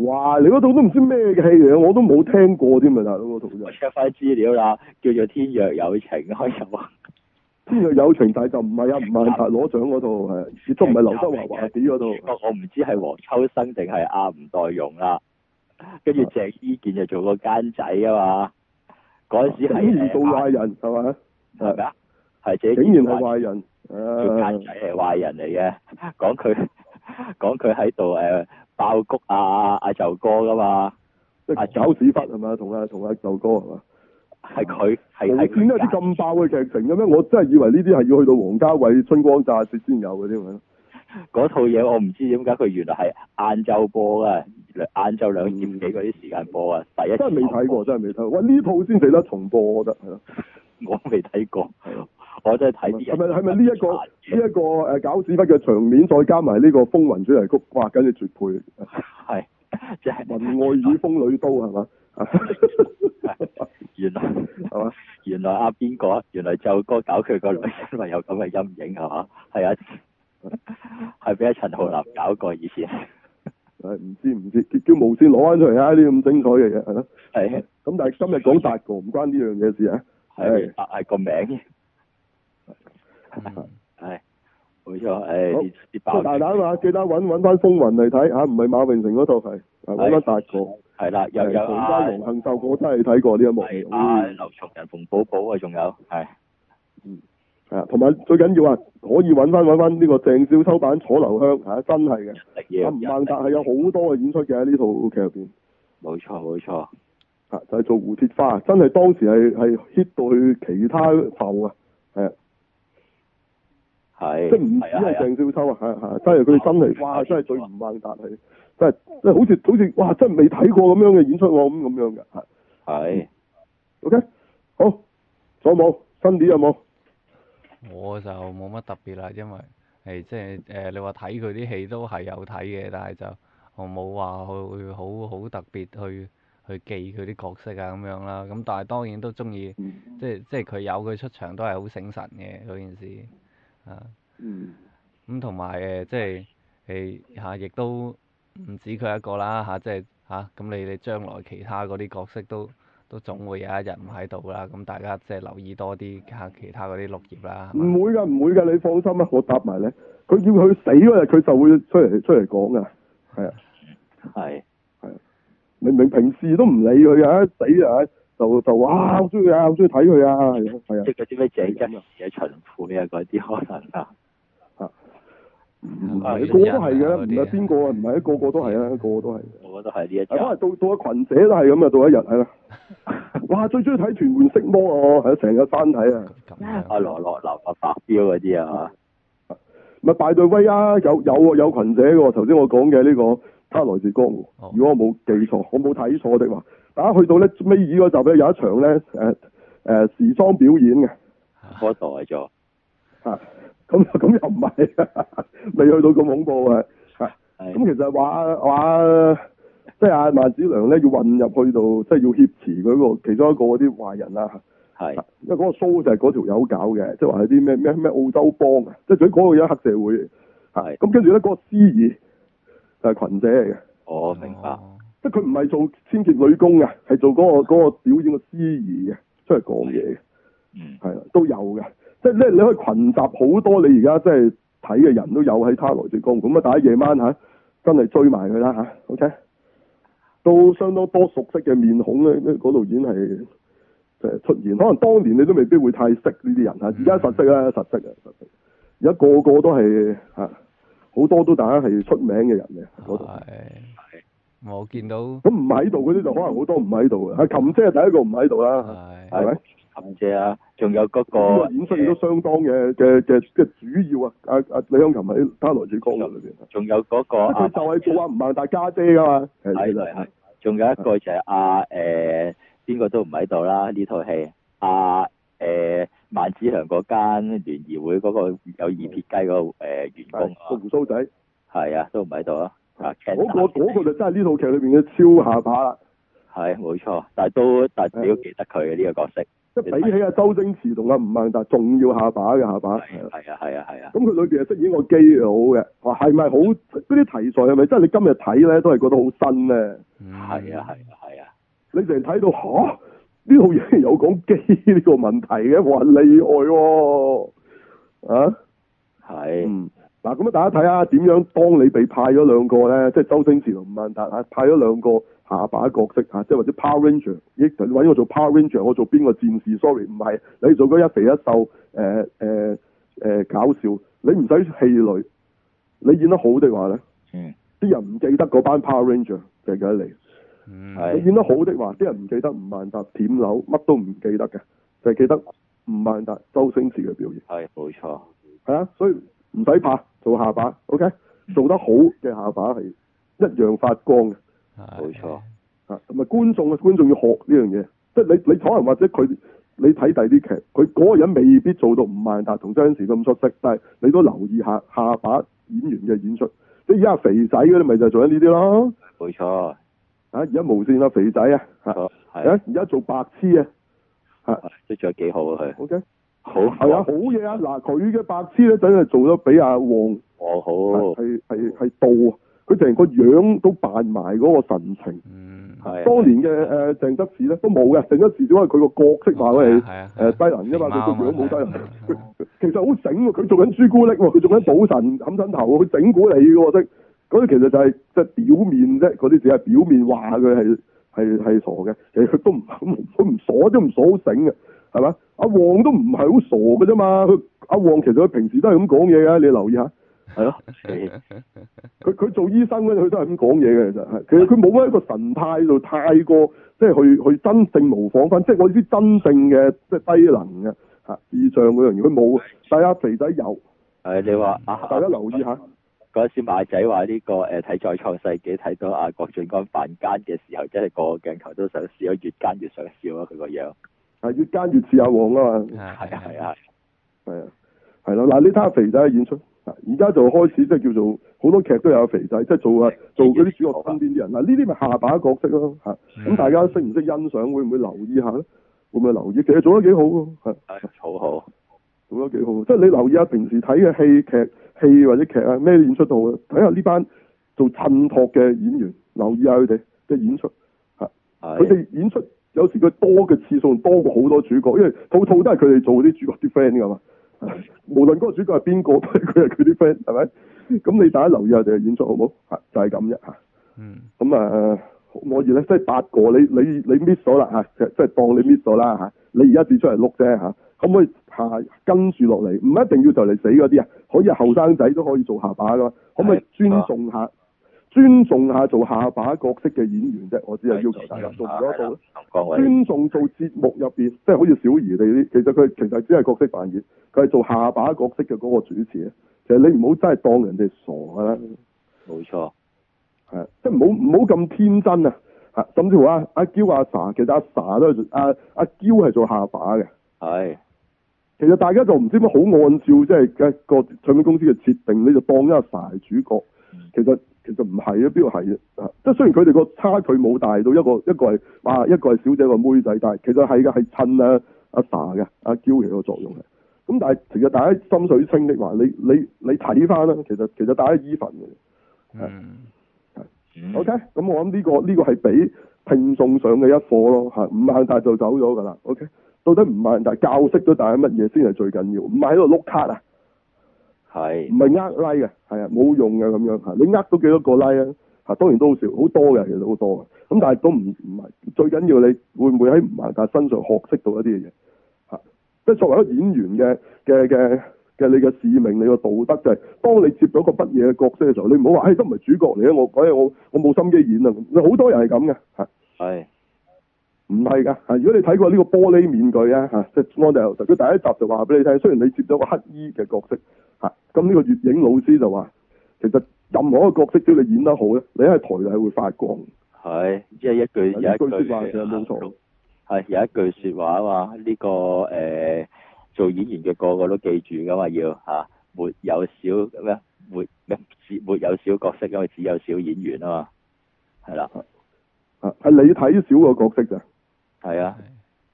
Speaker 1: 哇！你嗰套都唔知咩嘅戲嚟，我都冇聽過添啊！嗰個同學
Speaker 4: check 翻資料啦，叫做《天若有情》開始明啊，
Speaker 1: 《天若有情》但係就唔係阿唔係，攞獎嗰套，亦都唔係劉德華華
Speaker 4: 仔嗰套。我唔知係黃秋生定係阿吳岱融啦，跟住鄭伊健就做個奸仔啊嘛！嗰陣時係演員做壞人係咪啊？係咪啊？係鄭伊健係壞人，
Speaker 2: 做奸、啊、仔係壞人嚟嘅。講、啊、佢，
Speaker 4: 講佢喺度誒。爆谷啊！阿、啊、酋哥噶嘛，
Speaker 1: 即係、啊、搞屎忽係嘛，同阿同阿酋哥係嘛，係佢係係你見到有啲咁爆嘅劇情咁樣？係佢我真係以為呢啲係要去到王家衛春光乍泄先有嘅添。
Speaker 2: 嗰套嘢我唔
Speaker 1: 知
Speaker 4: 點解佢原來係晏晝播啊，晏晝兩點幾嗰啲時間播啊，嗯、第一真係未睇
Speaker 1: 過，真係未睇過。喂，呢套先值得重播，我覺得。係咯我未睇過。係咯我真係睇啲係咪係咪呢一個呢一個誒搞屎忽嘅場面，再加埋呢個風雲主題曲，哇！梗係絕配。係即係愛女風女刀係嘛？
Speaker 4: 原來係嘛？原來阿邊個？原來就哥搞佢個女，因為有咁嘅陰影係嘛？係啊，係畀阿陳浩南搞過以前？誒
Speaker 1: 唔知唔知叫叫無線攞翻出嚟啊！呢咁精彩嘅嘢係咯。係咁，但係今日講達哥唔關呢樣嘢事啊。係啊，係個名。係，冇錯、嗯，誒、哎，哎、好。啲大膽啊，記得搵搵翻《風雲》嚟睇吓，唔係馬榮成嗰套係，搵翻《達哥》
Speaker 4: 係啦，又有《阿龍鳳
Speaker 1: 秀》，我真係睇過呢一幕，阿劉
Speaker 4: 松仁、馮寶寶啊，仲有
Speaker 1: 係，嗯，啊，同埋最緊要啊，寶寶啊嗯、要可以搵翻搵翻呢個鄭少秋版楚留香吓，真係嘅，阿吳孟達係有好、啊、多嘅演出嘅喺呢套劇入邊，冇錯冇錯，沒錯啊，就係、是、做胡鐵花，真係當時係係 hit 到去其他埠啊，係啊。係，是即係唔止係鄭少秋啊，係啊，真係佢真係的，哇真係最唔孟達氣，真係，即係好似好似哇真係未睇過咁樣嘅演出咁咁樣嘅，係的，OK，好，有冇，新碟有冇？
Speaker 3: 我就冇乜特別啦，因為誒即係誒你話睇佢啲戲都係有睇嘅，但係就我冇話去好好特別去去記佢啲角色啊咁樣啦，咁但係當然都中意，即係即係佢有佢出場都係好醒神嘅嗰件事。啊，嗯，咁同埋誒，即係誒嚇，亦、就是啊、都唔止佢一個啦嚇，即係嚇咁你哋將來其他嗰啲角色都都總會有一日唔喺度啦，咁、啊、大家即係留意多啲嚇、啊、其他嗰啲綠葉
Speaker 2: 啦。
Speaker 1: 唔會㗎，唔會㗎，你放心啊，我答埋你。佢叫佢死嗰日，佢就會出嚟出嚟講㗎，係啊，
Speaker 2: 係係的，
Speaker 1: 明明平時都唔理佢嘅，死啊！就就哇！好中意啊，好中意睇佢啊，係啊，即係啲
Speaker 4: 咩井陰人、嘅巡撫啊，嗰啲可能啊，啊，個個都係
Speaker 1: 嘅，唔係邊個啊？唔係一個個都係啊，個個都係。我覺得係呢一，可能到到群者都係咁啊，到一日係啦。哇！最中意睇《屯門色魔》啊，喺成個山睇啊，阿羅羅、阿
Speaker 4: 白彪嗰啲啊，
Speaker 1: 咪大醉威啊，有有有群者嘅，頭先我講嘅呢個他來自江湖，如果我冇記錯，我冇睇錯的話。去到咧尾二嗰集咧有一場咧，誒誒時裝表演嘅，代咗，咁咁又唔係，未去到咁恐怖嘅，係，咁其實話話即係阿萬子良咧要混入去度，即係要挾持個其中一個啲壞人啦、啊，係，因為嗰個 show 就係嗰條友搞嘅，即係話係啲咩咩咩澳洲幫，即係最嗰個有黑社會，係，咁跟住咧嗰個司儀就係群姐嚟嘅，
Speaker 4: 我明白。
Speaker 1: 即係佢唔係做清潔女工嘅，係做嗰、嗰個、嗰個表演嘅司儀嘅，出嚟講嘢嘅，嗯，係啦，都有嘅，即係咧你可以群集好多你而家即係睇嘅人都有喺《他來自江湖》咁啊，大家夜晚吓、啊、真係追埋佢啦吓，OK，都相當多熟悉嘅面孔咧，咧嗰度已經係即係出現，可能當年你都未必會太識呢啲人吓，而家實識啦，實識啊，實識，而家個個都係吓，好、啊、多都大家係出名嘅人嘅度係。嗯裡
Speaker 3: 我見到
Speaker 1: 咁唔喺度嗰啲就可能好多唔喺度嘅，阿琴姐係第一個唔喺度啦，係咪？
Speaker 4: 琴姐啊，仲有嗰個演
Speaker 1: 飾亦都相當嘅嘅嘅嘅主要啊，阿阿李香琴喺《她來自江湖》裏邊，
Speaker 4: 仲有嗰個，佢就係
Speaker 1: 做阿吳孟達家姐噶嘛，係啦係。
Speaker 4: 仲有一個就係阿誒邊個都唔喺度啦呢套戲，阿誒萬梓良嗰間聯誼會嗰個有二撇雞個誒員工，個鬍鬚仔，係啊都唔喺度啊。嗰個個就真
Speaker 1: 係呢套劇裏邊嘅超下巴啦，
Speaker 4: 係冇錯，但係都但係都記得佢嘅呢個角色，即比起
Speaker 1: 阿周星馳同阿吳孟達仲要下巴嘅下巴，係啊係啊係啊！咁佢裏邊係飾演個基佬嘅，話係咪好嗰啲題材係咪真係你今日睇咧都係覺得好新咧？
Speaker 4: 係啊係
Speaker 1: 啊係啊！你成日睇到吓呢套嘢有講機呢個問題嘅，哇厲害喎啊！係。嗱咁啊！大家睇下點樣？當你被派咗兩個咧，即周星馳同吳孟達啊，派咗兩個下把角色即係或者 Power Ranger，你揾我做 Power Ranger，我做邊個戰士？Sorry，唔係你做嗰一肥一瘦，誒、呃、誒、呃呃、搞笑，你唔使氣餒，你演得好嘅話咧，啲、嗯、人唔記得嗰班 Power Ranger 就係咁嚟。嗯，你演得好嘅話，啲人唔記得吳孟達點樓，乜都唔記得嘅，就係記得吳孟達、周星馳嘅表現。係、哎，冇錯。啊，所以。唔使怕，做下巴，OK，做得好嘅下巴係一樣發光嘅，冇錯，啊，同埋觀眾啊，觀眾要學呢樣嘢，即係你你可能或者佢你睇第啲劇，佢嗰個人未必做到吳孟達同張氏咁出色，但係你都留意下下巴演員嘅演出，即係而家肥仔嗰啲咪就做緊呢啲咯，冇錯錯，啊，而家無綫啦，肥仔啊，係，誒，而家做白痴啊，吓、啊，即仲有得幾好啊佢，OK。好係吧啊，好嘢啊！嗱，佢嘅白痴咧真係做咗比阿旺哦，好係係係到啊！佢成個樣都扮埋嗰個神情，嗯，係當年嘅誒鄭則仕咧都冇嘅，鄭則仕因為佢個角色嘛，佢係誒低能噶嘛，佢個樣冇低能。其實好醒，佢做緊朱古力，佢做緊賭神冚身頭，佢整蠱你嘅，嗰、就、啲、是那個、其實就係即係表面啫，嗰啲只係表面話佢係係係傻嘅，其實都唔都唔傻，都唔傻，好醒嘅。係嘛？阿旺都唔係好傻嘅啫嘛。佢阿旺其實佢平時都係咁講嘢嘅，你留意下，係咯。 佢佢做醫生咧，佢都係咁講嘢嘅，其實係。其實佢冇喺一個神態度太過，即係去去真正模仿翻，即係我啲真正嘅即係低能嘅吓意象嗰樣如果冇。大家肥仔有。
Speaker 4: 係你話啊？大家留意下。嗰時、啊啊那個、馬仔話呢、這個誒，睇、呃《再創世紀》睇到阿、啊、郭晉安扮奸嘅時候，即係個鏡頭都想笑，越奸越想笑啊！佢個樣。
Speaker 1: 係越奸越似阿黃啊嘛！係啊係啊係啊係啦嗱，你睇下肥仔嘅演出，而家就開始即係叫做好多劇都有肥仔，即係做啊做嗰啲主角身邊啲人。嗱呢啲咪下把角色咯吓，咁大家識唔識欣賞？會唔會留意下咧？會唔會留意？其實做得幾好啊，吓，好好做得幾好。即係你留意下平時睇嘅戲劇、戲或者劇啊，咩演出度啊？睇下呢班做襯托嘅演員，留意下佢哋嘅演出吓，佢哋演出。有時佢多嘅次數多過好多主角，因為套套都係佢哋做啲主角啲 friend 噶嘛。無論嗰個主角係邊個，都係佢係佢啲 friend，係咪？咁你大家留意下佢哋嘅演出好唔好？吓、就是，就係咁啫。吓，嗯，咁啊可以咧，即係八個，你你你搣咗啦吓，即係當你搣咗啦吓，你現在自而家跌出嚟碌啫吓，可唔可以、啊、跟下跟住落嚟？唔一定要就嚟死嗰啲啊，可以後生仔都可以做下巴噶嘛，嗯、可唔可以尊重下？尊重下做下把角色嘅演員啫，我只係是要求大家做唔做到咯。的尊重做節目入邊，即係好似小儀哋啲，其實佢其實只係角色扮演，佢係做下把角色嘅嗰個主持咧。其實你唔好真係當人哋傻啦。冇錯、嗯，係即係唔好唔好咁天真啊！甚至乎阿嬌阿嬌阿 Sa，其實阿 Sa 都係阿阿嬌係做下把嘅。係的，其實大家就唔知乜好按照即係一個唱片公司嘅設定，你就當咗阿 Sa 係主角，嗯、其實。其實唔係啊，邊個係啊？即係雖然佢哋個差距冇大到一個一個係哇，一個係小姐，一個妹仔，但係其實係嘅，係襯啊阿 Sa 嘅阿嬌嘅個作用嘅。咁但係其實大家心水清的話，你你你睇翻啦，其實其實大家依份嘅。嗯。O K，咁我諗呢個呢個係俾聽眾上嘅一課咯嚇。吳孟達就走咗㗎啦。O、okay? K，到底吳孟達教識咗大家乜嘢先係最緊要？唔係喺度碌卡啊？係唔係呃拉嘅？係是、like like、啊，冇用嘅咁樣吓。你呃到幾多個拉 i k 啊？吓，當然都好少，好多嘅其實好多嘅。咁但係都唔唔係最緊要，你會唔會喺吳孟達身上學識到一啲嘢？吓、啊，即係作為一個演員嘅嘅嘅嘅，你嘅使命、你嘅道德就係、是，當你接到個不嘢嘅角色嘅時候，你唔好話，唉、欸，都唔係主角嚟啊！我，我，我冇心機演很啊！好多人係咁嘅吓。係，唔係噶。如果你睇過呢個玻璃面具啊吓，即係《安迪頭像》佢第一集就話俾你聽，雖然你接到個黑衣嘅角色。吓，咁呢個月影老師就話，其實任何一個角色，只要你演得好咧，你喺台係會發光。
Speaker 4: 係，即係一句有一句說話冇錯。係有一句說話話呢個誒，做演員嘅個個都記住噶嘛，要吓，沒有小咩啊，沒咩，只沒有小角色，因為只
Speaker 1: 有小演員啊嘛，係啦，啊係你睇小個角色咋？係啊，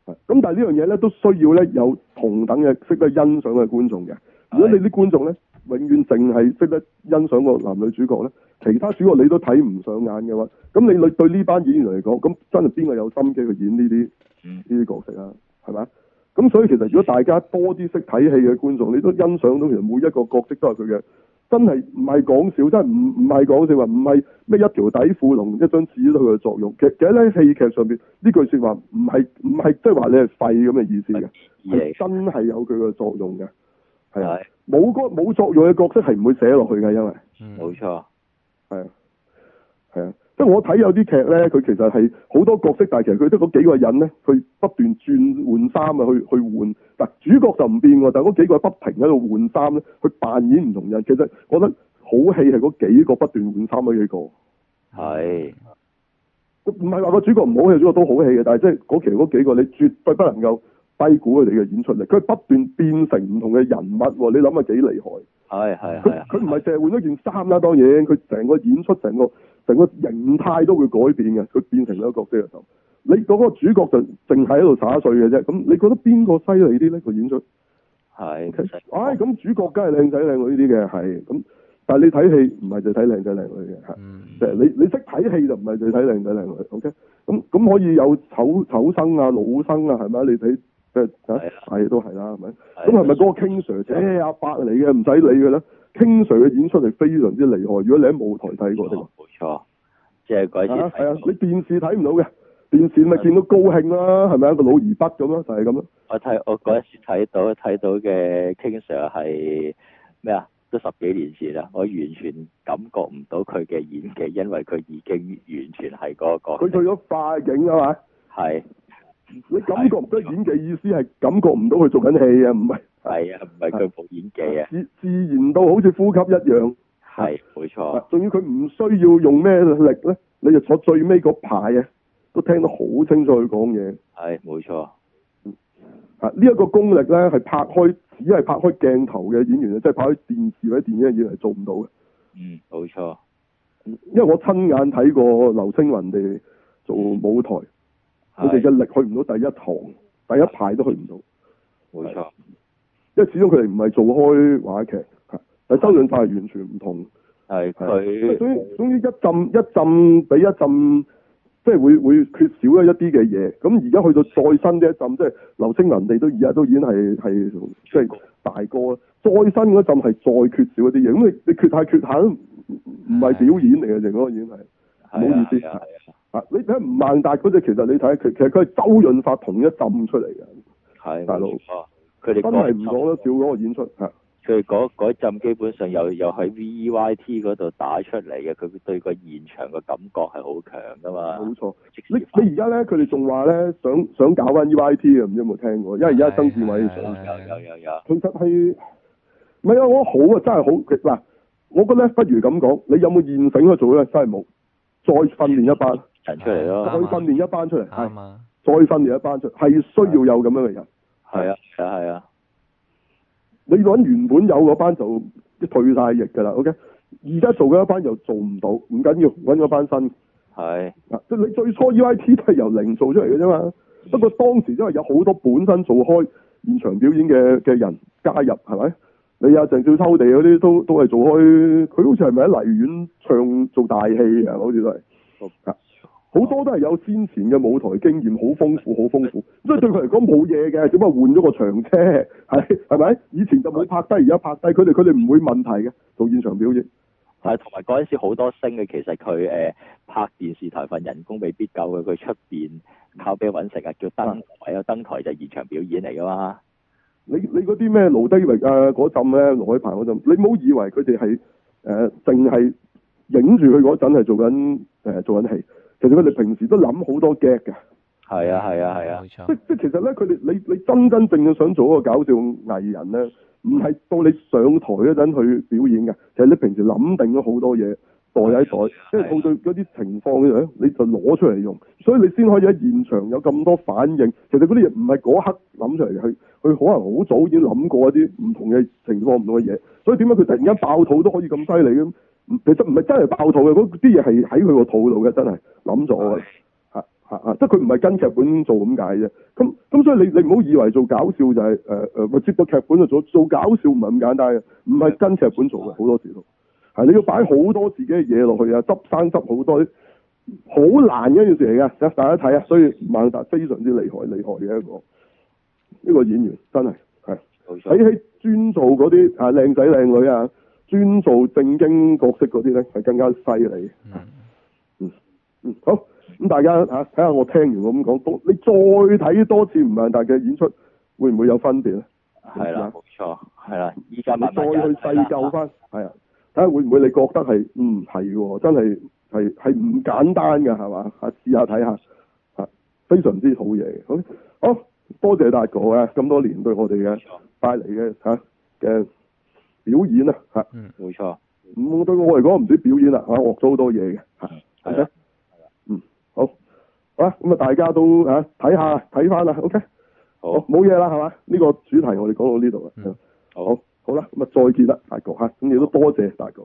Speaker 1: 咁，但係呢樣嘢咧，都需要咧有同等嘅識得欣賞嘅觀眾嘅。如果你啲觀眾咧永遠淨係識得欣賞個男女主角咧，其他主角你都睇唔上眼嘅話，咁你你對呢班演員嚟講，咁真係邊個有心機去演呢啲
Speaker 2: 呢啲
Speaker 1: 角色啊？係咪？咁所以其實如果大家多啲識睇戲嘅觀眾，你都欣賞到其實每一個角色都係佢嘅，真係唔係講笑，真係唔唔係講笑啊！唔係咩一條底褲龍一張紙都佢嘅作用。其實喺戲劇上面，呢句話，就是，說話唔係唔係即係話你係廢咁嘅意思嘅，係真係有佢嘅作用嘅。係冇嗰冇作用嘅角色係唔會寫落去嘅，因為
Speaker 2: 冇錯，係
Speaker 1: 係啊，即係我睇有啲劇咧，佢其實係好多角色，但係其實佢得嗰幾個人咧去不斷轉換衫啊，去去換，但主角就唔變喎，但係嗰幾個不停喺度換衫咧，去扮演唔同人，其實我覺得好戲係嗰幾個不斷換衫嘅幾個，係唔係話個主角唔好戲，主角都好戲嘅，但係即係嗰期嗰幾個你絕對不能夠低估佢哋嘅演出嚟，佢係不斷變成唔同嘅人物，你諗下幾厲害？
Speaker 2: 係係係。佢
Speaker 1: 唔係淨係換咗件衫啦，當然佢成個演出、成個成個形態都會改變嘅。佢變成咗個角色嘅時候，你嗰個主角就淨係喺度耍帥嘅啫。咁你覺得邊個犀利啲咧？佢演出係，唉，咁主角梗係靚仔靚女呢啲嘅，係。咁但係你睇戲唔係就睇靚仔靚女嘅嚇，即係你你識睇戲就唔係就睇靚仔靚女。OK，咁咁可以有丑丑生啊、老生啊，係咪你睇。即、嗯啊啊、都係啦，係咪？咁係咪嗰個 King Sir，誒阿伯嚟嘅，唔使理嘅咧。King Sir 嘅演出係非常之厲害，如果你喺舞台睇過嘅。冇錯，即係嗰一次睇係啊，你電視睇唔到嘅，電視咪見到高慶高興啦，係咪一個老而不咁咯，就係咁咯。
Speaker 4: 我睇我嗰時睇到睇到嘅 King Sir 係咩啊？都十幾年前啦，我完全感覺唔到佢嘅演技，因為佢已經完全係嗰個。佢做
Speaker 1: 咗化境啊嘛。係。你感覺唔得演技，意思係感覺唔到佢做緊戲啊？唔係，係啊，唔係
Speaker 4: 佢冇演技啊，自
Speaker 1: 自然到好似呼吸一樣。
Speaker 4: 係，冇錯。
Speaker 1: 仲要，佢唔需要用咩力咧？你就坐最尾嗰排啊，都聽得好清楚佢講嘢。
Speaker 4: 係，冇錯。
Speaker 1: 吓呢一個功力咧，係拍開只係拍開鏡頭嘅演員即係、就是、拍開電視或者電影嘅演員係做唔到嘅。
Speaker 4: 嗯，冇錯。
Speaker 1: 因為我親眼睇過劉青雲哋做舞台。嗯佢哋嘅力去唔到第一堂、第一排都去唔到，冇錯。因為始終佢哋唔係做開話劇，嚇。但周潤發完全唔同，係佢。總之總之一浸，一浸比一浸，即係會會缺少一啲嘅嘢。咁而家去到再新嘅一浸，即係劉青雲哋都而家都已經係係即係大哥啦。再新嗰陣係再缺少一啲嘢。咁你你缺下缺下唔係表演嚟嘅，就嗰個已經係唔好意思。你睇吳孟達嗰隻，其實你睇，其其實佢係周潤發同一浸出嚟嘅。
Speaker 2: 係的，大佬哥，
Speaker 1: 佢哋真係唔講得少咗個演出。係，
Speaker 4: 佢哋嗰嗰陣基本上又又喺 E Y T 嗰度打出嚟嘅，佢對個現場嘅感覺係好強㗎嘛。冇錯。
Speaker 1: 你你而家咧，佢哋仲話咧，想想搞翻 E Y T 啊？唔知有冇聽過？因為而家曾志偉有有有
Speaker 2: 有。
Speaker 1: 其實係唔係啊？我好啊，真係好。嗱，我覺得不如咁講，你有冇現成去做咧？真係冇，再訓練一班。
Speaker 2: 陳出嚟，咯，再訓
Speaker 1: 練一班出嚟，係再訓練一班出嚟，係需要有咁樣嘅人。係啊，係啊，係啊。你要搵原本有嗰班就退晒役噶啦。O K. 而家做嘅一班又做唔到，唔緊要，搵嗰班新。係啊，即係你最初 I T 都係由零做出嚟嘅啫嘛。不過當時因為有好多本身做開現場表演嘅嘅人加入，係咪？你阿鄭少秋哋嗰啲都都係做開，佢好似係咪喺梨園唱做大戲啊？好似都係。好多都係有先前嘅舞台的經驗，好豐富，好豐富。即 所以對佢嚟講冇嘢嘅，只不過換咗個場啫。係係咪？以前就冇拍低，而家拍低佢哋，佢哋唔會問題嘅。做現場表演
Speaker 4: 係，同埋嗰陣時好多星嘅，其實佢誒、呃、拍電視台份人工未必夠嘅。佢出邊靠咩揾食啊？叫登台啊！登的台就現場表演嚟噶嘛？
Speaker 1: 你你嗰啲咩盧低榮啊？嗰陣咧，盧海鵬嗰陣，你冇以為佢哋係誒淨係影住佢嗰陣係做緊誒、呃、做緊戲。其實佢哋平時都諗好多 gag 㗎，係啊係
Speaker 4: 啊係啊，即即、啊
Speaker 2: 啊啊就是就
Speaker 1: 是、其實咧，佢哋你你真真正正想做一個搞笑藝人咧，唔係到你上台嗰陣去表演嘅，其、就、實、是、你平時諗定咗好很多嘢，袋喺袋，即係碰到嗰啲情況嘅咧，你就攞出嚟用，所以你先可以喺現場有咁多反應。其實嗰啲嘢唔係嗰刻諗出嚟，去佢可能好早已經諗過一啲唔同嘅情況唔同嘅嘢，所以點解佢突然間爆肚都可以咁犀利嘅？其實唔係真係爆肚嘅，嗰啲嘢係喺佢個肚度嘅，真係諗咗嘅，吓吓吓，即係佢唔係跟劇本做咁解啫。咁咁所以你你唔好以為做搞笑就係誒誒，咪、呃、接咗劇本就做做搞笑唔係咁簡單嘅，唔係跟劇本做嘅，好多時都係你要擺好多自己嘅嘢落去啊，執生執好多，好難嘅一件事嚟噶。大家睇啊，所以萬達非常之厲害，厲害嘅一個呢、這個演員真係係喺專做嗰啲啊，靚仔靚女啊。專做正經角色嗰啲咧，係更加犀利。嗯嗯，好，咁大家嚇睇下，看看我聽完我咁講，你再睇多次吳孟達嘅演出，會唔會有分別咧？係啦的，冇
Speaker 4: 錯，係啦。
Speaker 1: 依家你再去細究翻，係啊的，睇下會唔會你覺得係唔係喎，真係係係唔簡單嘅係嘛嚇？試下睇下嚇，非常之好嘢。好，好多謝達哥嘅、啊、咁多年對我哋嘅帶嚟嘅嚇嘅。表演啊，吓，嗯錯，冇錯，唔，對我嚟講唔止表演啦，吓，學咗好多嘢嘅，吓係啦，嗯，好，啊，咁啊，大家都啊睇下睇翻啦，O K，好，冇嘢啦，係嘛的，呢個主題我哋講到呢度啦，嗯，好，好啦，咁啊再見啦，達哥吓，咁亦都多謝達哥。